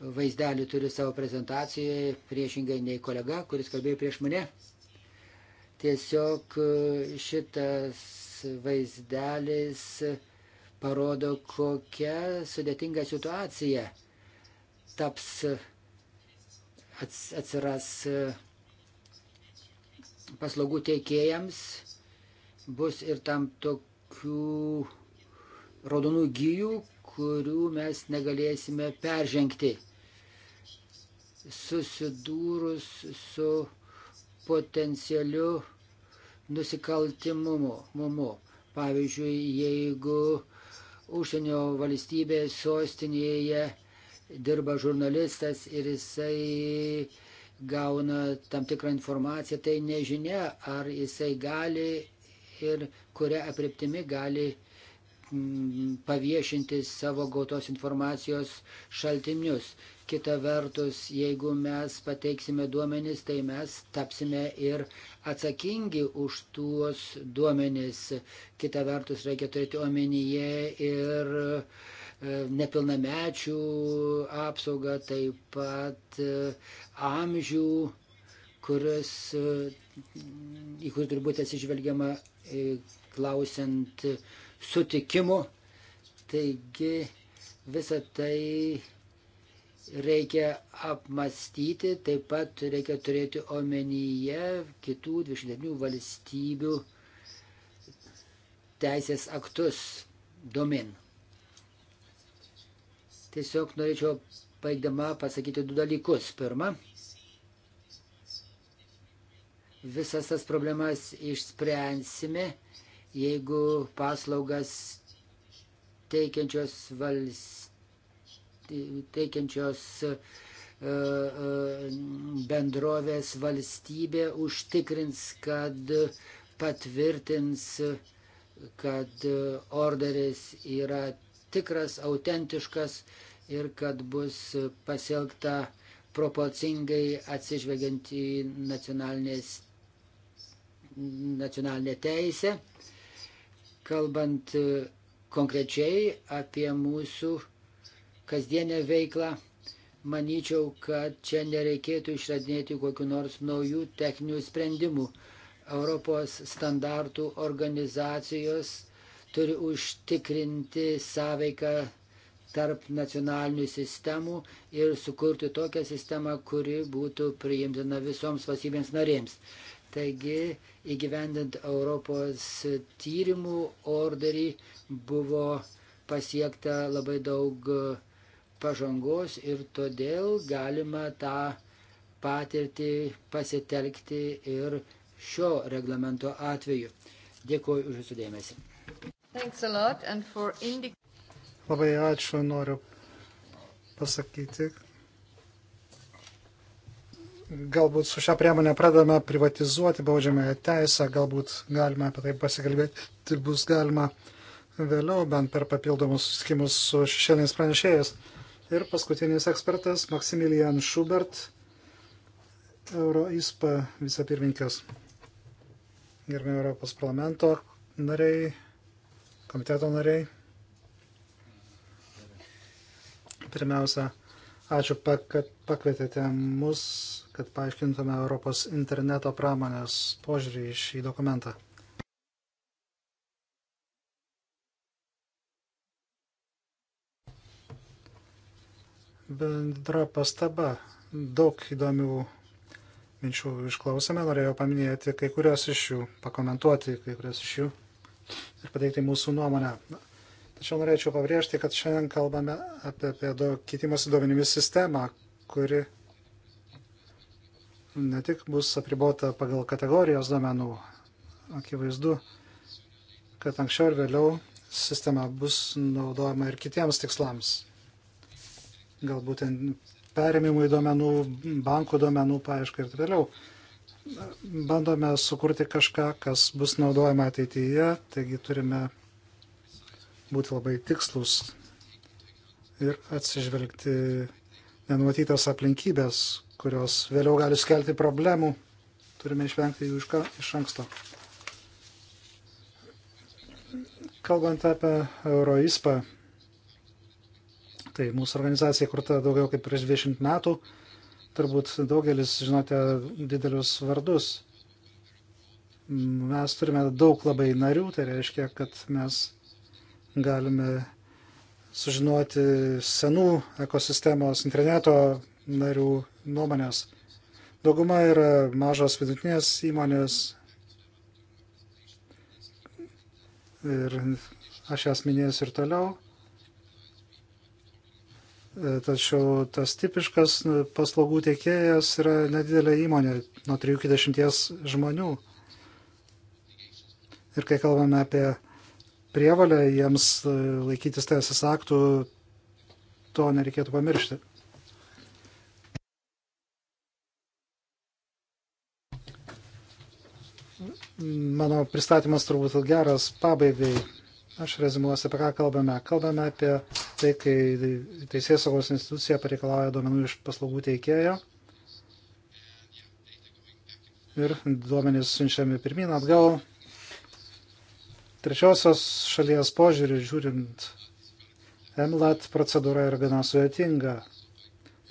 [SPEAKER 5] vaizdelį turiu savo prezentacijoje, priešingai nei kolega, kuris kalbėjo prieš mane. Tiesiog e, šitas vaizdelis parodo, kokia sudėtinga situacija taps atsiras e, paslaugų teikėjams, bus ir tam tokių raudonų gyjų, kurių mes negalėsime peržengti. Susidūrus su potencialiu nusikaltimumu. Pavyzdžiui, jeigu užsienio valstybės sostinėje dirba žurnalistas ir jisai gauna tam tikrą informaciją, tai nežinia, ar jisai gali ir kuria apriptimi gali paviešinti savo gautos informacijos šaltinius. Kita vertus, jeigu mes pateiksime duomenis, tai mes tapsime ir atsakingi už tuos duomenis. Kita vertus, reikia turėti omenyje ir e, nepilnamečių apsaugą, taip pat e, amžių kuris, e, į kurį turbūt atsižvelgiama klausiant sutikimu. Taigi visą tai reikia apmastyti, taip pat reikia turėti omenyje kitų 29 valstybių teisės aktus domin. Tiesiog norėčiau baigdama pasakyti du dalykus. Pirma, visas tas problemas išspręsime jeigu paslaugas teikiančios, valst... teikiančios e, e, bendrovės valstybė užtikrins, kad patvirtins, kad orderis yra tikras, autentiškas ir kad bus pasielgta proporcingai atsižvelgiant į nacionalinę teisę. Kalbant e, konkrečiai apie mūsų kasdienę veiklą, manyčiau, kad čia nereikėtų išradinėti kokiu nors naujų techninių sprendimų. Europos standartų organizacijos turi užtikrinti sąveiką tarp nacionalinių sistemų ir sukurti tokią sistemą, kuri būtų priimtina visoms valstybėms narėms. Taigi įgyvendint Europos tyrimų orderį buvo pasiekta labai daug e, pažangos ir todėl galima tą patirtį pasitelkti ir šio reglamento atveju. Dėkuoju už Jūsų dėmesį.
[SPEAKER 4] Labai ačiū, noriu pasakyti, galbūt su šią priemonę pradame privatizuoti baudžiamąją teisę, galbūt galima apie tai pasikalbėti, tai bus galima vėliau, bent per papildomus susitikimus su šešėliniais pranešėjais. Ir paskutinis ekspertas Maksimilian Schubert, Euroispa vicepirminkas. Gerbėjai Europos parlamento nariai, komiteto nariai. Pirmiausia, Ačiū, kad pakvietėte mus, kad paaiškintume Europos interneto pramonės požiūrį į šį dokumentą. Bendra pastaba. Daug įdomių minčių išklausėme. Norėjau paminėti kai kurias iš jų, pakomentuoti kai kurias iš jų ir pateikti mūsų nuomonę. Na, Tačiau norėčiau pabrėžti, kad šiandien kalbame apie, apie do, keitimosi duomenimis sistemą, kuri ne tik bus apribota pagal kategorijos duomenų. Akivaizdu, kad anksčiau ir vėliau sistema bus naudojama ir kitiems tikslams. Galbūt perėmimui duomenų, bankų duomenų paaiškai ir taip vėliau. Bandome sukurti kažką, kas bus naudojama ateityje, taigi turime būti labai tikslus ir atsižvelgti nenumatytas aplinkybės, kurios vėliau gali skelti problemų. Turime išvengti jų iš anksto. Kalbant apie Euroispą, tai mūsų organizacija kurta daugiau kaip prieš 20 metų. Turbūt daugelis žinote didelius vardus. Mes turime daug labai narių, tai reiškia, kad mes galime sužinoti senų ekosistemos interneto narių nuomonės. Dauguma yra mažos vidutinės įmonės ir aš jas minėsiu ir toliau. Tačiau tas tipiškas paslaugų tiekėjas yra nedidelė įmonė nuo 30 žmonių. Ir kai kalbame apie prievalę jiems e, laikytis teisės aktų, to nereikėtų pamiršti. Mano pristatymas turbūt geras pabaigai. Aš rezimuosiu, apie ką kalbame. Kalbame apie tai, kai Teisės saugos institucija pareikalauja duomenų iš paslaugų teikėjo ir duomenys siunčiami pirmin atgal Trečiosios šalies požiūrį žiūrint, MLAT procedūra yra gana sudėtinga.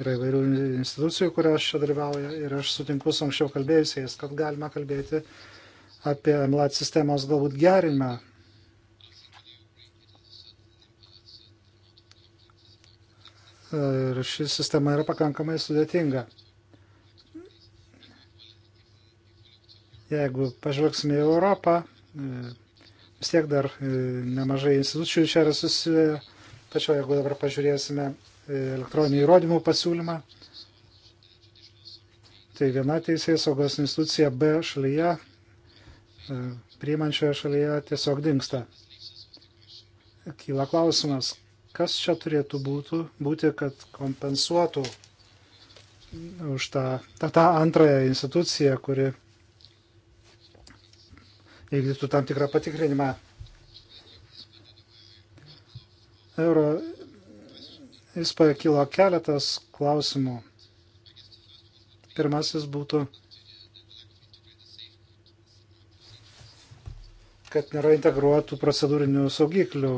[SPEAKER 4] Yra įvairių institucijų, kurios čia dalyvauja ir aš sutinku su anksčiau kalbėjusiais, kad galima kalbėti apie MLAT sistemos galbūt gerinimą. Ir ši sistema yra pakankamai sudėtinga. Jeigu pažvelgsime į Europą, vis tiek dar e, nemažai institucijų čia yra susiję, tačiau jeigu dabar pažiūrėsime e, elektroninių įrodymų pasiūlymą, tai viena teisės saugos institucija B šalyje, e, priimančioje šalyje tiesiog dinksta. Kyla klausimas, kas čia turėtų būtų, būti, kad kompensuotų už tą, tą, tą antrąją instituciją, kuri vykdytų tam tikrą patikrinimą. Euro jis pakilo keletas klausimų. Pirmasis būtų, kad nėra integruotų procedūrinių saugiklių.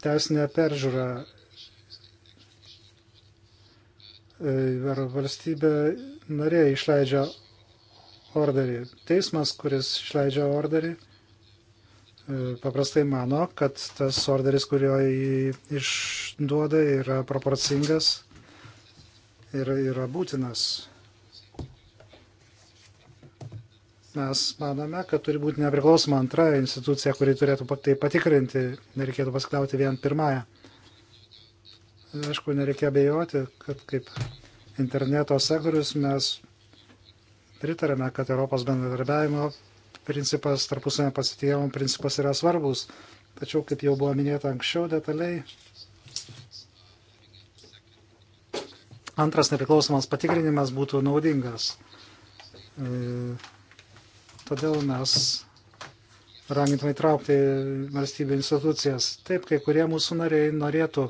[SPEAKER 4] Teisinė peržiūra e, ar valstybė narė išleidžia orderį. Teismas, kuris išleidžia orderį, e, paprastai mano, kad tas orderis, kurio jį išduoda, yra proporcingas ir yra būtinas. Mes manome, kad turi būti nepriklausoma antra institucija, kuri turėtų tai patikrinti, nereikėtų paskliauti vien pirmąją. Aišku, nereikia abejoti, kad kaip interneto sektorius mes pritarėme, kad Europos bendradarbiavimo principas, tarpusavio pasitikėjimo principas yra svarbus. Tačiau, kaip jau buvo minėta anksčiau detaliai, antras nepriklausomas patikrinimas būtų naudingas. E, todėl mes ragintume įtraukti valstybių institucijas. Taip, kai kurie mūsų nariai norėtų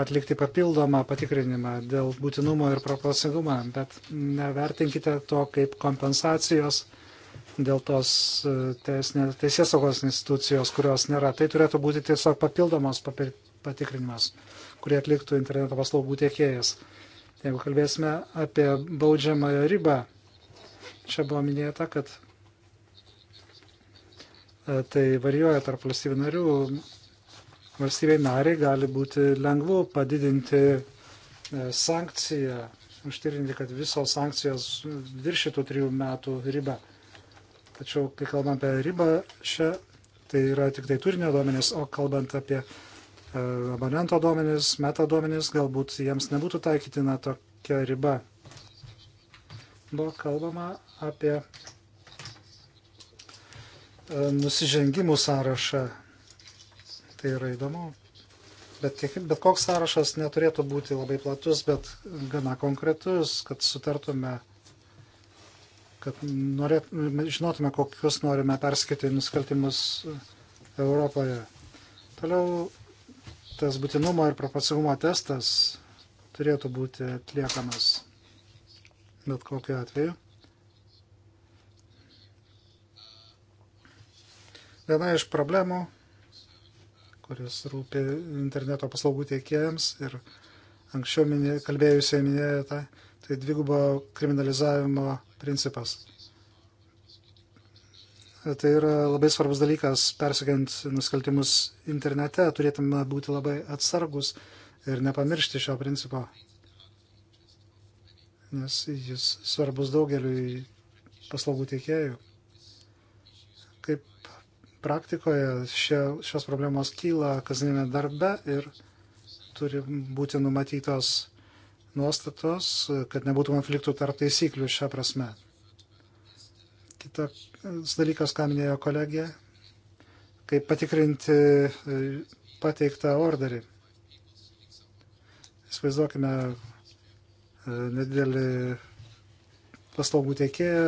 [SPEAKER 4] atlikti papildomą patikrinimą dėl būtinumo ir proporcingumo, bet nevertinkite to kaip kompensacijos dėl tos e, teisės saugos institucijos, kurios nėra. Tai turėtų būti tiesiog papildomos patikrinimas, kurį atliktų interneto paslaugų tiekėjas. Jeigu kalbėsime apie baudžiamąją ribą, čia buvo minėta, kad e, tai varijuoja tarp valstybių narių, valstybei nariai gali būti lengvu padidinti e, sankciją, užtikrinti, kad visos sankcijos viršytų trijų metų ribą. Tačiau, kai kalbam apie ribą, čia tai yra tik tai turinio duomenys, o kalbant apie e, abonento duomenys, meta duomenys, galbūt jiems nebūtų taikytina tokia riba. Buvo kalbama apie e, nusižengimų sąrašą tai yra įdomu. Bet, kiek, bet koks sąrašas neturėtų būti labai platus, bet gana konkretus, kad sutartume, kad norėt, žinotume, kokius norime perskaityti nusikaltimus Europoje. Toliau tas būtinumo ir proporcingumo testas turėtų būti atliekamas bet kokiu atveju. Viena iš problemų kuris rūpi interneto paslaugų teikėjams ir anksčiau minė, kalbėjusiai minėjote, tai dvigubo kriminalizavimo principas. Tai yra labai svarbus dalykas, persikiant nusikaltimus internete, turėtume būti labai atsargus ir nepamiršti šio principo, nes jis svarbus daugeliui paslaugų teikėjų. Kaip praktikoje šie, šios problemos kyla kasdienėme darbe ir turi būti numatytos nuostatos, kad nebūtų konfliktų tarp taisyklių šią prasme. Kitas dalykas, ką minėjo kolegija, kaip patikrinti e, pateiktą orderį. Įsivaizduokime e, nedidelį paslaugų teikėją,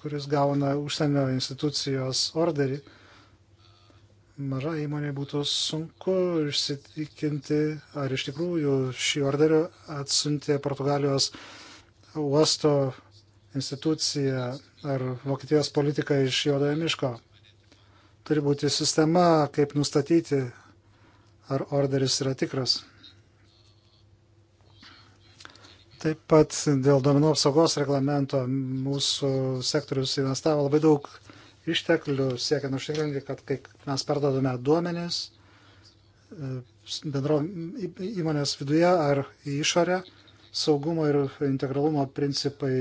[SPEAKER 4] kuris gauna užsienio institucijos orderį maža įmonė būtų sunku išsitikinti, ar iš tikrųjų šį orderį atsuntė Portugalijos uosto institucija ar Vokietijos politika iš juodojo miško. Turi būti sistema, kaip nustatyti, ar orderis yra tikras. Taip pat dėl duomenų apsaugos reglamento mūsų sektorius investavo labai daug išteklių, siekiant užtikrinti, kad kai mes perdodame duomenis e, bendro įmonės viduje ar į išorę, saugumo ir integralumo principai,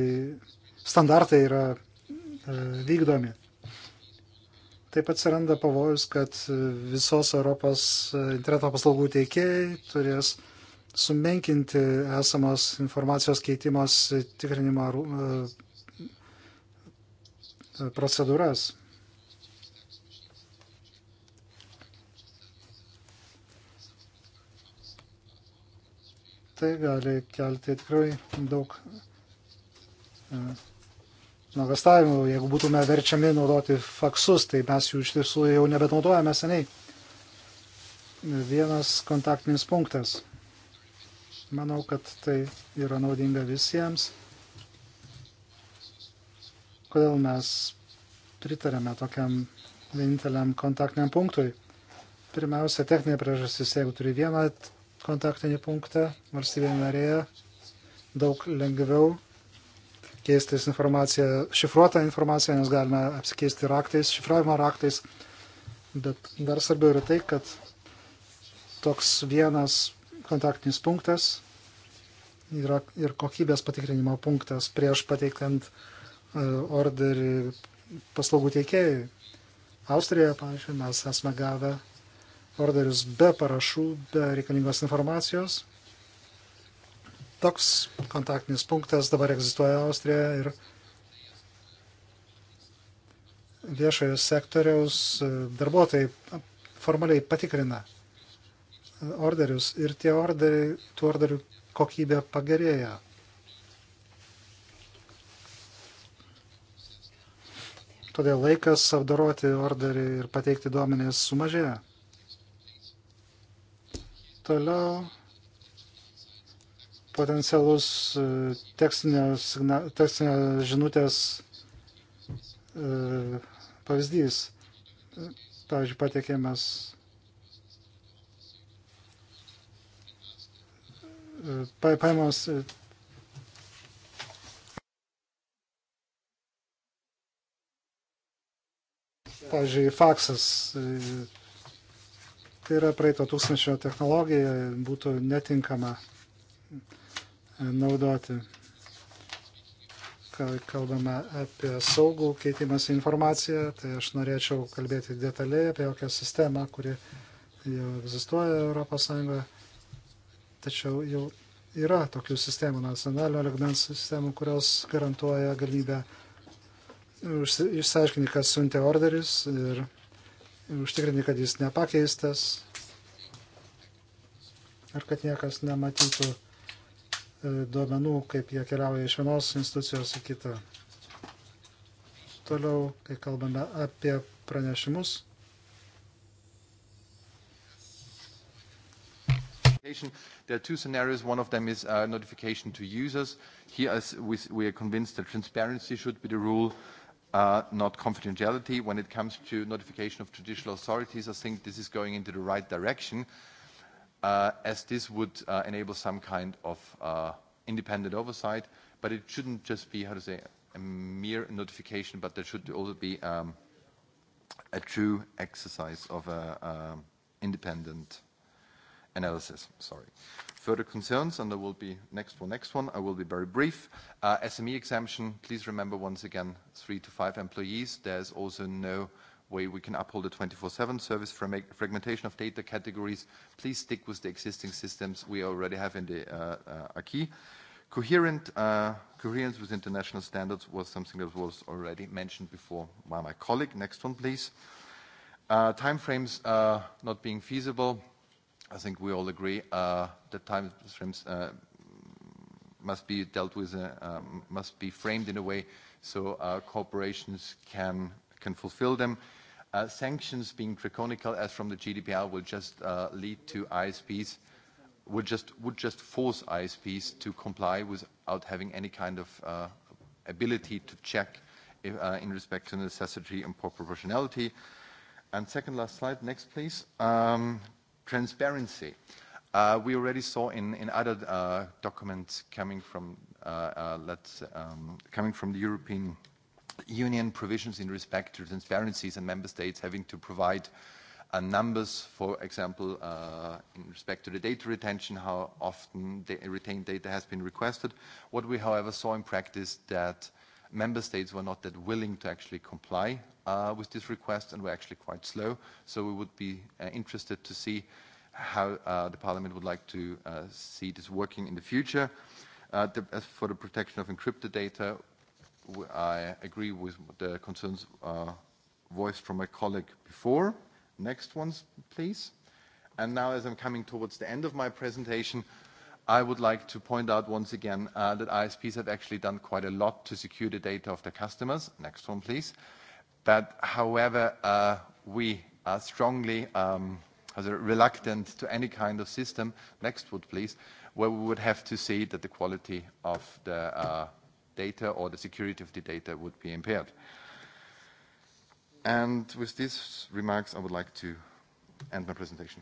[SPEAKER 4] standartai yra e, vykdomi. Taip atsiranda pavojus, kad visos Europos e, interneto paslaugų teikėjai turės sumenkinti esamos informacijos keitimos tikrinimo procedūras. Tai gali kelti tikrai daug e, nuogastavimų. Jeigu būtume verčiami naudoti faksus, tai mes jų iš tiesų jau nebetnaudojame seniai. Vienas kontaktinis punktas. Manau, kad tai yra naudinga visiems kodėl mes pritarėme tokiam vieninteliam kontaktiniam punktui. Pirmiausia, techninė priežastis, jeigu turi vieną kontaktinį punktą valstybėje narėje, daug lengviau keistis informaciją, šifruotą informaciją, nes galime apsikeisti raktais, šifravimo raktais. Bet dar svarbiau yra tai, kad toks vienas kontaktinis punktas yra ir kokybės patikrinimo punktas prieš pateikiant Uh, orderį paslaugų teikėjai. Austrijoje, pavyzdžiui, mes esame gavę orderius be parašų, be reikalingos informacijos. Toks kontaktinis punktas dabar egzistuoja Austrijoje ir viešojo sektoriaus uh, darbuotojai formaliai patikrina uh, orderius ir tie orderiai, tų orderių kokybė pagerėja. Todėl laikas apdaroti orderį ir pateikti duomenės sumažėja. Toliau potencialus e, tekstinio, signal, tekstinio žinutės e, pavyzdys. E, pavyzdžiui, patikėmės e, paėmamos pavyzdžiui, faksas, e, tai yra praeito tūkstančio technologija, būtų netinkama e, naudoti. Kai kalbame apie saugų keitimas informaciją, tai aš norėčiau kalbėti detaliai apie jokią sistemą, kuri jau egzistuoja ES, tačiau jau yra tokių sistemų, nacionalinio ligmens sistemų, kurios garantuoja galimybę išsiaiškini, kas siuntė orderis ir užtikrini, kad jis nepakeistas ir kad niekas nematytų e, duomenų, kaip jie keliauja iš vienos institucijos į kitą. Toliau, kai kalbame apie pranešimus.
[SPEAKER 1] There are two scenarios. One of them is uh, notification to users. Here, as we, we are convinced that transparency should be the rule, uh, not confidentiality. When it comes to notification of judicial authorities, I think this is going into the right direction, uh, as this would uh, enable some kind of uh, independent oversight. But it shouldn't just be, how to say, a mere notification, but there should also be um, a true exercise of a, uh, um, independent analysis. Sorry. Further concerns, and I will be next for next one, I will be very brief. Uh, SME exemption, please remember once again, three to five employees. There's also no way we can uphold a 24/7 service from fragmentation of data categories. Please stick with the existing systems we already have in the uh, uh, acquis. Coherent, uh, coherence with international standards was something that was already mentioned before by my colleague. Next one, please. Uh, timeframes uh, not being feasible. I think we all agree uh, that time frames uh, must be dealt with, uh, um, must be framed in a way so uh, corporations can, can fulfill them. Uh, sanctions being draconical as from the GDPR will just uh, lead to ISPs, would just, would just force ISPs to comply without having any kind of uh, ability to check if, uh, in respect to necessity and proportionality. And second last slide, next please. Um, transparency. Uh, we already saw in, in other uh, documents coming from, uh, uh, let's, um, coming from the European Union provisions in respect to transparencies and member states having to provide uh, numbers, for example, uh, in respect to the data retention, how often the retained data has been requested. What we, however, saw in practice that uh, Member states were not that willing to actually comply uh, with this request and were actually quite slow. So we would be uh, interested to see how uh, the Parliament would like to uh, see this working in the future. Uh, the, as for the protection of encrypted data, I agree with the concerns uh, voiced from my colleague before. Next ones, please. And now as I'm coming towards the end of my presentation, I would like to point out once again uh, that ISPs have actually done quite a lot to secure the data of their customers. Next one, please. But however, uh, we are strongly um, reluctant to any kind of system, next one, please, where we would have to see that the quality of the uh, data or the security of the data would be impaired. And with these remarks, I would like to end my presentation.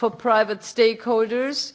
[SPEAKER 3] for private stakeholders